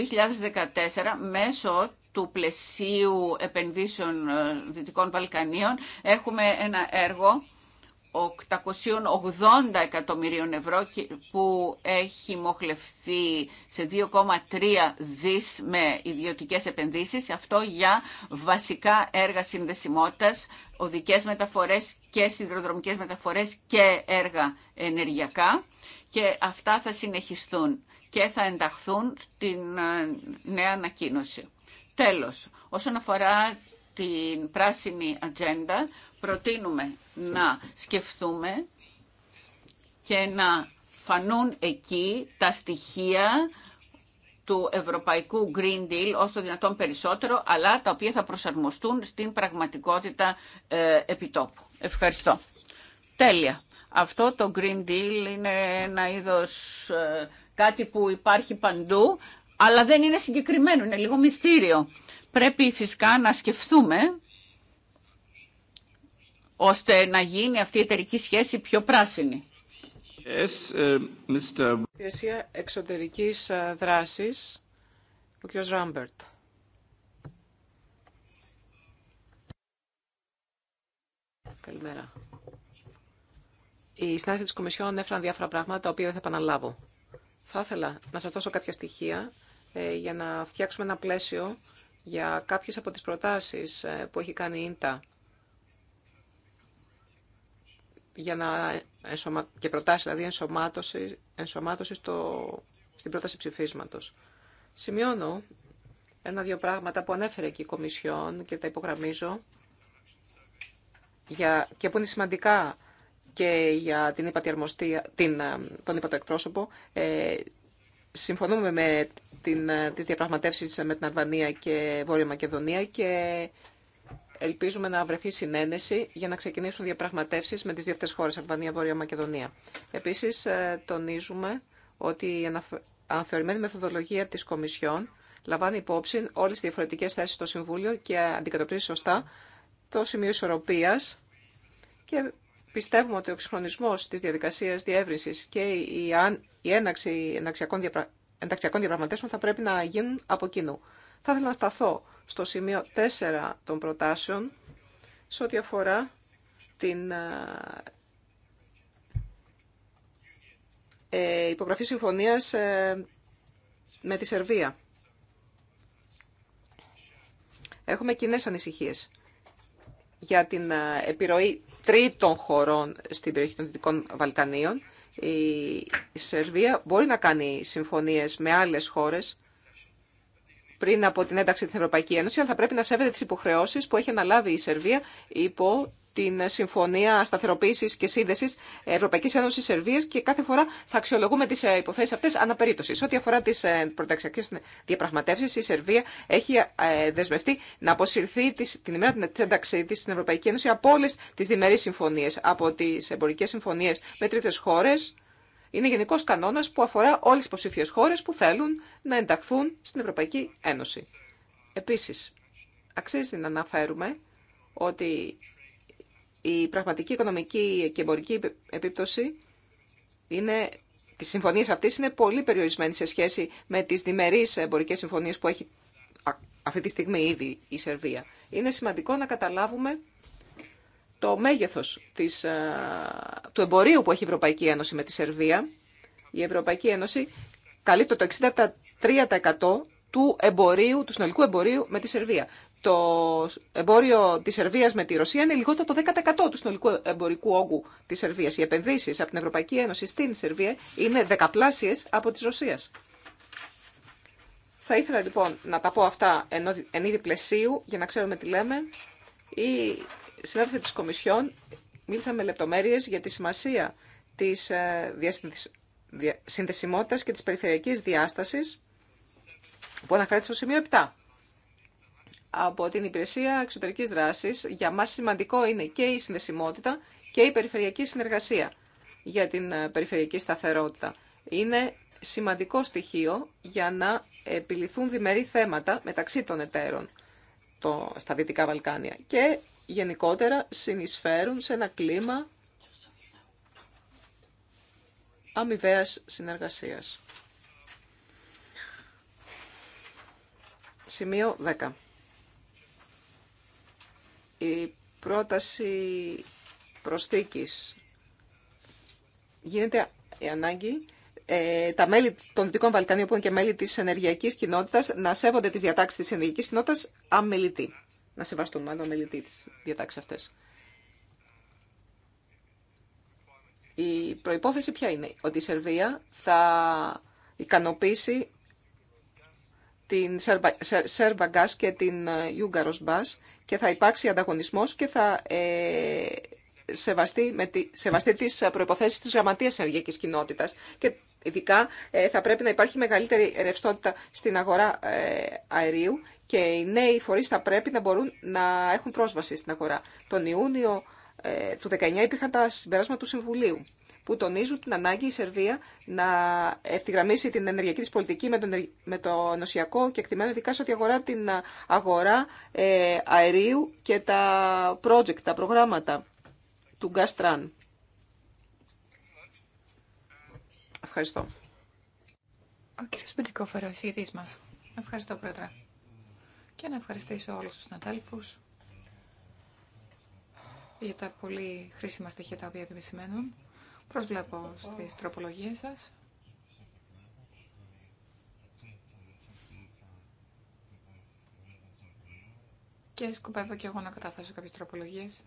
2014 μέσω του πλαισίου επενδύσεων ε, Δυτικών Βαλκανίων έχουμε ένα έργο 880 εκατομμυρίων ευρώ που έχει μοχλευθεί σε 2,3 δις με ιδιωτικές επενδύσεις. Αυτό για βασικά έργα συνδεσιμότητας, οδικές μεταφορές και σιδηροδρομικές μεταφορές και έργα ενεργειακά. Και αυτά θα συνεχιστούν και θα ενταχθούν στην ε, νέα ανακοίνωση. Τέλος, όσον αφορά την πράσινη ατζέντα, προτείνουμε να σκεφτούμε και να φανούν εκεί τα στοιχεία του Ευρωπαϊκού Green Deal ως το δυνατόν περισσότερο, αλλά τα οποία θα προσαρμοστούν στην πραγματικότητα ε, επιτόπου. Ευχαριστώ. Τέλεια. Αυτό το Green Deal είναι ένα είδος ε, κάτι που υπάρχει παντού, αλλά δεν είναι συγκεκριμένο, είναι λίγο μυστήριο. Πρέπει φυσικά να σκεφτούμε ώστε να γίνει αυτή η εταιρική σχέση πιο πράσινη. Yes, uh, Mr. Υπηρεσία Εξωτερικής ε, Δράσης, ο κ. Ράμπερτ. Καλημέρα. Οι συνάδελφοι της Κομισιόν έφεραν διάφορα πράγματα, τα οποία δεν θα επαναλάβω. Θα ήθελα να σας δώσω κάποια στοιχεία ε, για να φτιάξουμε ένα πλαίσιο για κάποιες από τις προτάσεις ε, που έχει κάνει η ΙΝΤΑ για να και προτάσεις δηλαδή ενσωμάτωση, ενσωμάτωση στο... στην πρόταση ψηφίσματος. Σημειώνω ένα-δύο πράγματα που ανέφερε και η Κομισιόν και τα υπογραμμίζω για... και που είναι σημαντικά και για την την, ε, τον υπατοεκπρόσωπο. Ε, συμφωνούμε με την, ε, τις διαπραγματεύσεις με την Αλβανία και Βόρεια Μακεδονία και ελπίζουμε να βρεθεί συνένεση για να ξεκινήσουν διαπραγματεύσεις με τις δύο αυτές χώρες, Αλβανία, Βόρεια Μακεδονία. Επίσης, ε, τονίζουμε ότι η αναθεωρημένη μεθοδολογία της Κομισιόν λαμβάνει υπόψη όλες τις διαφορετικές θέσεις στο Συμβούλιο και αντικατοπτρίζει σωστά το σημείο ισορροπίας και Πιστεύουμε ότι ο εξυγχρονισμός της διαδικασίας διεύρυνση και η, η έναξη ενταξιακών, διαπραγματεύσεων θα πρέπει να γίνουν από κοινού. Θα ήθελα να σταθώ στο σημείο 4 των προτάσεων σε ό,τι αφορά την ε, ε, υπογραφή συμφωνίας ε, με τη Σερβία. Έχουμε κοινέ ανησυχίες για την επιρροή τρίτων χωρών στην περιοχή των Δυτικών Βαλκανίων. Η Σερβία μπορεί να κάνει συμφωνίες με άλλες χώρες πριν από την ένταξη της Ευρωπαϊκή Ένωση, αλλά θα πρέπει να σέβεται τις υποχρεώσεις που έχει αναλάβει η Σερβία υπό την Συμφωνία Σταθεροποίηση και Σύνδεση Ευρωπαϊκή Ένωση Σερβία και κάθε φορά θα αξιολογούμε τι ε, υποθέσει αυτέ αναπερίπτωση. ό,τι αφορά τι ε, πρωταξιακέ διαπραγματεύσει, η Σερβία έχει ε, δεσμευτεί να αποσυρθεί την ημέρα τη ένταξή τη στην Ευρωπαϊκή Ένωση από όλε τι διμερεί συμφωνίε, από τι εμπορικέ συμφωνίε με τρίτε χώρε. Είναι γενικό κανόνα που αφορά όλε τι υποψηφίε χώρε που θέλουν να ενταχθούν στην Ευρωπαϊκή Ένωση. Επίση, αξίζει να αναφέρουμε ότι η πραγματική οικονομική και εμπορική επίπτωση είναι, της συμφωνίας αυτής είναι πολύ περιορισμένη σε σχέση με τις διμερείς εμπορικές συμφωνίες που έχει αυτή τη στιγμή ήδη η Σερβία. Είναι σημαντικό να καταλάβουμε το μέγεθος της, του εμπορίου που έχει η Ευρωπαϊκή Ένωση με τη Σερβία. Η Ευρωπαϊκή Ένωση καλύπτει το 63% του εμπορίου, του συνολικού εμπορίου με τη Σερβία το εμπόριο τη Σερβία με τη Ρωσία είναι λιγότερο το 10% του συνολικού εμπορικού όγκου τη Σερβία. Οι επενδύσει από την Ευρωπαϊκή Ένωση στην Σερβία είναι δεκαπλάσιε από τη Ρωσία. Θα ήθελα λοιπόν να τα πω αυτά εν είδη πλαισίου για να ξέρουμε τι λέμε. Οι συνάδελφοι τη Κομισιόν μίλησαν με λεπτομέρειε για τη σημασία τη ε, συνδεσιμότητα και τη περιφερειακή διάσταση που αναφέρεται στο σημείο 7 από την Υπηρεσία Εξωτερικής Δράσης. Για μας σημαντικό είναι και η συνδεσιμότητα και η περιφερειακή συνεργασία για την ε, περιφερειακή σταθερότητα. Είναι σημαντικό στοιχείο για να επιληθούν διμερεί θέματα μεταξύ των εταίρων το, στα Δυτικά Βαλκάνια και γενικότερα συνεισφέρουν σε ένα κλίμα αμοιβαίας συνεργασίας. Σημείο 10. Η πρόταση προσθήκης γίνεται η ανάγκη ε, τα μέλη των Δυτικών Βαλκανίων που είναι και μέλη της ενεργειακής κοινότητας να σέβονται τις διατάξεις της ενεργειακής κοινότητας αμελητή. Να σεβαστούν μάλλον αμελητή τις διατάξεις αυτές. Η προϋπόθεση ποια είναι, ότι η Σερβία θα ικανοποιήσει την Σέρβα Γκάς και την ε, Ιούγκαρος Μπάς και θα υπάρξει ανταγωνισμός και θα ε, σεβαστεί, με τη, σεβαστεί τις προϋποθέσεις της γραμματείας ενεργειακής κοινότητας και ειδικά ε, θα πρέπει να υπάρχει μεγαλύτερη ρευστότητα στην αγορά ε, αερίου και οι νέοι φορείς θα πρέπει να μπορούν να έχουν πρόσβαση στην αγορά. Τον Ιούνιο ε, του 19 υπήρχαν τα συμπεράσματα του Συμβουλίου που τονίζουν την ανάγκη η Σερβία να ευθυγραμμίσει την ενεργειακή της πολιτική με το, νοσιακό και εκτιμένο ειδικά σε ό,τι αγορά την αγορά ε, αερίου και τα project, τα προγράμματα του Γκαστράν. Ευχαριστώ. Ο κύριος Μπεντικόφερος, η μας. Ευχαριστώ, Πρόεδρε. Και να ευχαριστήσω όλους τους συναδέλφους για τα πολύ χρήσιμα στοιχεία τα οποία επισημαίνουν. Προσβλέπω στις τροπολογίες σας. Και σκοπεύω και εγώ να καταθέσω κάποιες τροπολογίες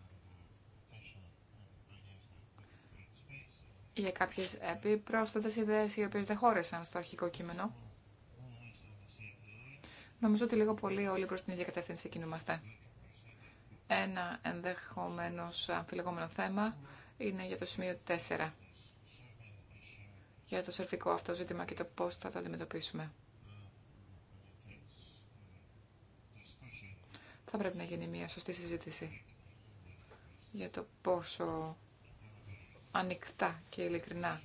για κάποιες επιπρόσθετες ιδέες οι οποίες δεν χώρεσαν στο αρχικό κείμενο. Νομίζω ότι λίγο πολύ όλοι προς την ίδια κατεύθυνση κινούμαστε. Ένα ενδεχομένως αμφιλεγόμενο θέμα είναι για το σημείο 4 για το σερφικό αυτό ζήτημα και το πώς θα το αντιμετωπίσουμε. Θα πρέπει να γίνει μια σωστή συζήτηση για το πόσο ανοιχτά και ειλικρινά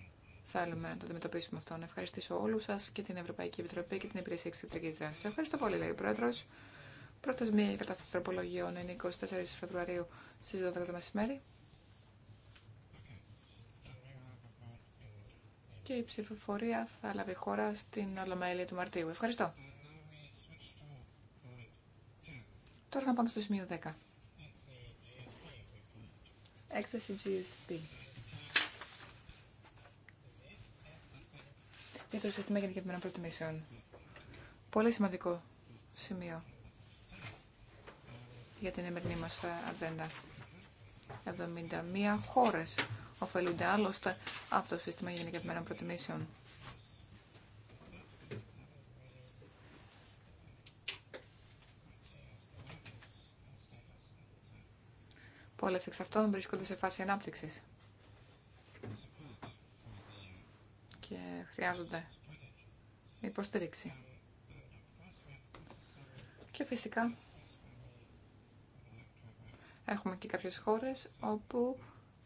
θέλουμε να το αντιμετωπίσουμε αυτό. Να ευχαριστήσω όλους σας και την Ευρωπαϊκή Επιτροπή και την Υπηρεσία Εξωτερικής Δράσης. Ευχαριστώ πολύ, λέει ο Πρόεδρος μία η κατάθεση τροπολογιών είναι 24 Φεβρουαρίου στις 12 το μεσημέρι. Και η ψηφοφορία θα λάβει χώρα στην Ολομέλεια του Μαρτίου. Ευχαριστώ. Τώρα να πάμε στο σημείο 10. Έκθεση GSP. Για το σύστημα γενικευμένων προτιμήσεων. Πολύ σημαντικό σημείο για την εμερινή μας ατζέντα. 71 χώρες ωφελούνται άλλωστε από το σύστημα γενικευμένων προτιμήσεων. Πολλές εξ αυτών βρίσκονται σε φάση ανάπτυξης και χρειάζονται υποστήριξη. Και φυσικά Έχουμε και κάποιες χώρες όπου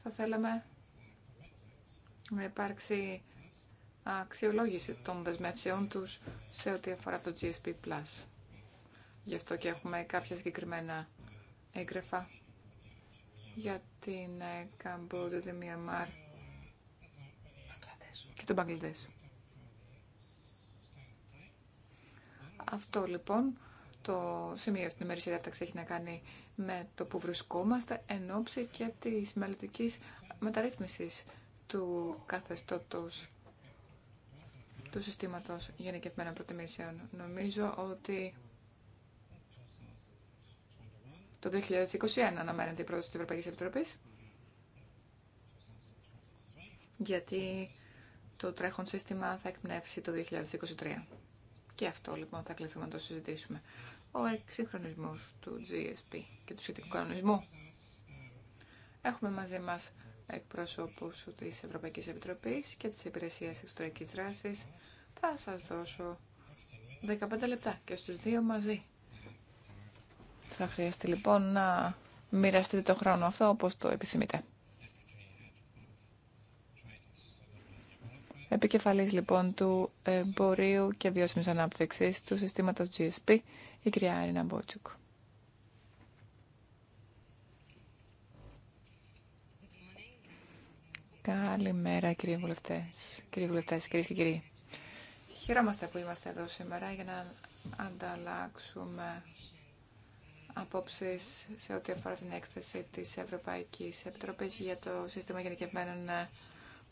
θα θέλαμε να υπάρξει αξιολόγηση των δεσμεύσεών τους σε ό,τι αφορά το GSP+. Γι' αυτό και έχουμε κάποια συγκεκριμένα έγγραφα για την ε, Καμπότζα, τη Μιαμάρ και τον Μπαγκλαντές. Αυτό λοιπόν το σημείο στην ημερήσια διάταξη έχει να κάνει με το που βρισκόμαστε εν ώψη και της μελλοντικής μεταρρύθμισης του καθεστώτος του συστήματος γενικευμένων προτιμήσεων. Νομίζω ότι το 2021 αναμένεται η πρόταση της Ευρωπαϊκής Επιτροπής γιατί το τρέχον σύστημα θα εκπνεύσει το 2023. Και αυτό λοιπόν θα κληθούμε να το συζητήσουμε ο εξυγχρονισμός του GSP και του σχετικού κανονισμού. Έχουμε μαζί μας εκπρόσωπους της Ευρωπαϊκής Επιτροπής και της Υπηρεσίας Εξωτερικής Δράσης. Θα σας δώσω 15 λεπτά και στους δύο μαζί. Θα χρειαστεί λοιπόν να μοιραστείτε το χρόνο αυτό όπως το επιθυμείτε. επικεφαλής λοιπόν του εμπορίου και βιώσιμης ανάπτυξης του συστήματος GSP, η κυρία Άρινα Μπότσουκ. Καλημέρα κύριε βουλευτές, κύριε βουλευτές, κυρίες και κύριοι. Χαιρόμαστε που είμαστε εδώ σήμερα για να ανταλλάξουμε απόψεις σε ό,τι αφορά την έκθεση της Ευρωπαϊκής Επιτροπής για το Σύστημα Γενικευμένων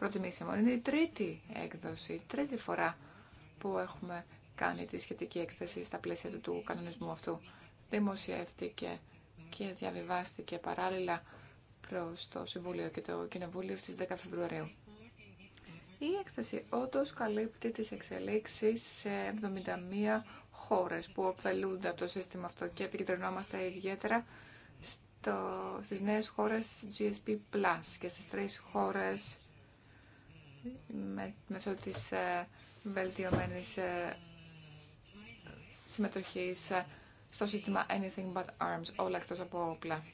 μόνο. Είναι η τρίτη έκδοση, η τρίτη φορά που έχουμε κάνει τη σχετική έκθεση στα πλαίσια του, του κανονισμού αυτού. Δημοσιεύτηκε και διαβιβάστηκε παράλληλα προς το Συμβούλιο και το Κοινοβούλιο στις 10 Φεβρουαρίου. Η έκθεση όντω καλύπτει τις εξελίξεις σε 71 χώρες που ωφελούνται από το σύστημα αυτό και επικεντρωνόμαστε ιδιαίτερα στο, στις νέες χώρες GSP Plus και στις τρεις χώρες με, μέσω της ε, βελτιωμένης ε, συμμετοχής ε, στο σύστημα Anything But Arms, όλα εκτός από όπλα.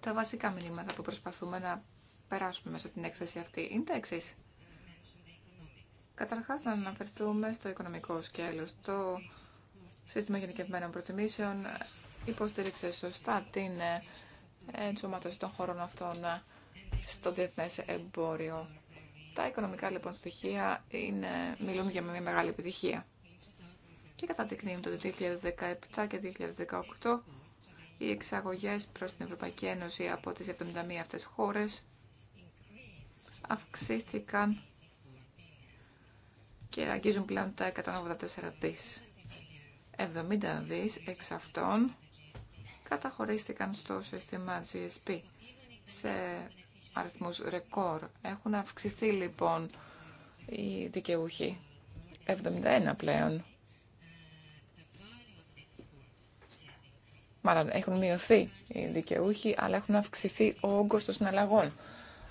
Τα βασικά μηνύματα που προσπαθούμε να περάσουμε μέσω την έκθεση αυτή είναι τα εξή. Καταρχάς να αναφερθούμε στο οικονομικό σκέλος. Το σύστημα γενικευμένων προτιμήσεων ε, υποστήριξε σωστά την ενσωματώση των χωρών αυτών στο διεθνές εμπόριο. Τα οικονομικά λοιπόν στοιχεία είναι, μιλούν για μια μεγάλη επιτυχία. Και κατά καταδεικνύουν το 2017 και 2018 οι εξαγωγές προς την Ευρωπαϊκή Ένωση από τις 71 αυτές χώρες αυξήθηκαν και αγγίζουν πλέον τα 184 δις. 70 δις εξ αυτών καταχωρίστηκαν στο σύστημα GSP σε αριθμούς ρεκόρ. Έχουν αυξηθεί λοιπόν οι δικαιούχοι. 71 πλέον. Μάλλον έχουν μειωθεί οι δικαιούχοι, αλλά έχουν αυξηθεί ο όγκος των συναλλαγών.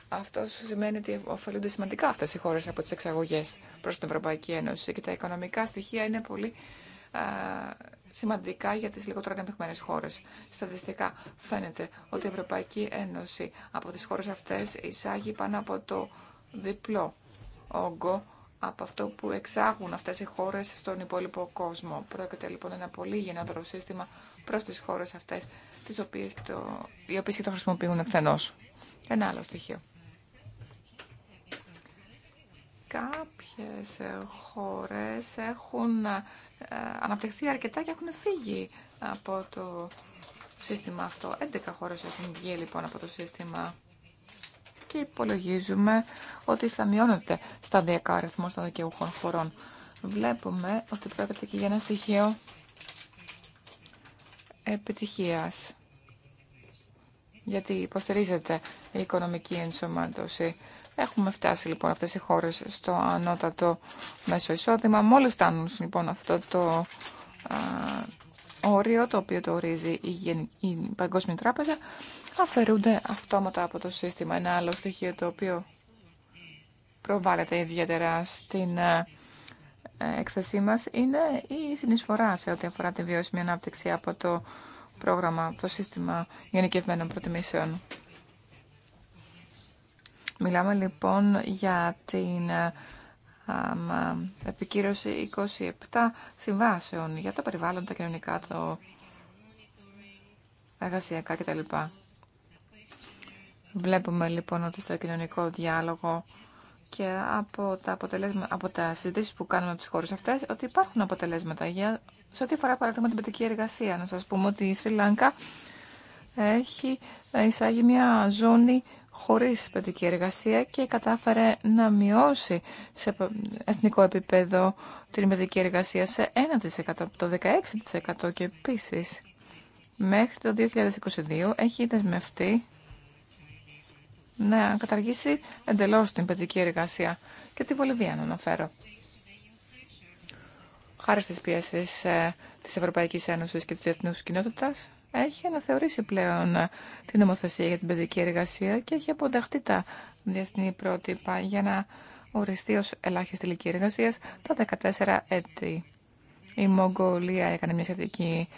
Αυτό σημαίνει ότι ωφελούνται σημαντικά αυτές οι χώρες από τις εξαγωγές προς την Ευρωπαϊκή Ένωση και τα οικονομικά στοιχεία είναι πολύ ε, σημαντικά για τις λιγότερο ανεπτυγμένες χώρες. Στατιστικά φαίνεται ότι η Ευρωπαϊκή Ένωση από τις χώρες αυτές εισάγει πάνω από το διπλό όγκο από αυτό που εξάγουν αυτές οι χώρες στον υπόλοιπο κόσμο. Πρόκειται λοιπόν ένα πολύ γενναδρό σύστημα προς τις χώρες αυτές, τις οποίες και το, οι οποίες και το χρησιμοποιούν εκτενώς. Ένα άλλο στοιχείο. Κάποιες ε, χώρες έχουν ε, αναπτυχθεί αρκετά και έχουν φύγει από το σύστημα αυτό. 11 χώρες έχουν βγει λοιπόν από το σύστημα και υπολογίζουμε ότι θα μειώνεται σταδιακά ο αριθμός των δικαιούχων χωρών. Βλέπουμε ότι πρόκειται και για ένα στοιχείο επιτυχίας γιατί υποστηρίζεται η οικονομική ενσωμάτωση Έχουμε φτάσει λοιπόν αυτές οι χώρες στο ανώτατο μέσο εισόδημα. Μόλις φτάνουν λοιπόν αυτό το όριο το οποίο το ορίζει η, η Παγκόσμια Τράπεζα αφαιρούνται αυτόματα από το σύστημα. Ένα άλλο στοιχείο το οποίο προβάλλεται ιδιαίτερα στην έκθεσή μας είναι η συνεισφορά σε ό,τι αφορά τη βιώσιμη ανάπτυξη από το πρόγραμμα, το σύστημα γενικευμένων προτιμήσεων. Μιλάμε λοιπόν για την ε, ε, επικύρωση 27 συμβάσεων για το περιβάλλον, τα κοινωνικά, το εργασιακά κτλ. Βλέπουμε λοιπόν ότι στο κοινωνικό διάλογο και από τα, αποτελέσματα, από τα συζητήσεις που κάνουμε από τις χώρες αυτές ότι υπάρχουν αποτελέσματα για, σε ό,τι αφορά παράδειγμα την παιδική εργασία. Να σας πούμε ότι η Σρι Λάνκα έχει εισάγει μια ζώνη χωρίς παιδική εργασία και κατάφερε να μειώσει σε εθνικό επίπεδο την παιδική εργασία σε 1% το 16% και επίσης μέχρι το 2022 έχει δεσμευτεί να καταργήσει εντελώς την παιδική εργασία και την Βολιβία να αναφέρω. Χάρη στις πιέσεις ε, της Ευρωπαϊκής Ένωσης και της Διεθνούς Κοινότητας, έχει αναθεωρήσει πλέον την νομοθεσία για την παιδική εργασία και έχει αποδεχτεί τα διεθνή πρότυπα για να οριστεί ως ελάχιστη ηλικία εργασία τα 14 έτη. Η Μογγολία έκανε μια σχετική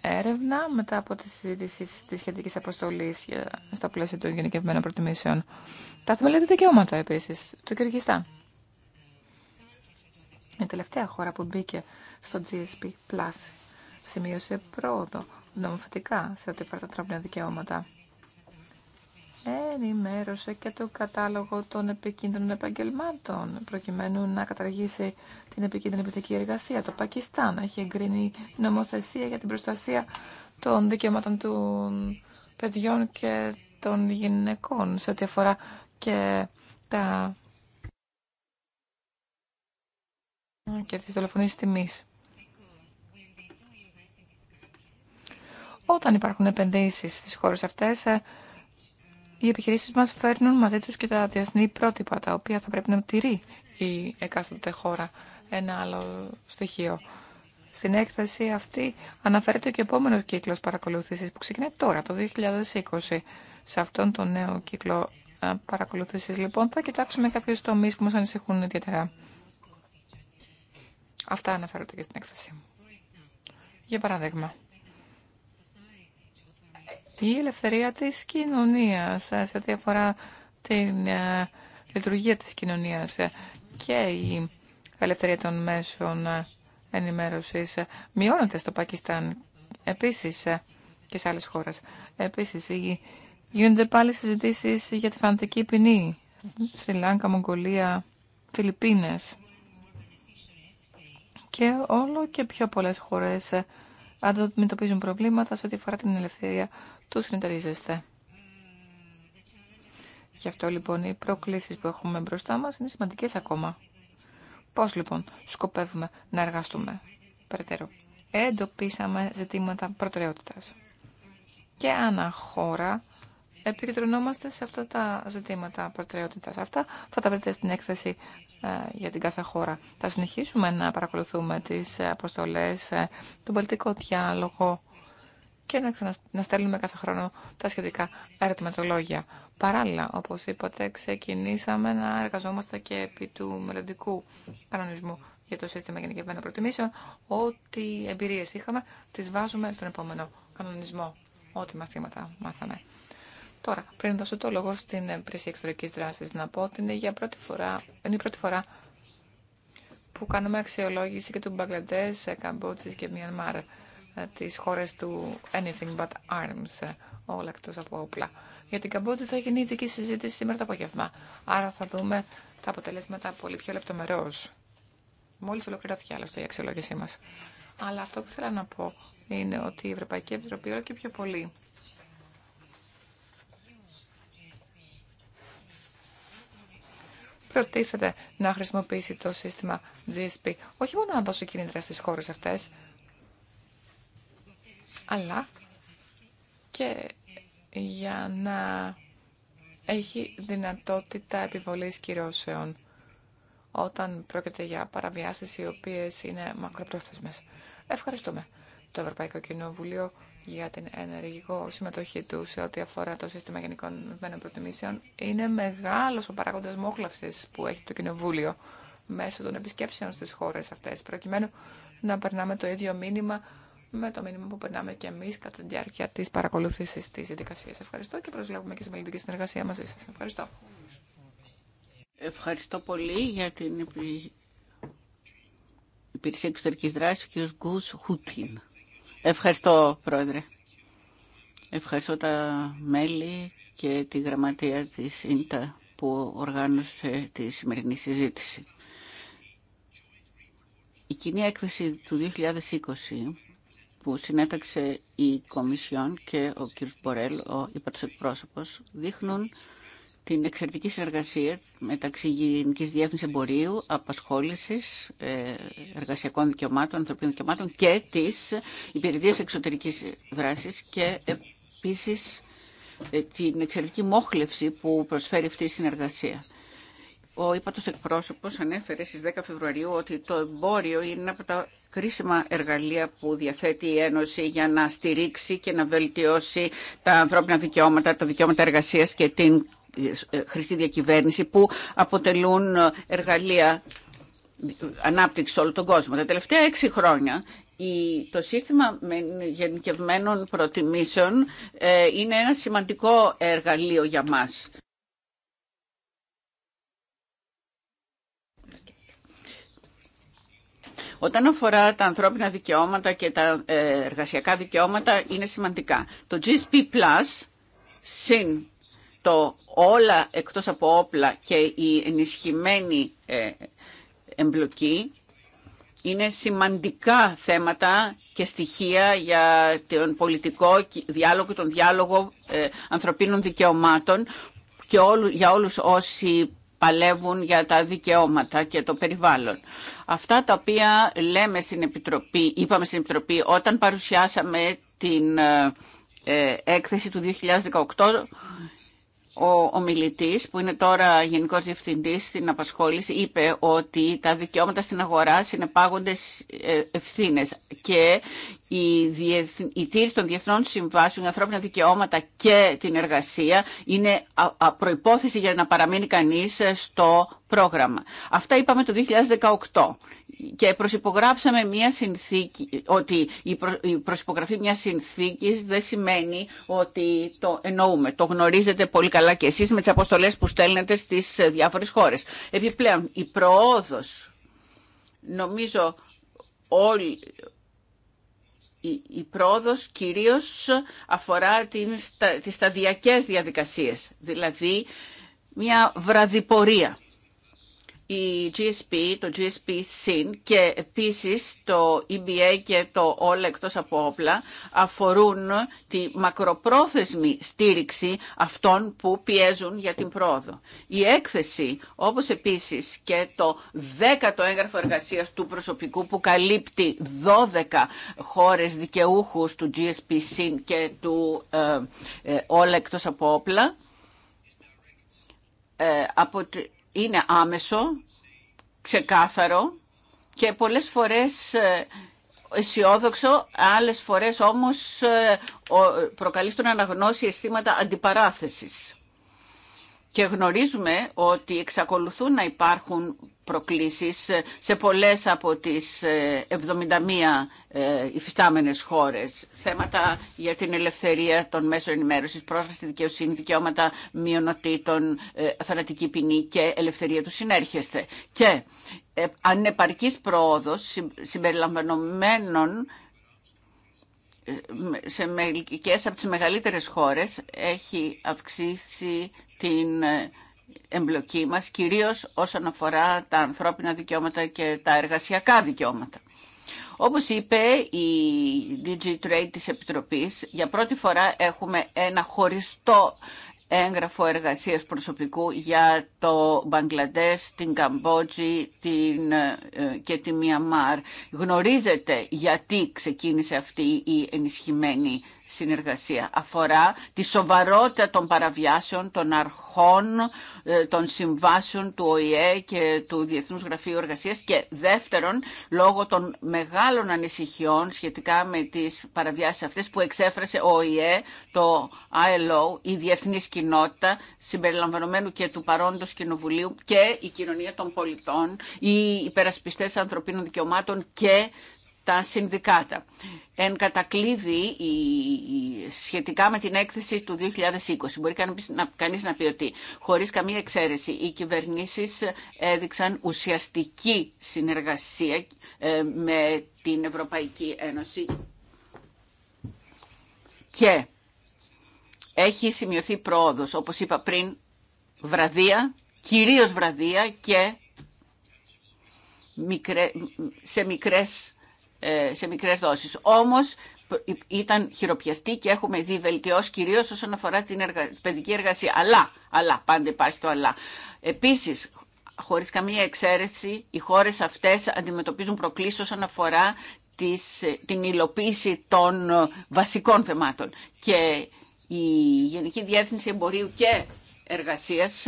έρευνα μετά από τη συζήτηση της σχετικής αποστολής στο πλαίσιο των γενικευμένων προτιμήσεων. Τα θεμελιώδη δικαιώματα επίσης του Κυργιστάν. Η τελευταία χώρα που μπήκε στο GSP Plus σημείωσε πρόοδο νομοθετικά σε ό,τι αφορά τα ανθρώπινα δικαιώματα. Ενημέρωσε και το κατάλογο των επικίνδυνων επαγγελμάτων, προκειμένου να καταργήσει την επικίνδυνη επιθετική εργασία. Το Πακιστάν έχει εγκρίνει νομοθεσία για την προστασία των δικαιωμάτων των παιδιών και των γυναικών, σε ό,τι αφορά και τα και τις δολοφονίες τιμής. Όταν υπάρχουν επενδύσεις στις χώρες αυτές, ε, οι επιχειρήσεις μας φέρνουν μαζί τους και τα διεθνή πρότυπα, τα οποία θα πρέπει να τηρεί η εκάστοτε χώρα. Ένα άλλο στοιχείο. Στην έκθεση αυτή αναφέρεται και ο επόμενος κύκλος παρακολούθησης που ξεκινάει τώρα, το 2020. Σε αυτόν τον νέο κύκλο ε, παρακολούθησης, λοιπόν, θα κοιτάξουμε κάποιους τομείς που μας ανησυχούν ιδιαίτερα. Αυτά αναφέρονται και στην έκθεση. Για παράδειγμα, η ελευθερία της κοινωνίας ε, σε ό,τι αφορά την ε, λειτουργία της κοινωνίας ε, και η ελευθερία των μέσων ενημέρωσης μειώνονται στο Πακιστάν επίσης και σε άλλες χώρες. Επίσης γίνονται πάλι συζητήσεις για τη φανατική ποινή. Σρι Λάγκα, Μογγολία, Φιλιππίνες. Και όλο και πιο πολλές χώρες αντιμετωπίζουν προβλήματα σε ό,τι αφορά την ελευθερία του συνεταιρίζεστε. Γι' αυτό λοιπόν οι προκλήσεις που έχουμε μπροστά μας είναι σημαντικές ακόμα. Πώς λοιπόν σκοπεύουμε να εργαστούμε περαιτέρω. Εντοπίσαμε ζητήματα προτεραιότητα. Και αναχώρα επικεντρωνόμαστε σε αυτά τα ζητήματα προτεραιότητας. Αυτά θα τα βρείτε στην έκθεση ε, για την κάθε χώρα. Θα συνεχίσουμε να παρακολουθούμε τις αποστολές, ε, τον πολιτικό διάλογο, και να, να στέλνουμε κάθε χρόνο τα σχετικά ερωτηματολόγια. Παράλληλα, όπως είπατε, ξεκινήσαμε να εργαζόμαστε και επί του μελλοντικού κανονισμού για το σύστημα γενικευμένων προτιμήσεων. Ό,τι εμπειρίες είχαμε, τις βάζουμε στον επόμενο κανονισμό. Ό,τι μαθήματα μάθαμε. Τώρα, πριν δώσω το λόγο στην πρίση εξωτερική δράση, να πω ότι είναι, για πρώτη φορά, είναι η πρώτη φορά που κάνουμε αξιολόγηση και του Μπαγκλαντέ, Καμπότζη και Μιανμάρ. Ε, τις χώρες του Anything But Arms, ε, όλα εκτός από όπλα. Για την Καμπότζη θα γίνει ειδική συζήτηση σήμερα το απόγευμα. Άρα θα δούμε τα αποτελέσματα πολύ πιο λεπτομερώς. Μόλις ολοκληρώθηκε άλλωστε η αξιολόγησή μας. Αλλά αυτό που ήθελα να πω είναι ότι η Ευρωπαϊκή Επιτροπή όλο και πιο πολύ προτίθεται να χρησιμοποιήσει το σύστημα GSP όχι μόνο να δώσει κίνητρα στις χώρες αυτές, αλλά και για να έχει δυνατότητα επιβολής κυρώσεων όταν πρόκειται για παραβιάσεις οι οποίες είναι μακροπρόθεσμες. Ευχαριστούμε το Ευρωπαϊκό Κοινοβουλίο για την ενεργικό συμμετοχή του σε ό,τι αφορά το σύστημα γενικών βένων προτιμήσεων. Είναι μεγάλος ο παράγοντας μόχλαυσης που έχει το Κοινοβούλιο μέσω των επισκέψεων στις χώρες αυτές, προκειμένου να περνάμε το ίδιο μήνυμα με το μήνυμα που περνάμε και εμεί κατά τη διάρκεια τη παρακολούθηση τη διαδικασία. Ευχαριστώ και προσβλέπουμε και στη μελλοντική συνεργασία μαζί σα. Ευχαριστώ. Ευχαριστώ πολύ για την υπηρεσία εξωτερική δράση, ο Γκου Χούτιν. Ευχαριστώ, Πρόεδρε. Ευχαριστώ τα μέλη και τη γραμματεία της ΙΝΤΑ που οργάνωσε τη σημερινή συζήτηση. Η κοινή έκθεση του 2020 που συνέταξε η Κομισιόν και ο κ. Μπορέλ, ο υπαρξεκπρόσωπος, δείχνουν την εξαιρετική συνεργασία μεταξύ Γενική Διεύθυνση Εμπορίου, Απασχόληση, ε, Εργασιακών Δικαιωμάτων, Ανθρωπίνων Δικαιωμάτων και τη Υπηρεσία Εξωτερική Δράση και επίση ε, την εξαιρετική μόχλευση που προσφέρει αυτή η συνεργασία. Ο ύπατο εκπρόσωπος ανέφερε στι 10 Φεβρουαρίου ότι το εμπόριο είναι ένα από τα κρίσιμα εργαλεία που διαθέτει η Ένωση για να στηρίξει και να βελτιώσει τα ανθρώπινα δικαιώματα, τα δικαιώματα εργασίας και την ε, χρηστή διακυβέρνηση που αποτελούν εργαλεία ανάπτυξη σε όλο τον κόσμο. Τα τελευταία έξι χρόνια το σύστημα γενικευμένων προτιμήσεων ε, είναι ένα σημαντικό εργαλείο για μας. Όταν αφορά τα ανθρώπινα δικαιώματα και τα ε, εργασιακά δικαιώματα είναι σημαντικά. Το GSP Plus συν το όλα εκτός από όπλα και η ενισχυμένη ε, εμπλοκή είναι σημαντικά θέματα και στοιχεία για τον πολιτικό διάλογο και τον διάλογο ε, ανθρωπίνων δικαιωμάτων και όλου, για όλους όσοι παλεύουν για τα δικαιώματα και το περιβάλλον. Αυτά τα οποία λέμε στην Επιτροπή, είπαμε στην Επιτροπή όταν παρουσιάσαμε την ε, ε, έκθεση του 2018 ο ομιλητής που είναι τώρα Γενικός Διευθυντής στην απασχόληση είπε ότι τα δικαιώματα στην αγορά συνεπάγονται ε, ευθύνε και η, η τήρηση των διεθνών συμβάσεων για ανθρώπινα δικαιώματα και την εργασία είναι προϋπόθεση για να παραμείνει κανείς στο πρόγραμμα. Αυτά είπαμε το 2018 και προσυπογράψαμε μια συνθήκη, ότι η προσυπογραφή μια συνθήκης δεν σημαίνει ότι το εννοούμε. Το γνωρίζετε πολύ καλά και εσείς με τι αποστολέ που στέλνετε στις διάφορες χώρες. Επιπλέον, η προόδος, νομίζω όλοι, η, πρόοδο πρόοδος κυρίως αφορά την, στα, τις διαδικασίες, δηλαδή μια βραδιπορία η GSP, το GSP sin και επίσης το EBA και το όλα εκτός από όπλα αφορούν τη μακροπρόθεσμη στήριξη αυτών που πιέζουν για την πρόοδο. Η έκθεση, όπως επίσης και το δέκατο ο έγγραφο εργασίας του προσωπικού που καλύπτει 12 χώρες δικαιούχους του GSP SYN και του όλα ε, ε, εκτός από όπλα, ε, από είναι άμεσο, ξεκάθαρο και πολλές φορές ε, αισιόδοξο, άλλες φορές όμως ε, προκαλεί στον αναγνώση αισθήματα αντιπαράθεσης και γνωρίζουμε ότι εξακολουθούν να υπάρχουν προκλήσεις σε πολλές από τις 71 ε, ε, υφιστάμενες χώρες. Θέματα για την ελευθερία των μέσων ενημέρωσης, πρόσβαση στη δικαιοσύνη, δικαιώματα μειονοτήτων, ε, θανατική ποινή και ελευθερία του συνέρχεσθε. Και ανεπαρκής πρόοδος συμπεριλαμβανομένων σε μερικές από τις μεγαλύτερες χώρες έχει αυξήσει την ε, εμπλοκή μας, κυρίως όσον αφορά τα ανθρώπινα δικαιώματα και τα εργασιακά δικαιώματα. Όπως είπε η DG Trade της Επιτροπής, για πρώτη φορά έχουμε ένα χωριστό έγγραφο εργασίας προσωπικού για το Μπαγκλαντές, την Καμπότζη την, ε, και τη Μιαμάρ. Γνωρίζετε γιατί ξεκίνησε αυτή η ενισχυμένη συνεργασία. Αφορά τη σοβαρότητα των παραβιάσεων των αρχών ε, των συμβάσεων του ΟΗΕ και του Διεθνούς Γραφείου Εργασίας και δεύτερον, λόγω των μεγάλων ανησυχιών σχετικά με τις παραβιάσεις αυτές που εξέφρασε ο ΟΗΕ, το ILO, η διεθνής κοινότητα συμπεριλαμβανομένου και του παρόντος κοινοβουλίου και η κοινωνία των πολιτών, οι υπερασπιστές ανθρωπίνων δικαιωμάτων και τα συνδικάτα. Εν κατακλείδη, σχετικά με την έκθεση του 2020, μπορεί κανείς να πει ότι χωρίς καμία εξαίρεση οι κυβερνήσεις έδειξαν ουσιαστική συνεργασία ε, με την Ευρωπαϊκή Ένωση και έχει σημειωθεί πρόοδος, όπως είπα πριν, βραδία, κυρίως βραδία και σε μικρές ε, σε μικρές δόσεις. Όμως ήταν χειροπιαστή και έχουμε δει βελτιώσει κυρίως όσον αφορά την παιδική εργασία. Αλλά, αλλά, πάντα υπάρχει το αλλά. Επίσης, χωρίς καμία εξαίρεση, οι χώρες αυτές αντιμετωπίζουν προκλήσεις όσον αφορά της, ε, την υλοποίηση των ε, βασικών θεμάτων. Και η Γενική Διεύθυνση Εμπορίου και Εργασίας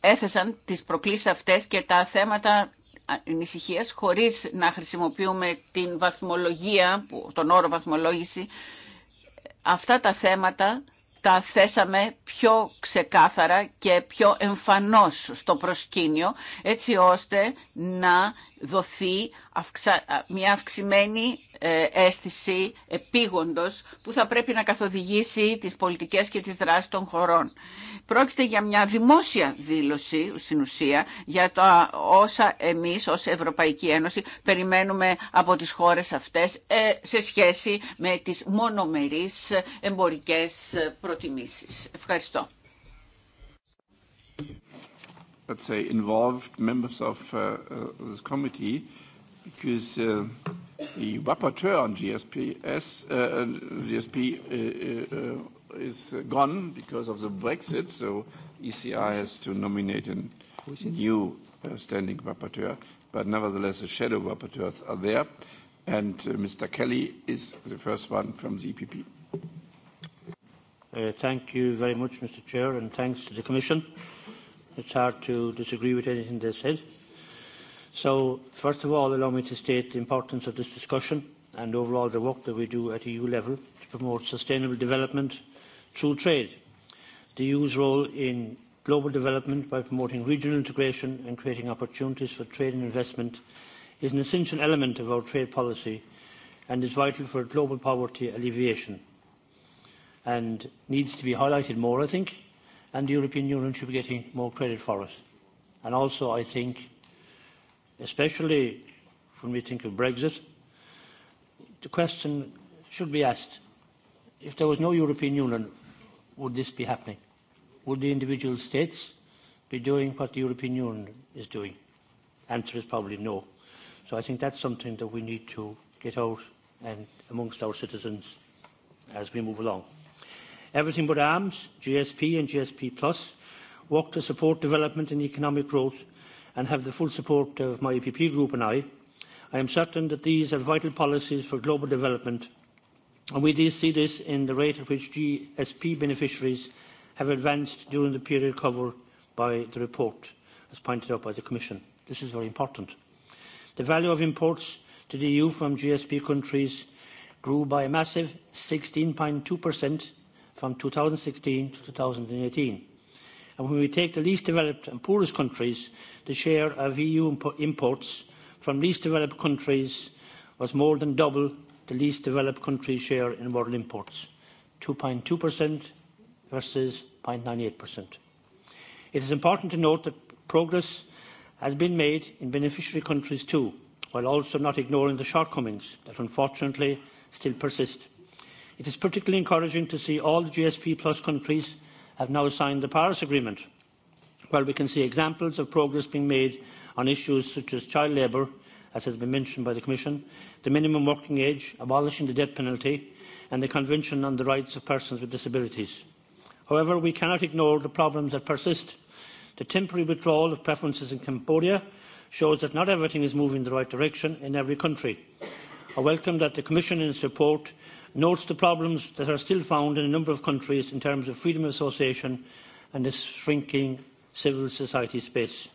έθεσαν τις προκλήσεις αυτές και τα θέματα χωρί χωρίς να χρησιμοποιούμε την βαθμολογία, τον όρο βαθμολόγηση. Αυτά τα θέματα τα θέσαμε πιο ξεκάθαρα και πιο εμφανώς στο προσκήνιο, έτσι ώστε να δοθεί μια αυξημένη ε, αίσθηση επίγοντος που θα πρέπει να καθοδηγήσει τις πολιτικές και τις δράσεις των χωρών. Πρόκειται για μια δημόσια δήλωση στην ουσία για τα όσα εμείς ως Ευρωπαϊκή Ένωση περιμένουμε από τις χώρες αυτές ε, σε σχέση με τις μονομερείς εμπορικές προτιμήσεις. Ευχαριστώ let's say, involved members of this committee because the rapporteur on GSPS, GSP is gone because of the Brexit, so ECI has to nominate a new standing rapporteur, but nevertheless the shadow rapporteurs are there, and Mr. Kelly is the first one from the EPP. Thank you very much, Mr. Chair, and thanks to the Commission. It's hard to disagree with anything they said. So, first of all, allow me to state the importance of this discussion and overall the work that we do at EU level to promote sustainable development through trade. The EU's role in global development by promoting regional integration and creating opportunities for trade and investment is an essential element of our trade policy and is vital for global poverty alleviation and needs to be highlighted more, I think, and the European Union should be getting more credit for it. And also, I think, especially when we think of Brexit, the question should be asked, if there was no European Union, would this be happening? Would the individual states be doing what the European Union is doing? Answer is probably no. So I think that's something that we need to get out and amongst our citizens as we move along. Everything but arms, GSP and GSP Plus, work to support development and economic growth and have the full support of my EPP group and I. I am certain that these are vital policies for global development and we do see this in the rate at which GSP beneficiaries have advanced during the period covered by the report, as pointed out by the Commission. This is very important. The value of imports to the EU from GSP countries grew by a massive 16.2% from 2016 to 2018. And when we take the least developed and poorest countries, the share of EU imports from least developed countries was more than double the least developed countries' share in world imports, 2.2% versus 0.98%. It is important to note that progress has been made in beneficiary countries too, while also not ignoring the shortcomings that unfortunately still persist. It is particularly encouraging to see all the GSP Plus countries have now signed the Paris Agreement. While we can see examples of progress being made on issues such as child labour, as has been mentioned by the Commission, the minimum working age, abolishing the death penalty, and the Convention on the Rights of Persons with Disabilities. However, we cannot ignore the problems that persist. The temporary withdrawal of preferences in Cambodia shows that not everything is moving in the right direction in every country. I welcome that the Commission in support notes the problems that are still found in a number of countries in terms of freedom of association and this shrinking civil society space.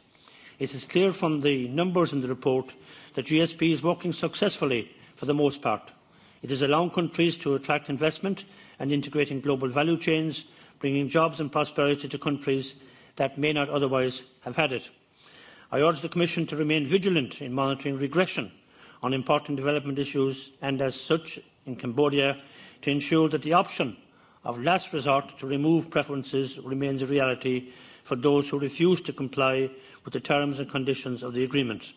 It is clear from the numbers in the report that GSP is working successfully for the most part. It is allowing countries to attract investment and integrating global value chains, bringing jobs and prosperity to countries that may not otherwise have had it. I urge the Commission to remain vigilant in monitoring regression on important development issues and, as such, in Cambodia to ensure that the option of last resort to remove preferences remains a reality for those who refuse to comply with the terms and conditions of the agreement.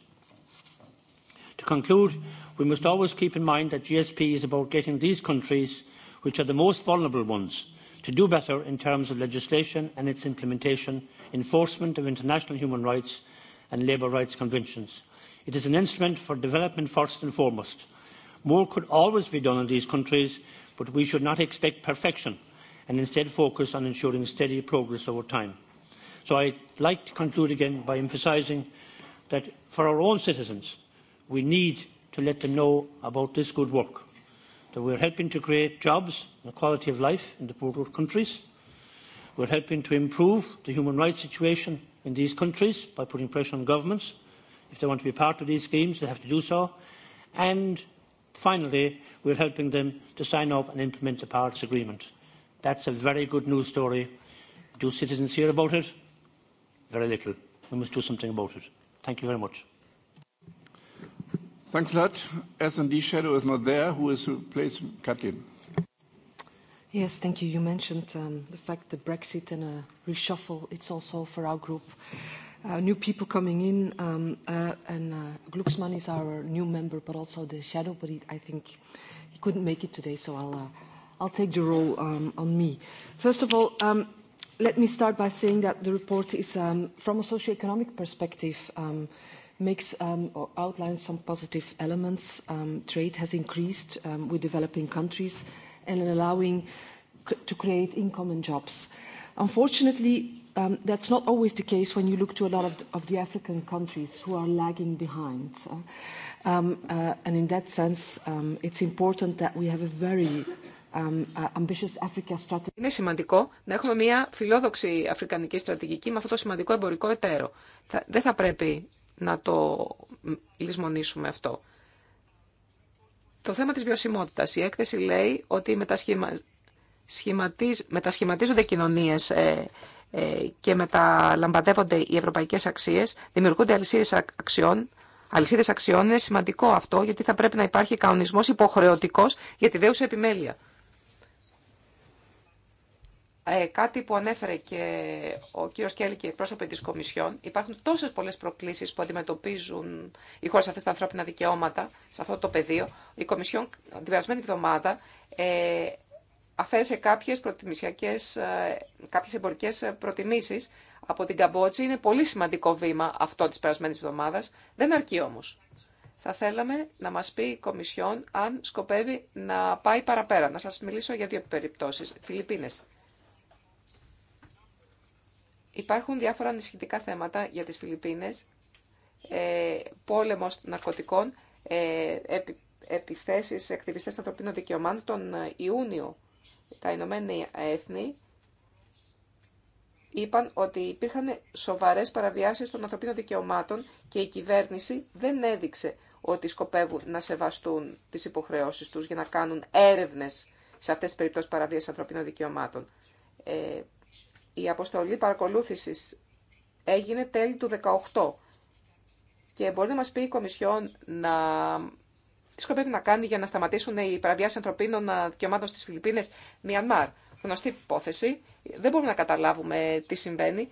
To conclude, we must always keep in mind that GSP is about getting these countries, which are the most vulnerable ones, to do better in terms of legislation and its implementation, enforcement of international human rights and labour rights conventions. It is an instrument for development first and foremost More could always be done in these countries, but we should not expect perfection and instead focus on ensuring steady progress over time. So I'd like to conclude again by emphasising that for our own citizens, we need to let them know about this good work, that we're helping to create jobs and a quality of life in the poorer countries. We're helping to improve the human rights situation in these countries by putting pressure on governments. If they want to be part of these schemes, they have to do so. And Finally, we're helping them to sign up and implement the Paris Agreement. That's a very good news story. Do citizens hear about it? Very little. We must do something about it. Thank you very much. Thanks a lot. S&D Shadow is not there. Who is replacing Katlin? Yes, thank you. You mentioned the fact that Brexit and a reshuffle, it's also for our group new people coming in, um, uh, and uh, Glucksmann is our new member, but also the shadow. But he, I think he couldn't make it today, so I'll uh, I'll take the role um, on me. First of all, um, let me start by saying that the report is, um, from a socio-economic perspective, um, makes um, or outlines some positive elements. Um, trade has increased um, with developing countries and allowing to create income and jobs. Unfortunately, Um, That's not always the case when you look to a lot of the of the African countries who are lagging behind. Uh, um, uh, um, And in that sense, um, it's important that we have a very um, uh, ambitious Africa strategy. Είναι σημαντικό να έχουμε μια φιλόδοξη αφρικανική στρατηγική με αυτό το σημαντικό εμπορικό εταίρο. Θα, Δεν θα πρέπει να το λησμονήσουμε αυτό. Το θέμα της βιωσιμότητας. Η έκθεση λέει ότι μετασχηματίζονται κοινωνίες ε, ε, και μεταλαμπαδεύονται οι ευρωπαϊκές αξίες, δημιουργούνται αλυσίδε αξιών, αλυσίδες αξιών είναι σημαντικό αυτό γιατί θα πρέπει να υπάρχει κανονισμός υποχρεωτικός για τη δέουσα επιμέλεια. Ε, κάτι που ανέφερε και ο κύριος Κέλλη και οι πρόσωποι τη Κομισιόν, υπάρχουν τόσες πολλές προκλήσεις που αντιμετωπίζουν οι χώρε αυτέ τα ανθρώπινα δικαιώματα σε αυτό το πεδίο. Η Κομισιόν την περασμένη εβδομάδα ε, αφαίρεσε κάποιες, προτιμησιακές, ε, κάποιες εμπορικές ε, προτιμήσεις από την Καμπότση. Είναι πολύ σημαντικό βήμα αυτό της περασμένης εβδομάδας. Δεν αρκεί όμως. Θα θέλαμε να μας πει η Κομισιόν αν σκοπεύει να πάει παραπέρα. Να σας μιλήσω για δύο περιπτώσεις. Φιλιππίνες. Υπάρχουν διάφορα ανησυχητικά θέματα για τις Φιλιππίνες. Ε, πόλεμος ναρκωτικών, ε, επιθέσεις, εκτιβιστές ανθρωπίνων δικαιωμάτων τον Ιούνιο τα Ηνωμένα Έθνη είπαν ότι υπήρχαν σοβαρές παραβιάσεις των ανθρωπίνων δικαιωμάτων και η κυβέρνηση δεν έδειξε ότι σκοπεύουν να σεβαστούν τις υποχρεώσεις τους για να κάνουν έρευνες σε αυτές τις περιπτώσεις παραβίασης ανθρωπίνων δικαιωμάτων. Ε, η αποστολή παρακολούθησης έγινε τέλη του 18 και μπορεί να μας πει η Κομισιόν να τι σκοπεύει να κάνει για να σταματήσουν οι παραβιάσει ανθρωπίνων ε, δικαιωμάτων στι Φιλιππίνε, Μιανμάρ. Γνωστή υπόθεση. Δεν μπορούμε να καταλάβουμε τι συμβαίνει.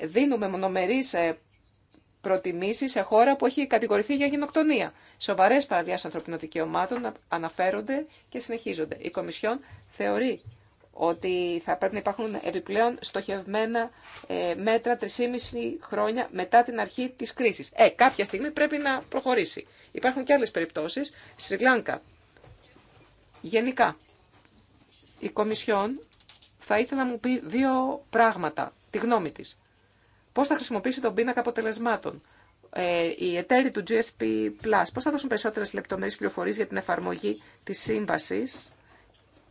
Δίνουμε μονομερεί ε, προτιμήσει σε χώρα που έχει κατηγορηθεί για γενοκτονία. Σοβαρέ παραβιάσει ανθρωπίνων δικαιωμάτων αναφέρονται και συνεχίζονται. Η Κομισιόν θεωρεί ότι θα πρέπει να υπάρχουν επιπλέον στοχευμένα ε, μέτρα 3,5 χρόνια μετά την αρχή της κρίσης. Ε, κάποια στιγμή πρέπει να προχωρήσει. Υπάρχουν και άλλες περιπτώσεις. Σρι Λάνκα, γενικά, η Κομισιόν θα ήθελα να μου πει δύο πράγματα, τη γνώμη της. Πώς θα χρησιμοποιήσει τον πίνακα αποτελεσμάτων. Ε, οι εταίροι του GSP+, πώς θα δώσουν περισσότερες λεπτομέρειες πληροφορίες για την εφαρμογή της σύμβασης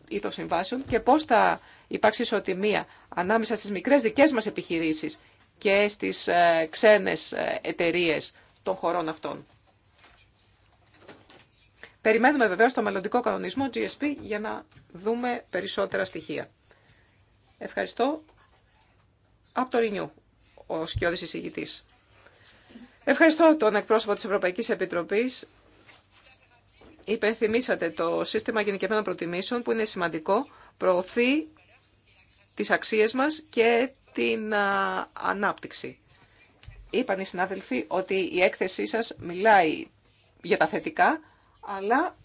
ή των συμβάσεων και πώς θα υπάρξει ισοτιμία ανάμεσα στις μικρές δικές μας επιχειρήσεις και στις ε, ξένες ε, εταιρείες των χωρών αυτών. Περιμένουμε βεβαίω το μελλοντικό κανονισμό GSP για να δούμε περισσότερα στοιχεία. Ευχαριστώ. Από το Ρινιού, ο σκιώδη εισηγητή. Ευχαριστώ τον εκπρόσωπο της Ευρωπαϊκής Επιτροπής. Υπενθυμίσατε το σύστημα γενικευμένων προτιμήσεων που είναι σημαντικό, προωθεί τις αξίες μας και την ανάπτυξη. Είπαν οι συνάδελφοι ότι η έκθεσή σας μιλάει για τα θετικά αλλά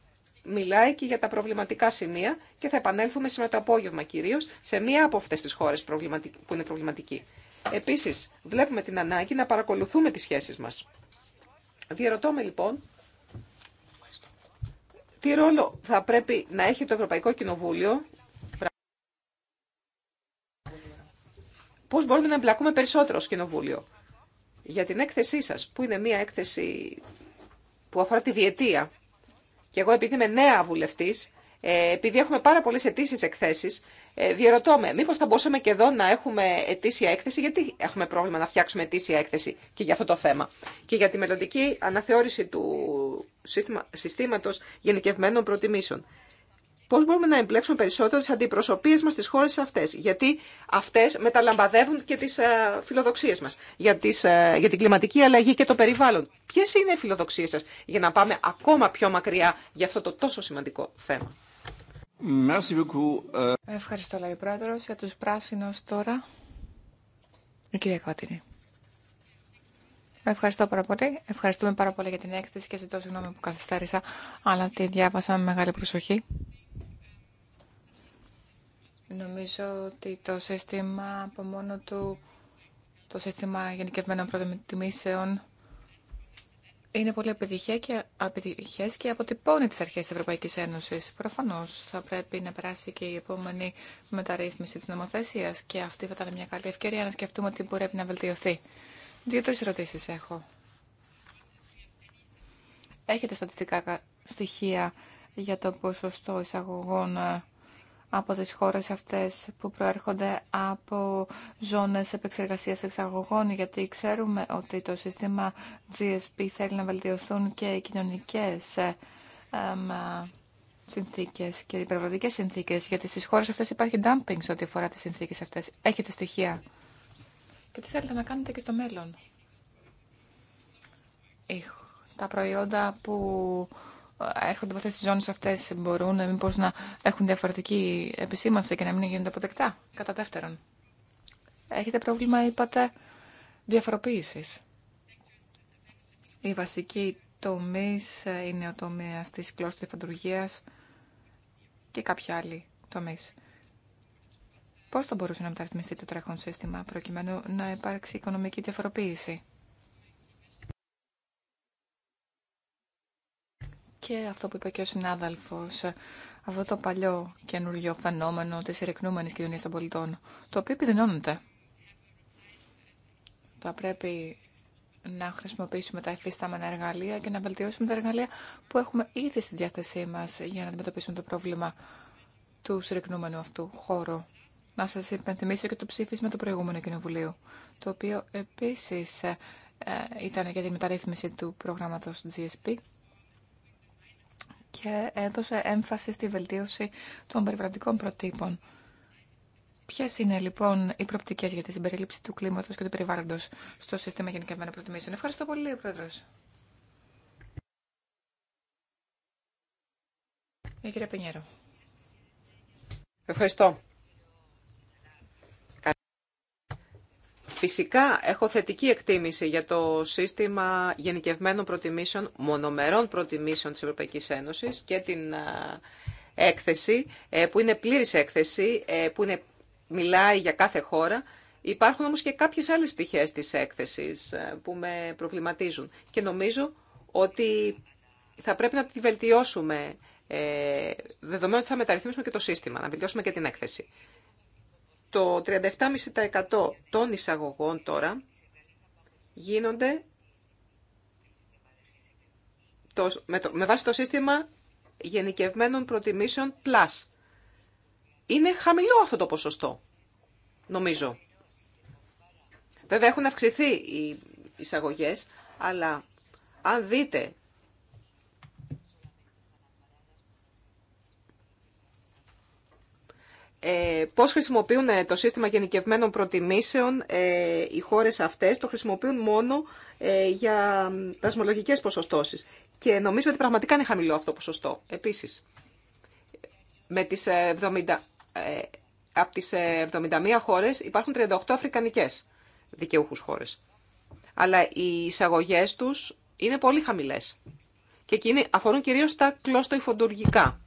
μιλάει και για τα προβληματικά σημεία και θα επανέλθουμε σήμερα το απόγευμα κυρίως σε μία από αυτές τις χώρες που είναι προβληματική. Επίσης, βλέπουμε την ανάγκη να παρακολουθούμε τις σχέσεις μας. Διερωτώμε λοιπόν τι ρόλο θα πρέπει να έχει το Ευρωπαϊκό Κοινοβούλιο πώς μπορούμε να εμπλακούμε περισσότερο ως Κοινοβούλιο. Για την έκθεσή σας, που είναι μια έκθεση που αφορά τη διετία και εγώ επειδή είμαι νέα βουλευτή, ε, επειδή έχουμε πάρα πολλέ αιτήσει εκθέσει, ε, διαρωτώ με, μήπω θα μπορούσαμε και εδώ να έχουμε αιτήσια έκθεση, γιατί έχουμε πρόβλημα να φτιάξουμε αιτήσια έκθεση και για αυτό το θέμα. Και για τη μελλοντική αναθεώρηση του συστήματο γενικευμένων προτιμήσεων. Πώς μπορούμε να εμπλέξουμε περισσότερο τις αντιπροσωπείες μας στις χώρες αυτές, γιατί αυτές μεταλαμπαδεύουν και τις ε, φιλοδοξίες μας για, ε, για την κλιματική αλλαγή και το περιβάλλον. Ποιες είναι οι φιλοδοξίες σας για να πάμε ακόμα πιο μακριά για αυτό το τόσο σημαντικό θέμα. Ε, Ευχαριστώ, Πρόεδρος, για τους πράσινους τώρα. Η κυρία Κατίνη. Ευχαριστώ πάρα πολύ. Ευχαριστούμε πάρα πολύ για την έκθεση και ζητώ συγγνώμη που καθυστέρησα, αλλά τη διάβασα με μεγάλη προσοχή. Νομίζω ότι το σύστημα από μόνο του, το σύστημα γενικευμένων προτιμήσεων είναι πολύ επιτυχία και επιτυχές και αποτυπώνει τις αρχές της Ευρωπαϊκής Ένωσης. Προφανώς θα πρέπει να περάσει και η επόμενη μεταρρύθμιση της νομοθεσίας και αυτή θα ήταν μια καλή ευκαιρία να σκεφτούμε τι μπορεί να βελτιωθεί. Δύο-τρεις ερωτήσεις έχω. Έχετε στατιστικά στοιχεία για το ποσοστό εισαγωγών ε, από τις χώρες αυτές που προέρχονται από ζώνες επεξεργασίας εξαγωγών, γιατί ξέρουμε ότι το σύστημα GSP θέλει να βελτιωθούν και οι κοινωνικές συνθήκες και οι περιβαλλοντικές συνθήκες, γιατί στις χώρες αυτές υπάρχει dumping σε ό,τι αφορά τις συνθήκες αυτές. Έχετε στοιχεία. Και τι θέλετε να κάνετε και στο μέλλον. Τα προϊόντα που έρχονται από αυτέ τι ζώνε αυτέ μπορούν μήπω να έχουν διαφορετική επισήμανση και να μην γίνονται αποδεκτά. Κατά δεύτερον, έχετε πρόβλημα, είπατε, διαφοροποίηση. Οι βασικοί τομεί είναι ο τομέα τη φαντουργία και κάποια άλλη τομεί. Πώ θα μπορούσε να μεταρρυθμιστεί το τρέχον σύστημα προκειμένου να υπάρξει οικονομική διαφοροποίηση και αυτό που είπε και ο συνάδελφο αυτό το παλιό καινούργιο φαινόμενο τη ερεκνούμενης κοινωνία των πολιτών, το οποίο επιδεινώνεται. Θα πρέπει να χρησιμοποιήσουμε τα εφίσταμενα εργαλεία και να βελτιώσουμε τα εργαλεία που έχουμε ήδη στη διάθεσή μα για να αντιμετωπίσουμε το πρόβλημα του συρρυκνούμενου αυτού χώρου. Να σα υπενθυμίσω και το ψήφισμα του προηγούμενου κοινοβουλίου, το οποίο επίσης ε, ήταν για τη μεταρρύθμιση του προγράμματο GSP και έδωσε έμφαση στη βελτίωση των περιβαλλοντικών προτύπων. Ποιε είναι λοιπόν οι προπτικέ για τη συμπερίληψη του κλίματο και του περιβάλλοντο στο σύστημα γενικευμένων προτιμήσεων. Ευχαριστώ πολύ, Πρόεδρο. Ευχαριστώ. Φυσικά έχω θετική εκτίμηση για το σύστημα γενικευμένων προτιμήσεων, μονομερών προτιμήσεων της Ευρωπαϊκής Ένωσης και την έκθεση ε, που είναι πλήρης έκθεση, ε, που είναι, μιλάει για κάθε χώρα. Υπάρχουν όμως και κάποιες άλλες πτυχές της έκθεσης ε, που με προβληματίζουν και νομίζω ότι θα πρέπει να τη βελτιώσουμε δεδομένου ότι θα μεταρρυθμίσουμε και το σύστημα, να βελτιώσουμε και την έκθεση. Το 37,5% των εισαγωγών τώρα γίνονται το, με, βάση το σύστημα γενικευμένων προτιμήσεων plus. Είναι χαμηλό αυτό το ποσοστό, νομίζω. Βέβαια έχουν αυξηθεί οι εισαγωγές, αλλά αν δείτε ε, πώς χρησιμοποιούν ε, το σύστημα γενικευμένων προτιμήσεων ε, οι χώρες αυτές, το χρησιμοποιούν μόνο ε, για δασμολογικές ποσοστώσεις. Και νομίζω ότι πραγματικά είναι χαμηλό αυτό το ποσοστό. Επίσης, με τις 70, ε, ε από τις 71 ε, χώρες υπάρχουν 38 αφρικανικές δικαιούχους χώρες. Αλλά οι εισαγωγές τους είναι πολύ χαμηλές. Και εκείνοι αφορούν κυρίως τα υφοντουργικά.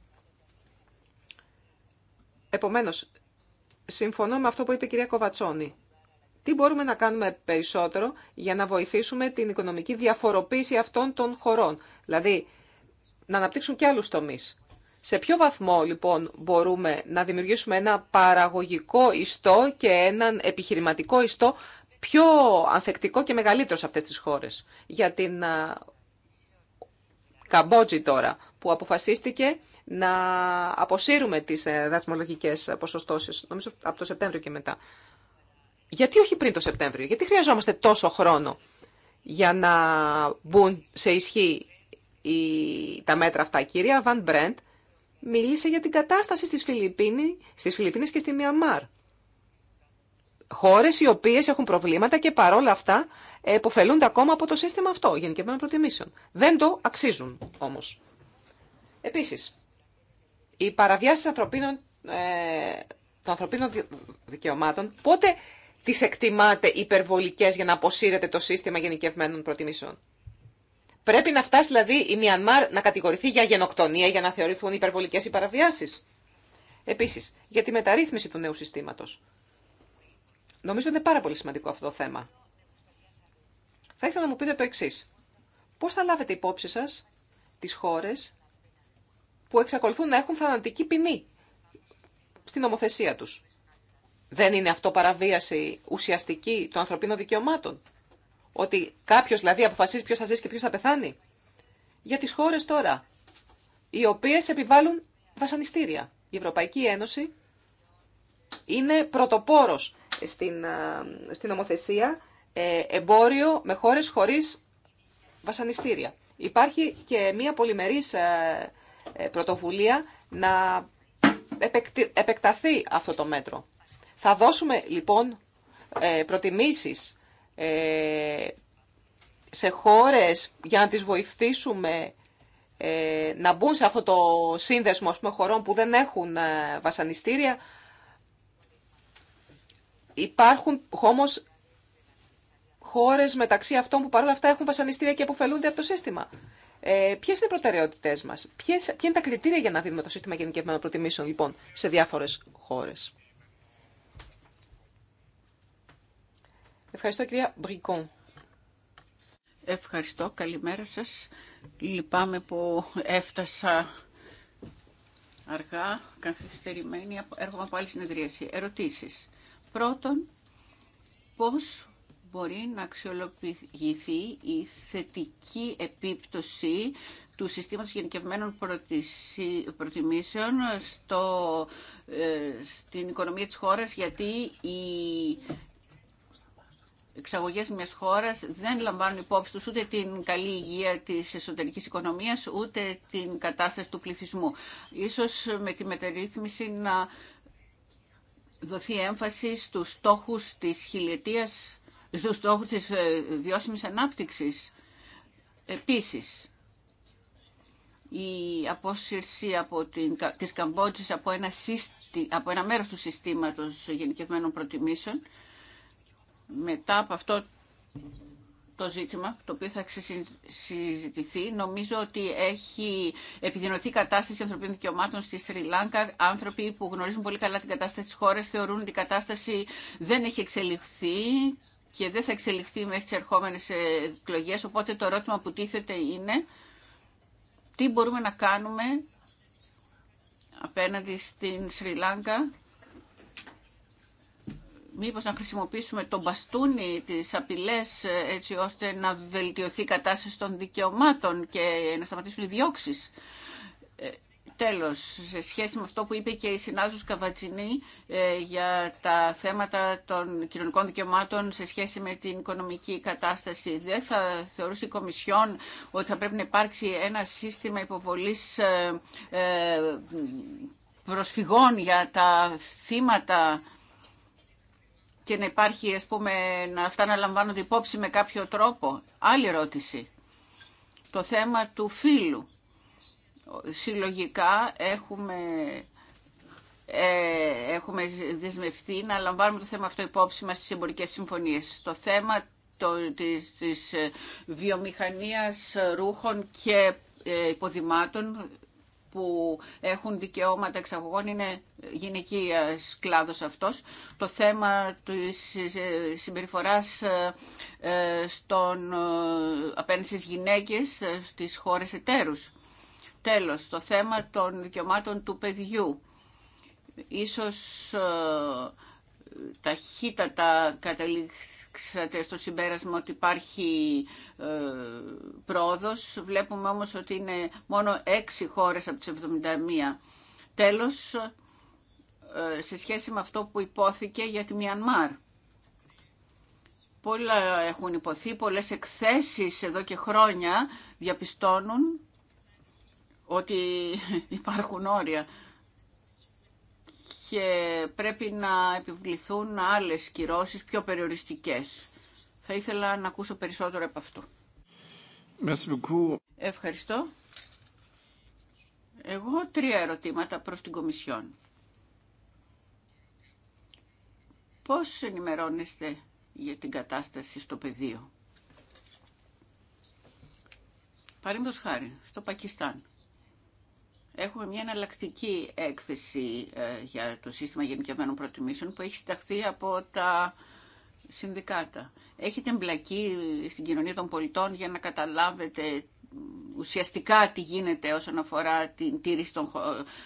Επομένως, συμφωνώ με αυτό που είπε η κυρία Κοβατσόνη. Τι μπορούμε να κάνουμε περισσότερο για να βοηθήσουμε την οικονομική διαφοροποίηση αυτών των χωρών. Δηλαδή, να αναπτύξουν και άλλους τομείς. Σε ποιο βαθμό λοιπόν μπορούμε να δημιουργήσουμε ένα παραγωγικό ιστό και έναν επιχειρηματικό ιστό πιο ανθεκτικό και μεγαλύτερο σε αυτές τις χώρες. Για την Καμπότζη τώρα που αποφασίστηκε να αποσύρουμε τις ε, δασμολογικές ποσοστώσεις, νομίζω από το Σεπτέμβριο και μετά. Γιατί όχι πριν το Σεπτέμβριο, γιατί χρειαζόμαστε τόσο χρόνο για να μπουν σε ισχύ τα μέτρα αυτά. Η κυρία Βαν Μπρέντ μίλησε για την κατάσταση στις, Φιλιππίνες, στις Φιλιππίνες και στη Μιαμάρ. Χώρες οι οποίες έχουν προβλήματα και παρόλα αυτά εποφελούνται ακόμα από το σύστημα αυτό, γενικευμένων προτιμήσεων. Δεν το αξίζουν όμως. Επίσης, οι παραβιάση ανθρωπίνων, ε, των ανθρωπίνων δικαιωμάτων πότε τις εκτιμάτε υπερβολικές για να αποσύρετε το σύστημα γενικευμένων προτιμήσεων. Πρέπει να φτάσει δηλαδή η Μιανμάρ να κατηγορηθεί για γενοκτονία για να θεωρηθούν υπερβολικές οι παραβιάσεις. Επίσης, για τη μεταρρύθμιση του νέου συστήματο. Νομίζω είναι πάρα πολύ σημαντικό αυτό το θέμα. Θα ήθελα να μου πείτε το εξή. Πώ θα λάβετε υπόψη σα τι χώρε που εξακολουθούν να έχουν θανατική ποινή στην νομοθεσία τους. Δεν είναι αυτό παραβίαση ουσιαστική των ανθρωπίνων δικαιωμάτων. Ότι κάποιος δηλαδή αποφασίζει ποιος θα ζήσει και ποιος θα πεθάνει. Για τις χώρες τώρα, οι οποίες επιβάλλουν βασανιστήρια. Η Ευρωπαϊκή Ένωση είναι πρωτοπόρος στην, ε, στην νομοθεσία ε, εμπόριο με χώρες χωρίς βασανιστήρια. Υπάρχει και μια πολυμερής ε, ε, πρωτοβουλία να επεκταθεί αυτό το μέτρο. Θα δώσουμε λοιπόν ε, προτιμήσεις ε, σε χώρες για να τις βοηθήσουμε να μπουν σε αυτό το σύνδεσμο χωρών που δεν έχουν βασανιστήρια. Υπάρχουν όμως χώρες μεταξύ αυτών που παρόλα αυτά έχουν βασανιστήρια και αποφελούνται από το σύστημα. Ε, ποιε είναι οι προτεραιότητέ μα, ποια είναι τα κριτήρια για να δίνουμε το σύστημα γενικευμένων προτιμήσεων λοιπόν σε διάφορε χώρε. Ευχαριστώ κυρία Μπρικόν. Ευχαριστώ, καλημέρα σας. Λυπάμαι που έφτασα αργά, καθυστερημένη, έρχομαι πάλι στην συνεδρίαση. Ερωτήσεις. Πρώτον, πώς μπορεί να αξιολογηθεί η θετική επίπτωση του συστήματος γενικευμένων προτιμήσεων στο, ε, στην οικονομία της χώρας, γιατί οι εξαγωγές μιας χώρας δεν λαμβάνουν υπόψη τους ούτε την καλή υγεία της εσωτερικής οικονομίας, ούτε την κατάσταση του πληθυσμού. Ίσως με τη μεταρρύθμιση να δοθεί έμφαση στους στόχους της χιλιετίας στους στόχους της ε, βιώσιμης ανάπτυξης. Επίσης, η απόσυρση από την, της Καμπότζης από ένα, σύστη, από ένα μέρος του συστήματος γενικευμένων προτιμήσεων, μετά από αυτό το ζήτημα, το οποίο θα συζητηθεί, νομίζω ότι έχει επιδεινωθεί η κατάσταση ανθρωπίνων δικαιωμάτων στη Σρι Λάγκα. Άνθρωποι που γνωρίζουν πολύ καλά την κατάσταση της χώρας θεωρούν ότι η κατάσταση δεν έχει εξελιχθεί και δεν θα εξελιχθεί μέχρι τις ερχόμενες ε, εκλογέ. Οπότε το ερώτημα που τίθεται είναι τι μπορούμε να κάνουμε απέναντι στην Σρι Λάγκα. Μήπως να χρησιμοποιήσουμε τον μπαστούνι, τις απειλές, ε, έτσι ώστε να βελτιωθεί η κατάσταση των δικαιωμάτων και να σταματήσουν οι διώξεις. Ε, Τέλος, σε σχέση με αυτό που είπε και η συνάδελφος Καβατσινή ε, για τα θέματα των κοινωνικών δικαιωμάτων σε σχέση με την οικονομική κατάσταση, δεν θα θεωρούσε η Κομισιόν ότι θα πρέπει να υπάρξει ένα σύστημα υποβολής ε, ε, προσφυγών για τα θύματα και να υπάρχει, ας πούμε, να αυτά να λαμβάνονται υπόψη με κάποιο τρόπο. Άλλη ερώτηση. Το θέμα του φίλου συλλογικά έχουμε, ε, έχουμε δεσμευτεί να λαμβάνουμε το θέμα αυτό υπόψη μας στις εμπορικές συμφωνίες. Το θέμα το, της, βιομηχανίας ρούχων και ε, υποδημάτων που έχουν δικαιώματα εξαγωγών είναι γυναική κλάδος αυτός. Το θέμα της ε, συμπεριφοράς ε, στον, απέναντι στις γυναίκες στις χώρες εταίρους. Τέλος, το θέμα των δικαιωμάτων του παιδιού. Ίσως ε, ταχύτατα καταλήξατε στο συμπέρασμα ότι υπάρχει ε, πρόοδος. Βλέπουμε όμως ότι είναι μόνο έξι χώρες από τις 71. Τέλος, ε, σε σχέση με αυτό που υπόθηκε για τη Μιανμάρ. Πολλά έχουν υποθεί, πολλές εκθέσεις εδώ και χρόνια διαπιστώνουν ότι υπάρχουν όρια και πρέπει να επιβληθούν άλλες κυρώσεις πιο περιοριστικές. Θα ήθελα να ακούσω περισσότερο από αυτό. Ευχαριστώ. Εγώ τρία ερωτήματα προς την Κομισιόν. Πώς ενημερώνεστε για την κατάσταση στο πεδίο. Παρήμπτος χάρη, στο Πακιστάν. Έχουμε μια εναλλακτική έκθεση ε, για το σύστημα γενικευμένων προτιμήσεων που έχει συνταχθεί από τα συνδικάτα. Έχετε εμπλακεί στην κοινωνία των πολιτών για να καταλάβετε ουσιαστικά τι γίνεται όσον αφορά την τήρηση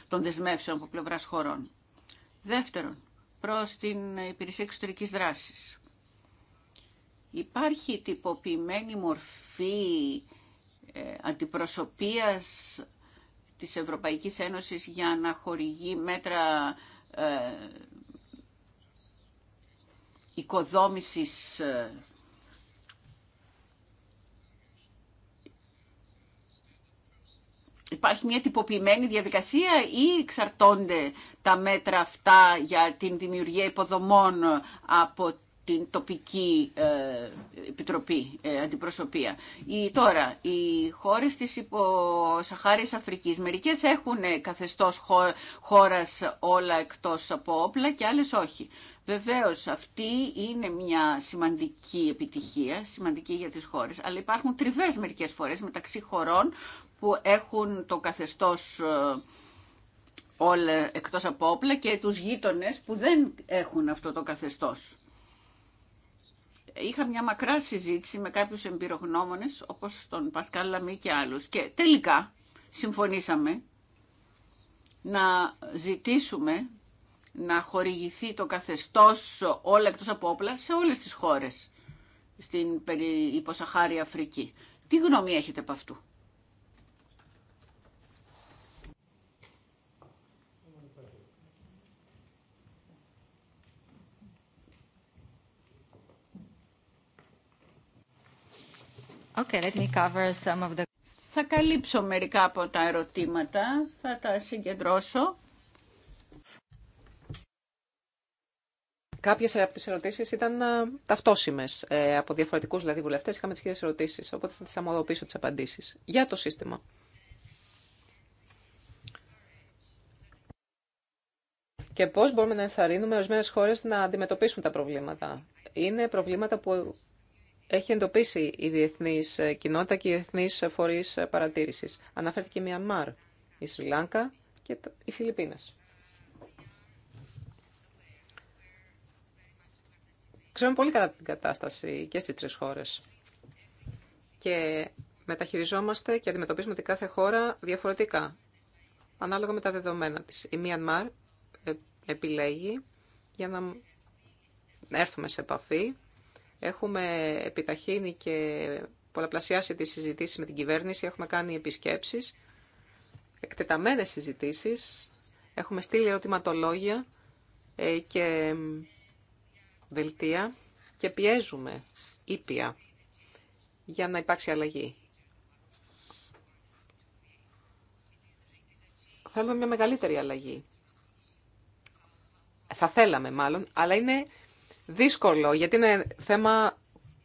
των, δεσμεύσεων από πλευράς χωρών. Δεύτερον, προς την υπηρεσία εξωτερικής δράσης. Υπάρχει τυποποιημένη μορφή ε, αντιπροσωπείας της Ευρωπαϊκής Ένωσης για να χορηγεί μέτρα ε, οικοδόμησης ε, Υπάρχει μια τυποποιημένη διαδικασία ή εξαρτώνται τα μέτρα αυτά για την δημιουργία υποδομών από την τοπική ε, επιτροπή, ε, αντιπροσωπεία. Η, τώρα, οι χώρες της υποσαχάριας Αφρικής, μερικές έχουν ε, καθεστώς χώρας όλα εκτός από όπλα και άλλες όχι. Βεβαίως αυτή είναι μια σημαντική επιτυχία, σημαντική για τις χώρες, αλλά υπάρχουν τριβές μερικές φορές μεταξύ χωρών που έχουν το καθεστώς όλα εκτός από όπλα και τους γείτονες που δεν έχουν αυτό το καθεστώς είχα μια μακρά συζήτηση με κάποιους εμπειρογνώμονες, όπως τον Πασκάλ Λαμή και άλλους. Και τελικά συμφωνήσαμε να ζητήσουμε να χορηγηθεί το καθεστώς όλα εκτός από όπλα σε όλες τις χώρες στην υποσαχάρη Αφρική. Τι γνώμη έχετε από αυτού. Okay, let me cover some of the... Θα καλύψω μερικά από τα ερωτήματα, θα τα συγκεντρώσω. Κάποιες από τις ερωτήσεις ήταν ε, ταυτόσιμες ε, από διαφορετικούς δηλαδή βουλευτές. Είχαμε τις χίλιες ερωτήσεις, οπότε θα τις αμοδοποιήσω τις απαντήσεις. Για το σύστημα. Και πώς μπορούμε να ενθαρρύνουμε ορισμένε χώρες να αντιμετωπίσουν τα προβλήματα. Είναι προβλήματα που έχει εντοπίσει η διεθνή κοινότητα και οι διεθνεί φορεί παρατήρησης. Αναφέρθηκε η Μιανμάρ, η Σρι και οι Φιλιππίνες. Ξέρουμε πολύ καλά την κατάσταση και στις τρεις χώρες. Και μεταχειριζόμαστε και αντιμετωπίζουμε την κάθε χώρα διαφορετικά, ανάλογα με τα δεδομένα της. Η Μιανμάρ ε, επιλέγει για να έρθουμε σε επαφή Έχουμε επιταχύνει και πολλαπλασιάσει τις συζητήσεις με την κυβέρνηση, έχουμε κάνει επισκέψεις, εκτεταμένες συζητήσεις, έχουμε στείλει ερωτηματολόγια ε, και δελτία και πιέζουμε ήπια για να υπάρξει αλλαγή. Θέλουμε μια μεγαλύτερη αλλαγή. Θα θέλαμε μάλλον, αλλά είναι δύσκολο, γιατί είναι θέμα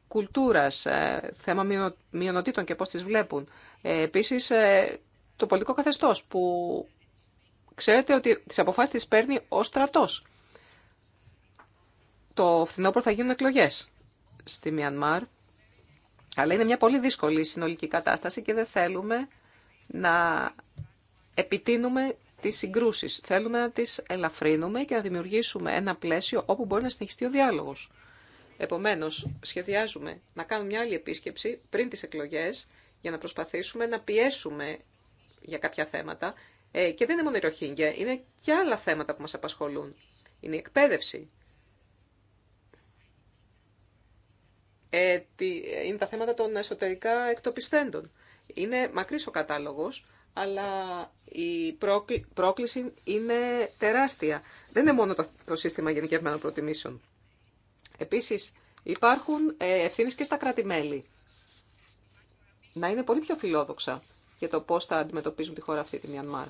κουλτούρας, ε, θέμα μειονοτήτων και πώς τις βλέπουν. Ε, επίσης, ε, το πολιτικό καθεστώς που ξέρετε ότι τις αποφάσεις τις παίρνει ο στρατός. Το φθινόπωρο θα γίνουν εκλογές στη Μιανμάρ, αλλά είναι μια πολύ δύσκολη συνολική κατάσταση και δεν θέλουμε να επιτείνουμε τις συγκρούσεις. Θέλουμε να τις ελαφρύνουμε και να δημιουργήσουμε ένα πλαίσιο όπου μπορεί να συνεχιστεί ο διάλογος. Επομένως, σχεδιάζουμε να κάνουμε μια άλλη επίσκεψη πριν τις εκλογές για να προσπαθήσουμε να πιέσουμε για κάποια θέματα. Ε, και δεν είναι μόνο η είναι και άλλα θέματα που μας απασχολούν. Είναι η εκπαίδευση. Ε, ε, είναι τα θέματα των εσωτερικά εκτοπιστέντων. Είναι μακρύς ο κατάλογος, αλλά η πρόκληση είναι τεράστια. Δεν είναι μόνο το σύστημα γενικευμένων προτιμήσεων. Επίσης, υπάρχουν ε, ευθύνες και στα κρατη Να είναι πολύ πιο φιλόδοξα για το πώς θα αντιμετωπίζουν τη χώρα αυτή, τη Μιανμάρ.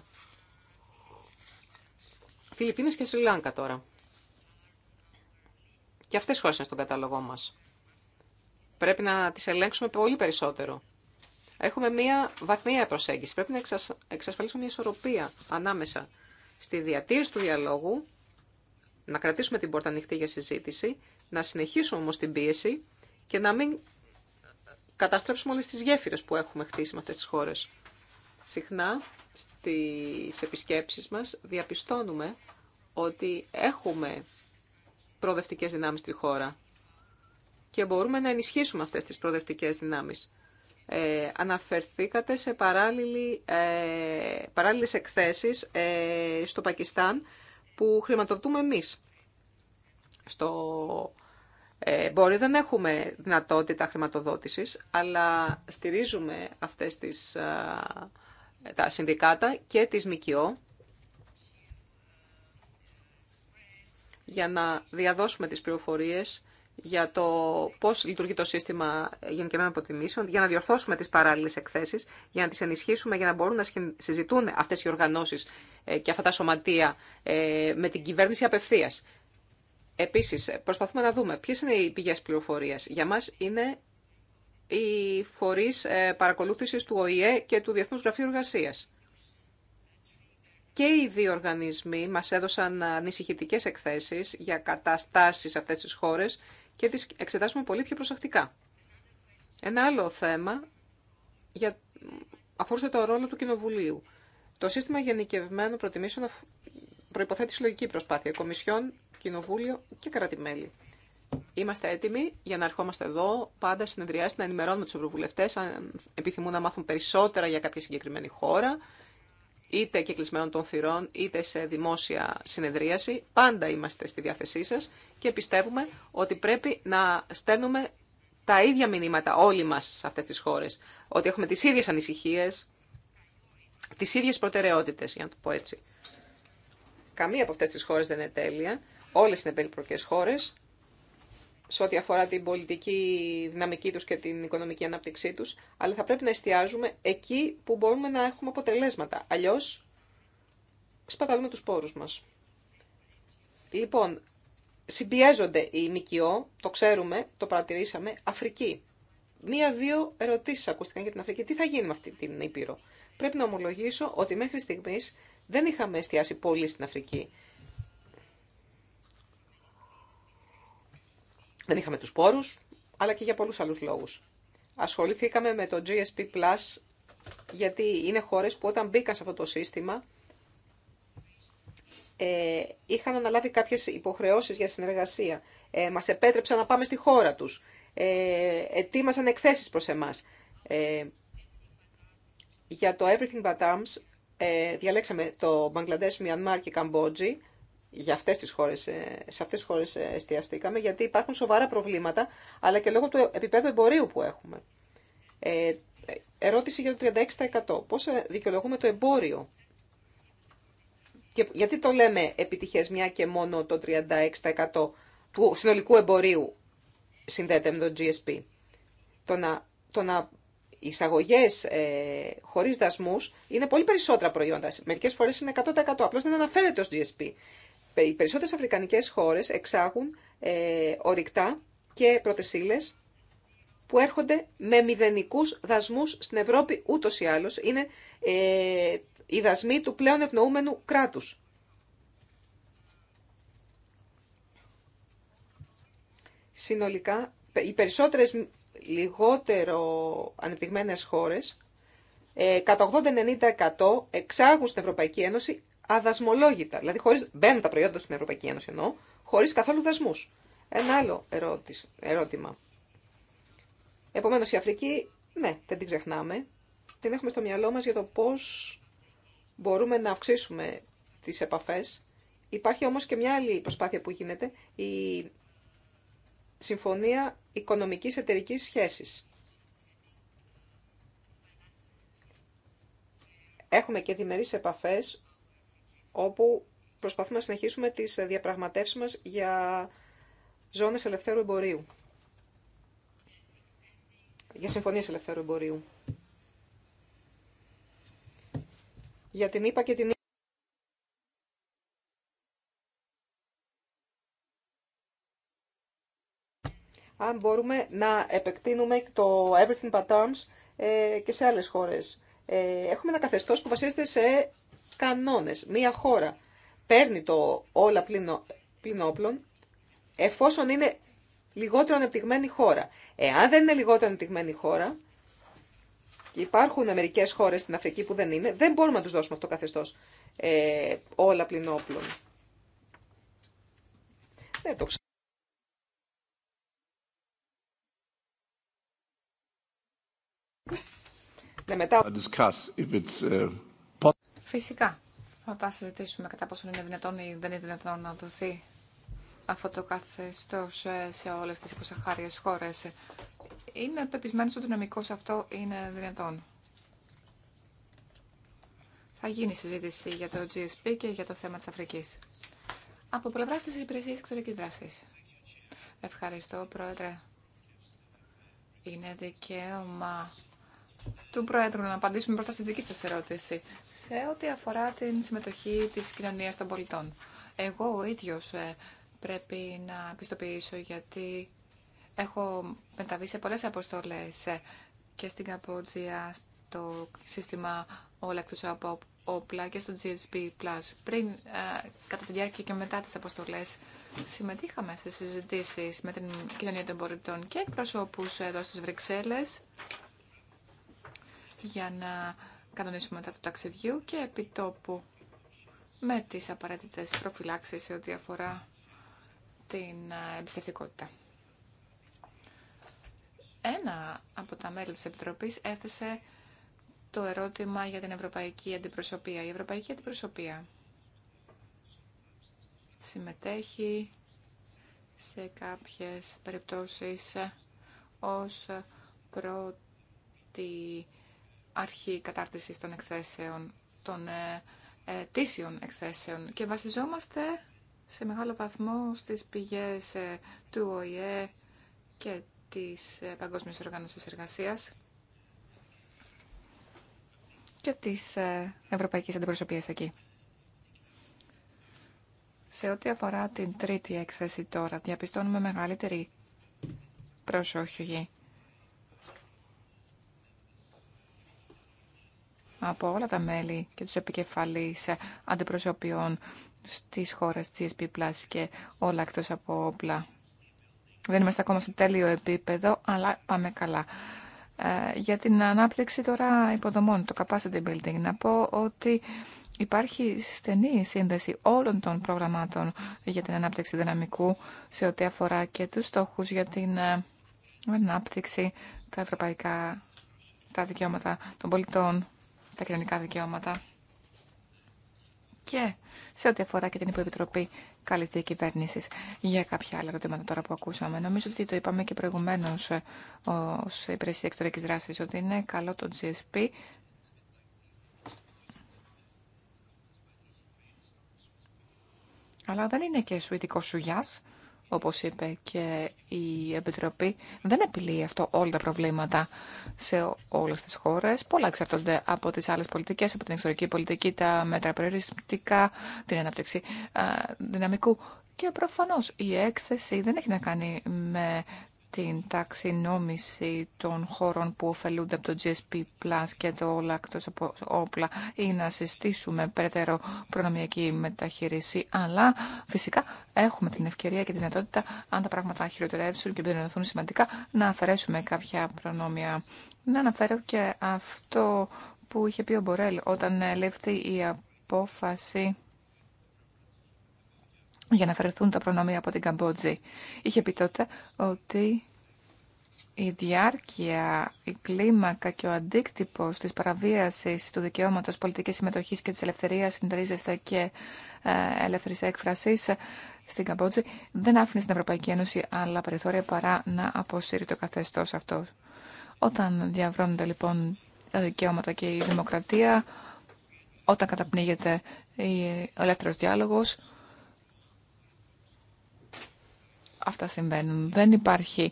Φιλιππίνες και Σριλάνκα τώρα. Και αυτές οι χώρες είναι στον κατάλογό μας. Πρέπει να τις ελέγξουμε πολύ περισσότερο έχουμε μία βαθμία προσέγγιση. Πρέπει να εξασφαλίσουμε μία ισορροπία ανάμεσα στη διατήρηση του διαλόγου, να κρατήσουμε την πόρτα ανοιχτή για συζήτηση, να συνεχίσουμε όμως την πίεση και να μην καταστρέψουμε όλες τις γέφυρες που έχουμε χτίσει με αυτές τις χώρες. Συχνά στις επισκέψεις μας διαπιστώνουμε ότι έχουμε προοδευτικές δυνάμεις στη χώρα και μπορούμε να ενισχύσουμε αυτές τις προοδευτικές δυνάμεις. Ε, αναφερθήκατε σε παράλληλη, ε, παράλληλες εκθέσεις ε, στο Πακιστάν που χρηματοδοτούμε εμείς. Στο ε, μπορεί δεν έχουμε δυνατότητα χρηματοδότησης, αλλά στηρίζουμε αυτές τις, τα συνδικάτα και τις ΜΚΟ για να διαδώσουμε τις πληροφορίες για το πώ λειτουργεί το σύστημα γενικευμένων αποτιμήσεων, για να διορθώσουμε τι παράλληλε εκθέσει, για να τι ενισχύσουμε, για να μπορούν να συζητούν αυτέ οι οργανώσει ε, και αυτά τα σωματεία ε, με την κυβέρνηση απευθεία. Επίση, προσπαθούμε να δούμε ποιε είναι οι πηγέ πληροφορίας. Για μα είναι οι φορεί ε, παρακολούθηση του ΟΗΕ και του Διεθνού Γραφείου Εργασία. Και οι δύο οργανισμοί μας έδωσαν ανησυχητικέ εκθέσεις για καταστάσεις σε αυτές τις χώρες και τις εξετάσουμε πολύ πιο προσεκτικά. Ένα άλλο θέμα για... αφορούσε το ρόλο του Κοινοβουλίου. Το σύστημα γενικευμένων προτιμήσεων προϋποθέτει συλλογική προσπάθεια Κομισιόν, Κοινοβούλιο και κρατημέλη. Είμαστε έτοιμοι για να ερχόμαστε εδώ πάντα συνεδριάσει, να ενημερώνουμε του ευρωβουλευτέ αν επιθυμούν να μάθουν περισσότερα για κάποια συγκεκριμένη χώρα, είτε κυκλισμένων των θυρών, είτε σε δημόσια συνεδρίαση. Πάντα είμαστε στη διάθεσή σας και πιστεύουμε ότι πρέπει να στέλνουμε τα ίδια μηνύματα όλοι μας σε αυτές τις χώρες. Ότι έχουμε τις ίδιες ανησυχίες, τις ίδιες προτεραιότητες, για να το πω έτσι. Καμία από αυτές τις χώρες δεν είναι τέλεια. Όλες είναι περιπροκές χώρες σε ό,τι αφορά την πολιτική δυναμική τους και την οικονομική ανάπτυξή τους, αλλά θα πρέπει να εστιάζουμε εκεί που μπορούμε να έχουμε αποτελέσματα. Αλλιώς, σπαταλούμε τους πόρους μας. Λοιπόν, συμπιέζονται οι ΜΚΟ, το ξέρουμε, το παρατηρήσαμε, Αφρική. Μία-δύο ερωτήσεις ακούστηκαν για την Αφρική. Τι θα γίνει με αυτή την Ήπειρο. Πρέπει να ομολογήσω ότι μέχρι στιγμής δεν είχαμε εστιάσει πολύ στην Αφρική. Δεν είχαμε τους πόρους, αλλά και για πολλούς άλλους λόγους. Ασχολήθηκαμε με το GSP+, γιατί είναι χώρες που όταν μπήκαν σε αυτό το σύστημα, ε, είχαν αναλάβει κάποιες υποχρεώσεις για συνεργασία. Ε, μας επέτρεψαν να πάμε στη χώρα τους. Ε, ετοίμασαν εκθέσεις προς εμάς. Ε, για το Everything But Arms ε, διαλέξαμε το Bangladesh, Μιανμάρ και Καμπότζη για αυτές τις χώρες, ε, σε αυτές τις χώρες ε, εστιαστήκαμε, γιατί υπάρχουν σοβαρά προβλήματα, αλλά και λόγω του επίπεδου εμπορίου που έχουμε. Ε, ερώτηση για το 36%. Πώς ε, δικαιολογούμε το εμπόριο. Και γιατί το λέμε επιτυχές μια και μόνο το 36% του συνολικού εμπορίου συνδέεται με το GSP. Το να, το να οι εισαγωγέ ε, χωρί δασμού είναι πολύ περισσότερα προϊόντα. Μερικέ φορέ είναι 100%. Απλώ δεν αναφέρεται ω GSP. Ε, οι περισσότερες αφρικανικές χώρες εξάγουν ε, ορυκτά και πρωτεσίλες που έρχονται με μηδενικούς δασμούς στην Ευρώπη ούτως ή άλλως. Είναι ε, οι δασμοί του πλέον ευνοούμενου κράτους. Συνολικά, οι περισσότερες λιγότερο ανεπτυγμένες χώρες, ε, κατά 80-90% εξάγουν στην Ευρωπαϊκή Ένωση αδασμολόγητα, δηλαδή χωρίς, μπαίνουν τα προϊόντα στην Ευρωπαϊκή Ένωση εννοώ, χωρίς καθόλου δασμού. Ένα άλλο ερώτημα. Επομένω, η Αφρική, ναι, δεν την ξεχνάμε, την έχουμε στο μυαλό μας για το πώς μπορούμε να αυξήσουμε τις επαφές. Υπάρχει όμως και μια άλλη προσπάθεια που γίνεται, η Συμφωνία οικονομική εταιρική σχέση. Έχουμε και διμερείς επαφές όπου προσπαθούμε να συνεχίσουμε τις διαπραγματεύσεις μας για ζώνες ελευθέρου εμπορίου. Για συμφωνίες ελευθέρου εμπορίου. Για την ΕΠΑ και την αν μπορούμε να επεκτείνουμε το Everything But Arms ε, και σε άλλες χώρες. Ε, έχουμε ένα καθεστώς που βασίζεται σε κανόνες. Μία χώρα παίρνει το όλα πλην όπλων εφόσον είναι λιγότερο ανεπτυγμένη χώρα. Εάν δεν είναι λιγότερο ανεπτυγμένη χώρα, και υπάρχουν μερικέ χώρε στην Αφρική που δεν είναι, δεν μπορούμε να του δώσουμε αυτό το καθεστώ ε, όλα πλην όπλων. Δεν το ξέρω. Ναι, μετά... Φυσικά θα συζητήσουμε κατά πόσο είναι δυνατόν ή δεν είναι δυνατόν να δοθεί αυτό το καθεστώ ε, σε όλες τις υποσαχάριες χώρε. Είμαι πεπισμένο ότι νομικό αυτό είναι δυνατόν. Θα γίνει συζήτηση για το GSP και για το θέμα της Αφρικής. Από πλευρά τη Υπηρεσία Εξωτερική Δράση. Ευχαριστώ, Πρόεδρε. Είναι δικαίωμα του Πρόεδρου να απαντήσουμε πρώτα στη δική σα ερώτηση σε ό,τι αφορά την συμμετοχή της κοινωνίας των πολιτών. Εγώ ο ίδιος ε, πρέπει να πιστοποιήσω γιατί έχω μεταβεί σε πολλές αποστολές ε, και στην Καμπότζια, στο σύστημα όλα εκτός από όπλα και στο GSP+. Πριν, ε, κατά τη διάρκεια και μετά τις αποστολές, συμμετείχαμε σε συζητήσεις με την κοινωνία των πολιτών και εκπροσώπους εδώ στις Βρυξέλλες για να κανονίσουμε μετά το ταξιδιού και επιτόπου με τις απαραίτητες προφυλάξεις σε ό,τι αφορά την ε, εμπιστευτικότητα. Ένα από τα μέλη της Επιτροπής έθεσε το ερώτημα για την Ευρωπαϊκή Αντιπροσωπεία. Η Ευρωπαϊκή Αντιπροσωπεία συμμετέχει σε κάποιες περιπτώσεις ως πρώτη αρχή κατάρτισης των εκθέσεων, των ε, ε, τήσιων εκθέσεων και βασιζόμαστε σε μεγάλο βαθμό στις πηγές ε, του ΟΗΕ και της Παγκόσμιας Οργάνωσης Εργασίας και της Ευρωπαϊκής Αντιπροσωπείας εκεί. Σε ό,τι αφορά την τρίτη έκθεση τώρα, διαπιστώνουμε μεγαλύτερη προσοχή από όλα τα μέλη και τους επικεφαλείς αντιπροσωπιών στις χώρες GSP Plus και όλα εκτός από όπλα. Δεν είμαστε ακόμα σε τέλειο επίπεδο, αλλά πάμε καλά. Ε, για την ανάπτυξη τώρα υποδομών, το capacity building, να πω ότι υπάρχει στενή σύνδεση όλων των προγραμμάτων για την ανάπτυξη δυναμικού σε ό,τι αφορά και τους στόχους για την ε, ανάπτυξη, τα ευρωπαϊκά, τα δικαιώματα των πολιτών τα κοινωνικά δικαιώματα και σε ό,τι αφορά και την Υποεπιτροπή Καλή Διακυβέρνηση για κάποια άλλα ερωτήματα τώρα που ακούσαμε. Νομίζω ότι το είπαμε και προηγουμένω ε, ω υπηρεσία εξωτερική δράση ότι είναι καλό το GSP. Αλλά δεν είναι και σουητικό σουγιάς όπως είπε και η Επιτροπή, δεν επιλύει αυτό όλα τα προβλήματα σε όλες τις χώρες. Πολλά εξαρτώνται από τις άλλες πολιτικές, από την εξωτερική πολιτική, τα μέτρα περιοριστικά, την ανάπτυξη δυναμικού. Και προφανώς η έκθεση δεν έχει να κάνει με την ταξινόμηση των χώρων που ωφελούνται από το GSP Plus και το εκτός από όπλα ή να συστήσουμε περαιτέρω προνομιακή μεταχείριση. Αλλά φυσικά έχουμε την ευκαιρία και τη δυνατότητα, αν τα πράγματα χειροτερεύσουν και επιδεινωθούν σημαντικά, να αφαιρέσουμε κάποια προνόμια. Να αναφέρω και αυτό που είχε πει ο Μπορέλ όταν έλευθε η απόφαση για να αφαιρεθούν τα προνομία από την Καμπότζη. Είχε πει τότε ότι η διάρκεια, η κλίμακα και ο αντίκτυπος της παραβίασης του δικαιώματος πολιτικής συμμετοχής και της ελευθερίας συντηρίζεσθε και ε, ελεύθερης έκφρασης ε, στην Καμπότζη δεν άφηνε στην Ευρωπαϊκή Ένωση άλλα περιθώρια παρά να αποσύρει το καθεστώς αυτό. Όταν διαβρώνονται λοιπόν τα δικαιώματα και η δημοκρατία, όταν καταπνίγεται ο ελεύθερος διάλογος, αυτά συμβαίνουν. Δεν υπάρχει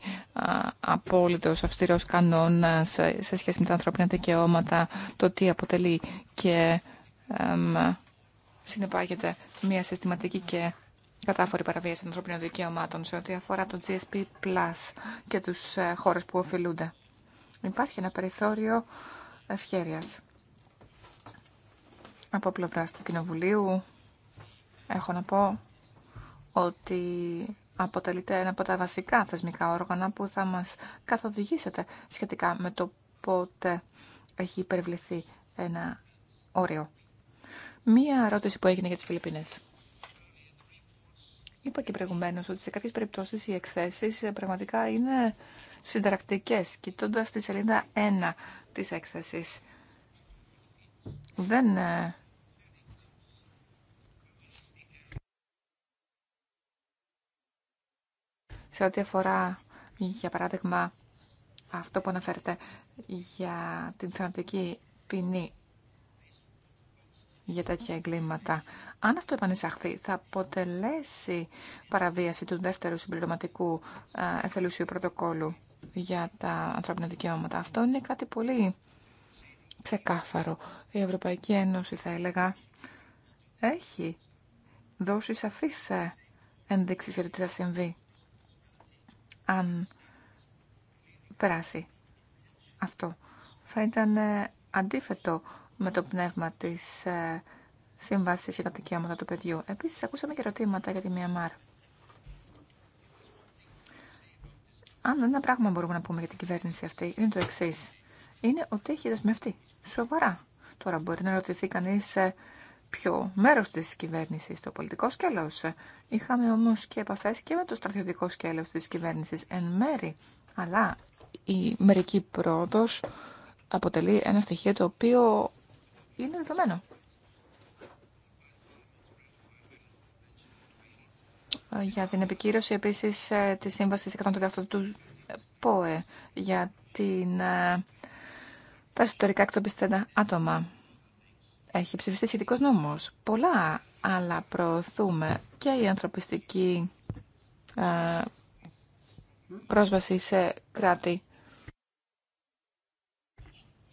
απόλυτος αυστηρός κανόνα ε, σε, σχέση με τα ανθρώπινα δικαιώματα, το τι αποτελεί και συνεπάγεται μια συστηματική και κατάφορη παραβίαση των ανθρώπινων δικαιωμάτων σε ό,τι αφορά το GSP Plus και τους ε, χώρες που οφειλούνται. Υπάρχει ένα περιθώριο ευχέρειας. Από πλευρά του Κοινοβουλίου έχω να πω ότι αποτελείται ένα από τα βασικά θεσμικά όργανα που θα μας καθοδηγήσετε σχετικά με το πότε έχει υπερβληθεί ένα όριο. Μία ερώτηση που έγινε για τις Φιλιππίνες. Είπα και προηγουμένως ότι σε κάποιες περιπτώσεις οι εκθέσεις πραγματικά είναι συνταρακτικές. Κοιτώντας τη σελίδα 1 της έκθεσης, δεν ε, σε ό,τι αφορά, για παράδειγμα, αυτό που αναφέρεται για την θανατική ποινή για τέτοια εγκλήματα. Αν αυτό επανεισαχθεί, θα αποτελέσει παραβίαση του δεύτερου συμπληρωματικού εθελούσιου πρωτοκόλου για τα ανθρώπινα δικαιώματα. Αυτό είναι κάτι πολύ ξεκάθαρο. Η Ευρωπαϊκή Ένωση, θα έλεγα, έχει δώσει σαφείς ε, ενδείξεις για το τι θα συμβεί αν περάσει αυτό. Θα ήταν ε, αντίθετο με το πνεύμα της ε, Σύμβασης για τα δικαιώματα του παιδιού. Επίσης, ακούσαμε και ερωτήματα για τη Μιαμάρ. Αν ένα πράγμα μπορούμε να πούμε για την κυβέρνηση αυτή, είναι το εξή. Είναι ότι έχει δεσμευτεί. Σοβαρά. Τώρα μπορεί να ρωτηθεί κανεί ε, πιο μέρος της κυβέρνηση. το πολιτικό σκέλο. Είχαμε όμως και επαφέ και με το στρατιωτικό σκέλο της κυβέρνηση εν μέρη. Αλλά η μερική πρόοδο αποτελεί ένα στοιχείο το οποίο είναι δεδομένο. Για την επικύρωση επίσης ε, της σύμβασης 138 του ΠΟΕ για την, ε, τα ιστορικά εκτοπιστέντα άτομα έχει ψηφιστεί σχετικό νόμο Πολλά άλλα προωθούμε και η ανθρωπιστική ε, πρόσβαση σε κράτη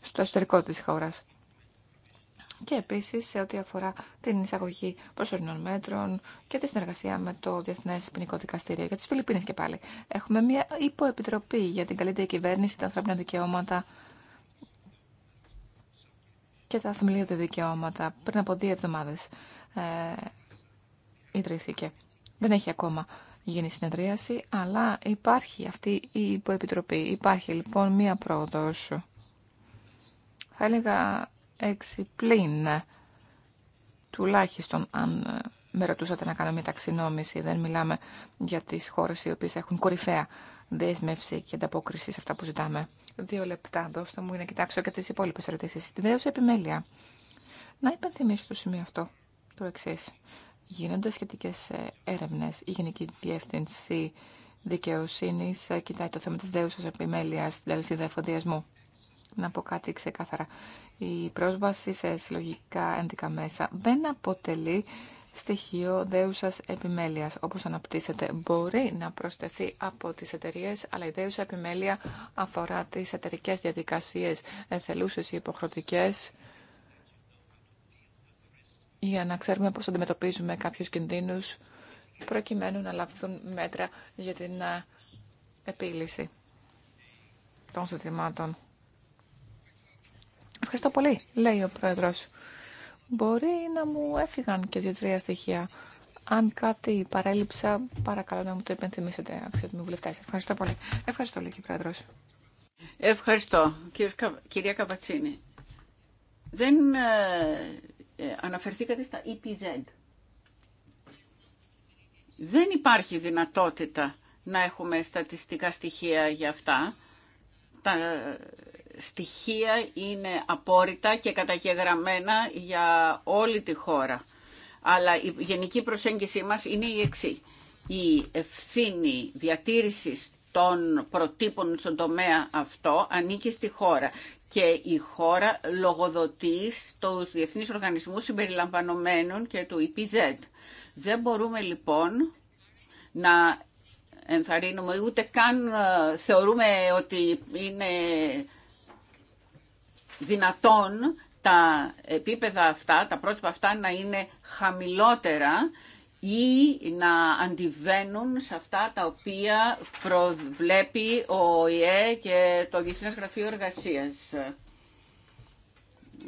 στο εσωτερικό της χώρας. Και επίσης σε ό,τι αφορά την εισαγωγή προσωρινών μέτρων και τη συνεργασία με το Διεθνές Ποινικό Δικαστήριο για τις Φιλιππίνες και πάλι. Έχουμε μια υποεπιτροπή για την καλύτερη κυβέρνηση, τα ανθρώπινα δικαιώματα και τα θεμελιώδη δικαιώματα. Πριν από δύο εβδομάδες ε, ιδρύθηκε. Δεν έχει ακόμα γίνει συνεδρίαση, αλλά υπάρχει αυτή η υποεπιτροπή. Υπάρχει λοιπόν μία πρόοδος. Θα έλεγα έξι πλήν, τουλάχιστον αν με ρωτούσατε να κάνω μια ταξινόμηση. Δεν μιλάμε για τις χώρες οι οποίες έχουν κορυφαία δέσμευση και ανταπόκριση σε αυτά που ζητάμε. Δύο λεπτά, δώστε μου να κοιτάξω και τις υπόλοιπες ερωτήσεις. Την δέωση επιμέλεια. Να υπενθυμίσω το σημείο αυτό, το εξή. Γίνονται σχετικέ ε, έρευνε, Η Γενική Διεύθυνση δικαιοσύνη, ε, κοιτάει το θέμα τη δεωση επιμέλεια στην αλυσίδα εφοδιασμού. Να πω κάτι ξεκάθαρα. Η πρόσβαση σε συλλογικά ένδικα μέσα δεν αποτελεί στοιχείο δέουσας επιμέλειας. Όπως αναπτύσσεται μπορεί να προσθεθεί από τις εταιρείε, αλλά η δέουσα επιμέλεια αφορά τις εταιρικέ διαδικασίες εθελούσες ή υποχρεωτικές για να ξέρουμε πώς αντιμετωπίζουμε κάποιους κινδύνους προκειμένου να λάβουν μέτρα για την ε, επίλυση των ζητημάτων. Ευχαριστώ πολύ, λέει ο Πρόεδρος. Μπορεί να μου έφυγαν και δύο-τρία στοιχεία. Αν κάτι παρέλειψα, παρακαλώ να μου το υπενθυμίσετε, αξιότιμοι βουλευτέ. Ευχαριστώ πολύ. Ευχαριστώ, Λίκη Πρόεδρο. Ευχαριστώ, κυρία Καβατσίνη. Δεν ε, ε αναφερθήκατε στα EPZ. Δεν υπάρχει δυνατότητα να έχουμε στατιστικά στοιχεία για αυτά. Τα, στοιχεία είναι απόρριτα και καταγεγραμμένα για όλη τη χώρα. Αλλά η γενική προσέγγιση μας είναι η εξή. Η ευθύνη διατήρησης των προτύπων στον τομέα αυτό ανήκει στη χώρα και η χώρα λογοδοτεί στους διεθνείς οργανισμούς συμπεριλαμβανομένων και του EPZ. Δεν μπορούμε λοιπόν να ενθαρρύνουμε ούτε καν ε, θεωρούμε ότι είναι δυνατόν τα επίπεδα αυτά, τα πρότυπα αυτά να είναι χαμηλότερα ή να αντιβαίνουν σε αυτά τα οποία προβλέπει ο ΟΗΕ και το Διεθνές Γραφείο Εργασίας.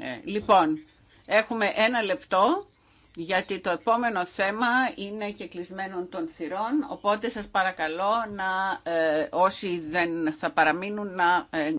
Ε, λοιπόν, έχουμε ένα λεπτό γιατί το επόμενο θέμα είναι και κλεισμένων των θυρών, οπότε σας παρακαλώ να ε, όσοι δεν θα παραμείνουν να... Ε,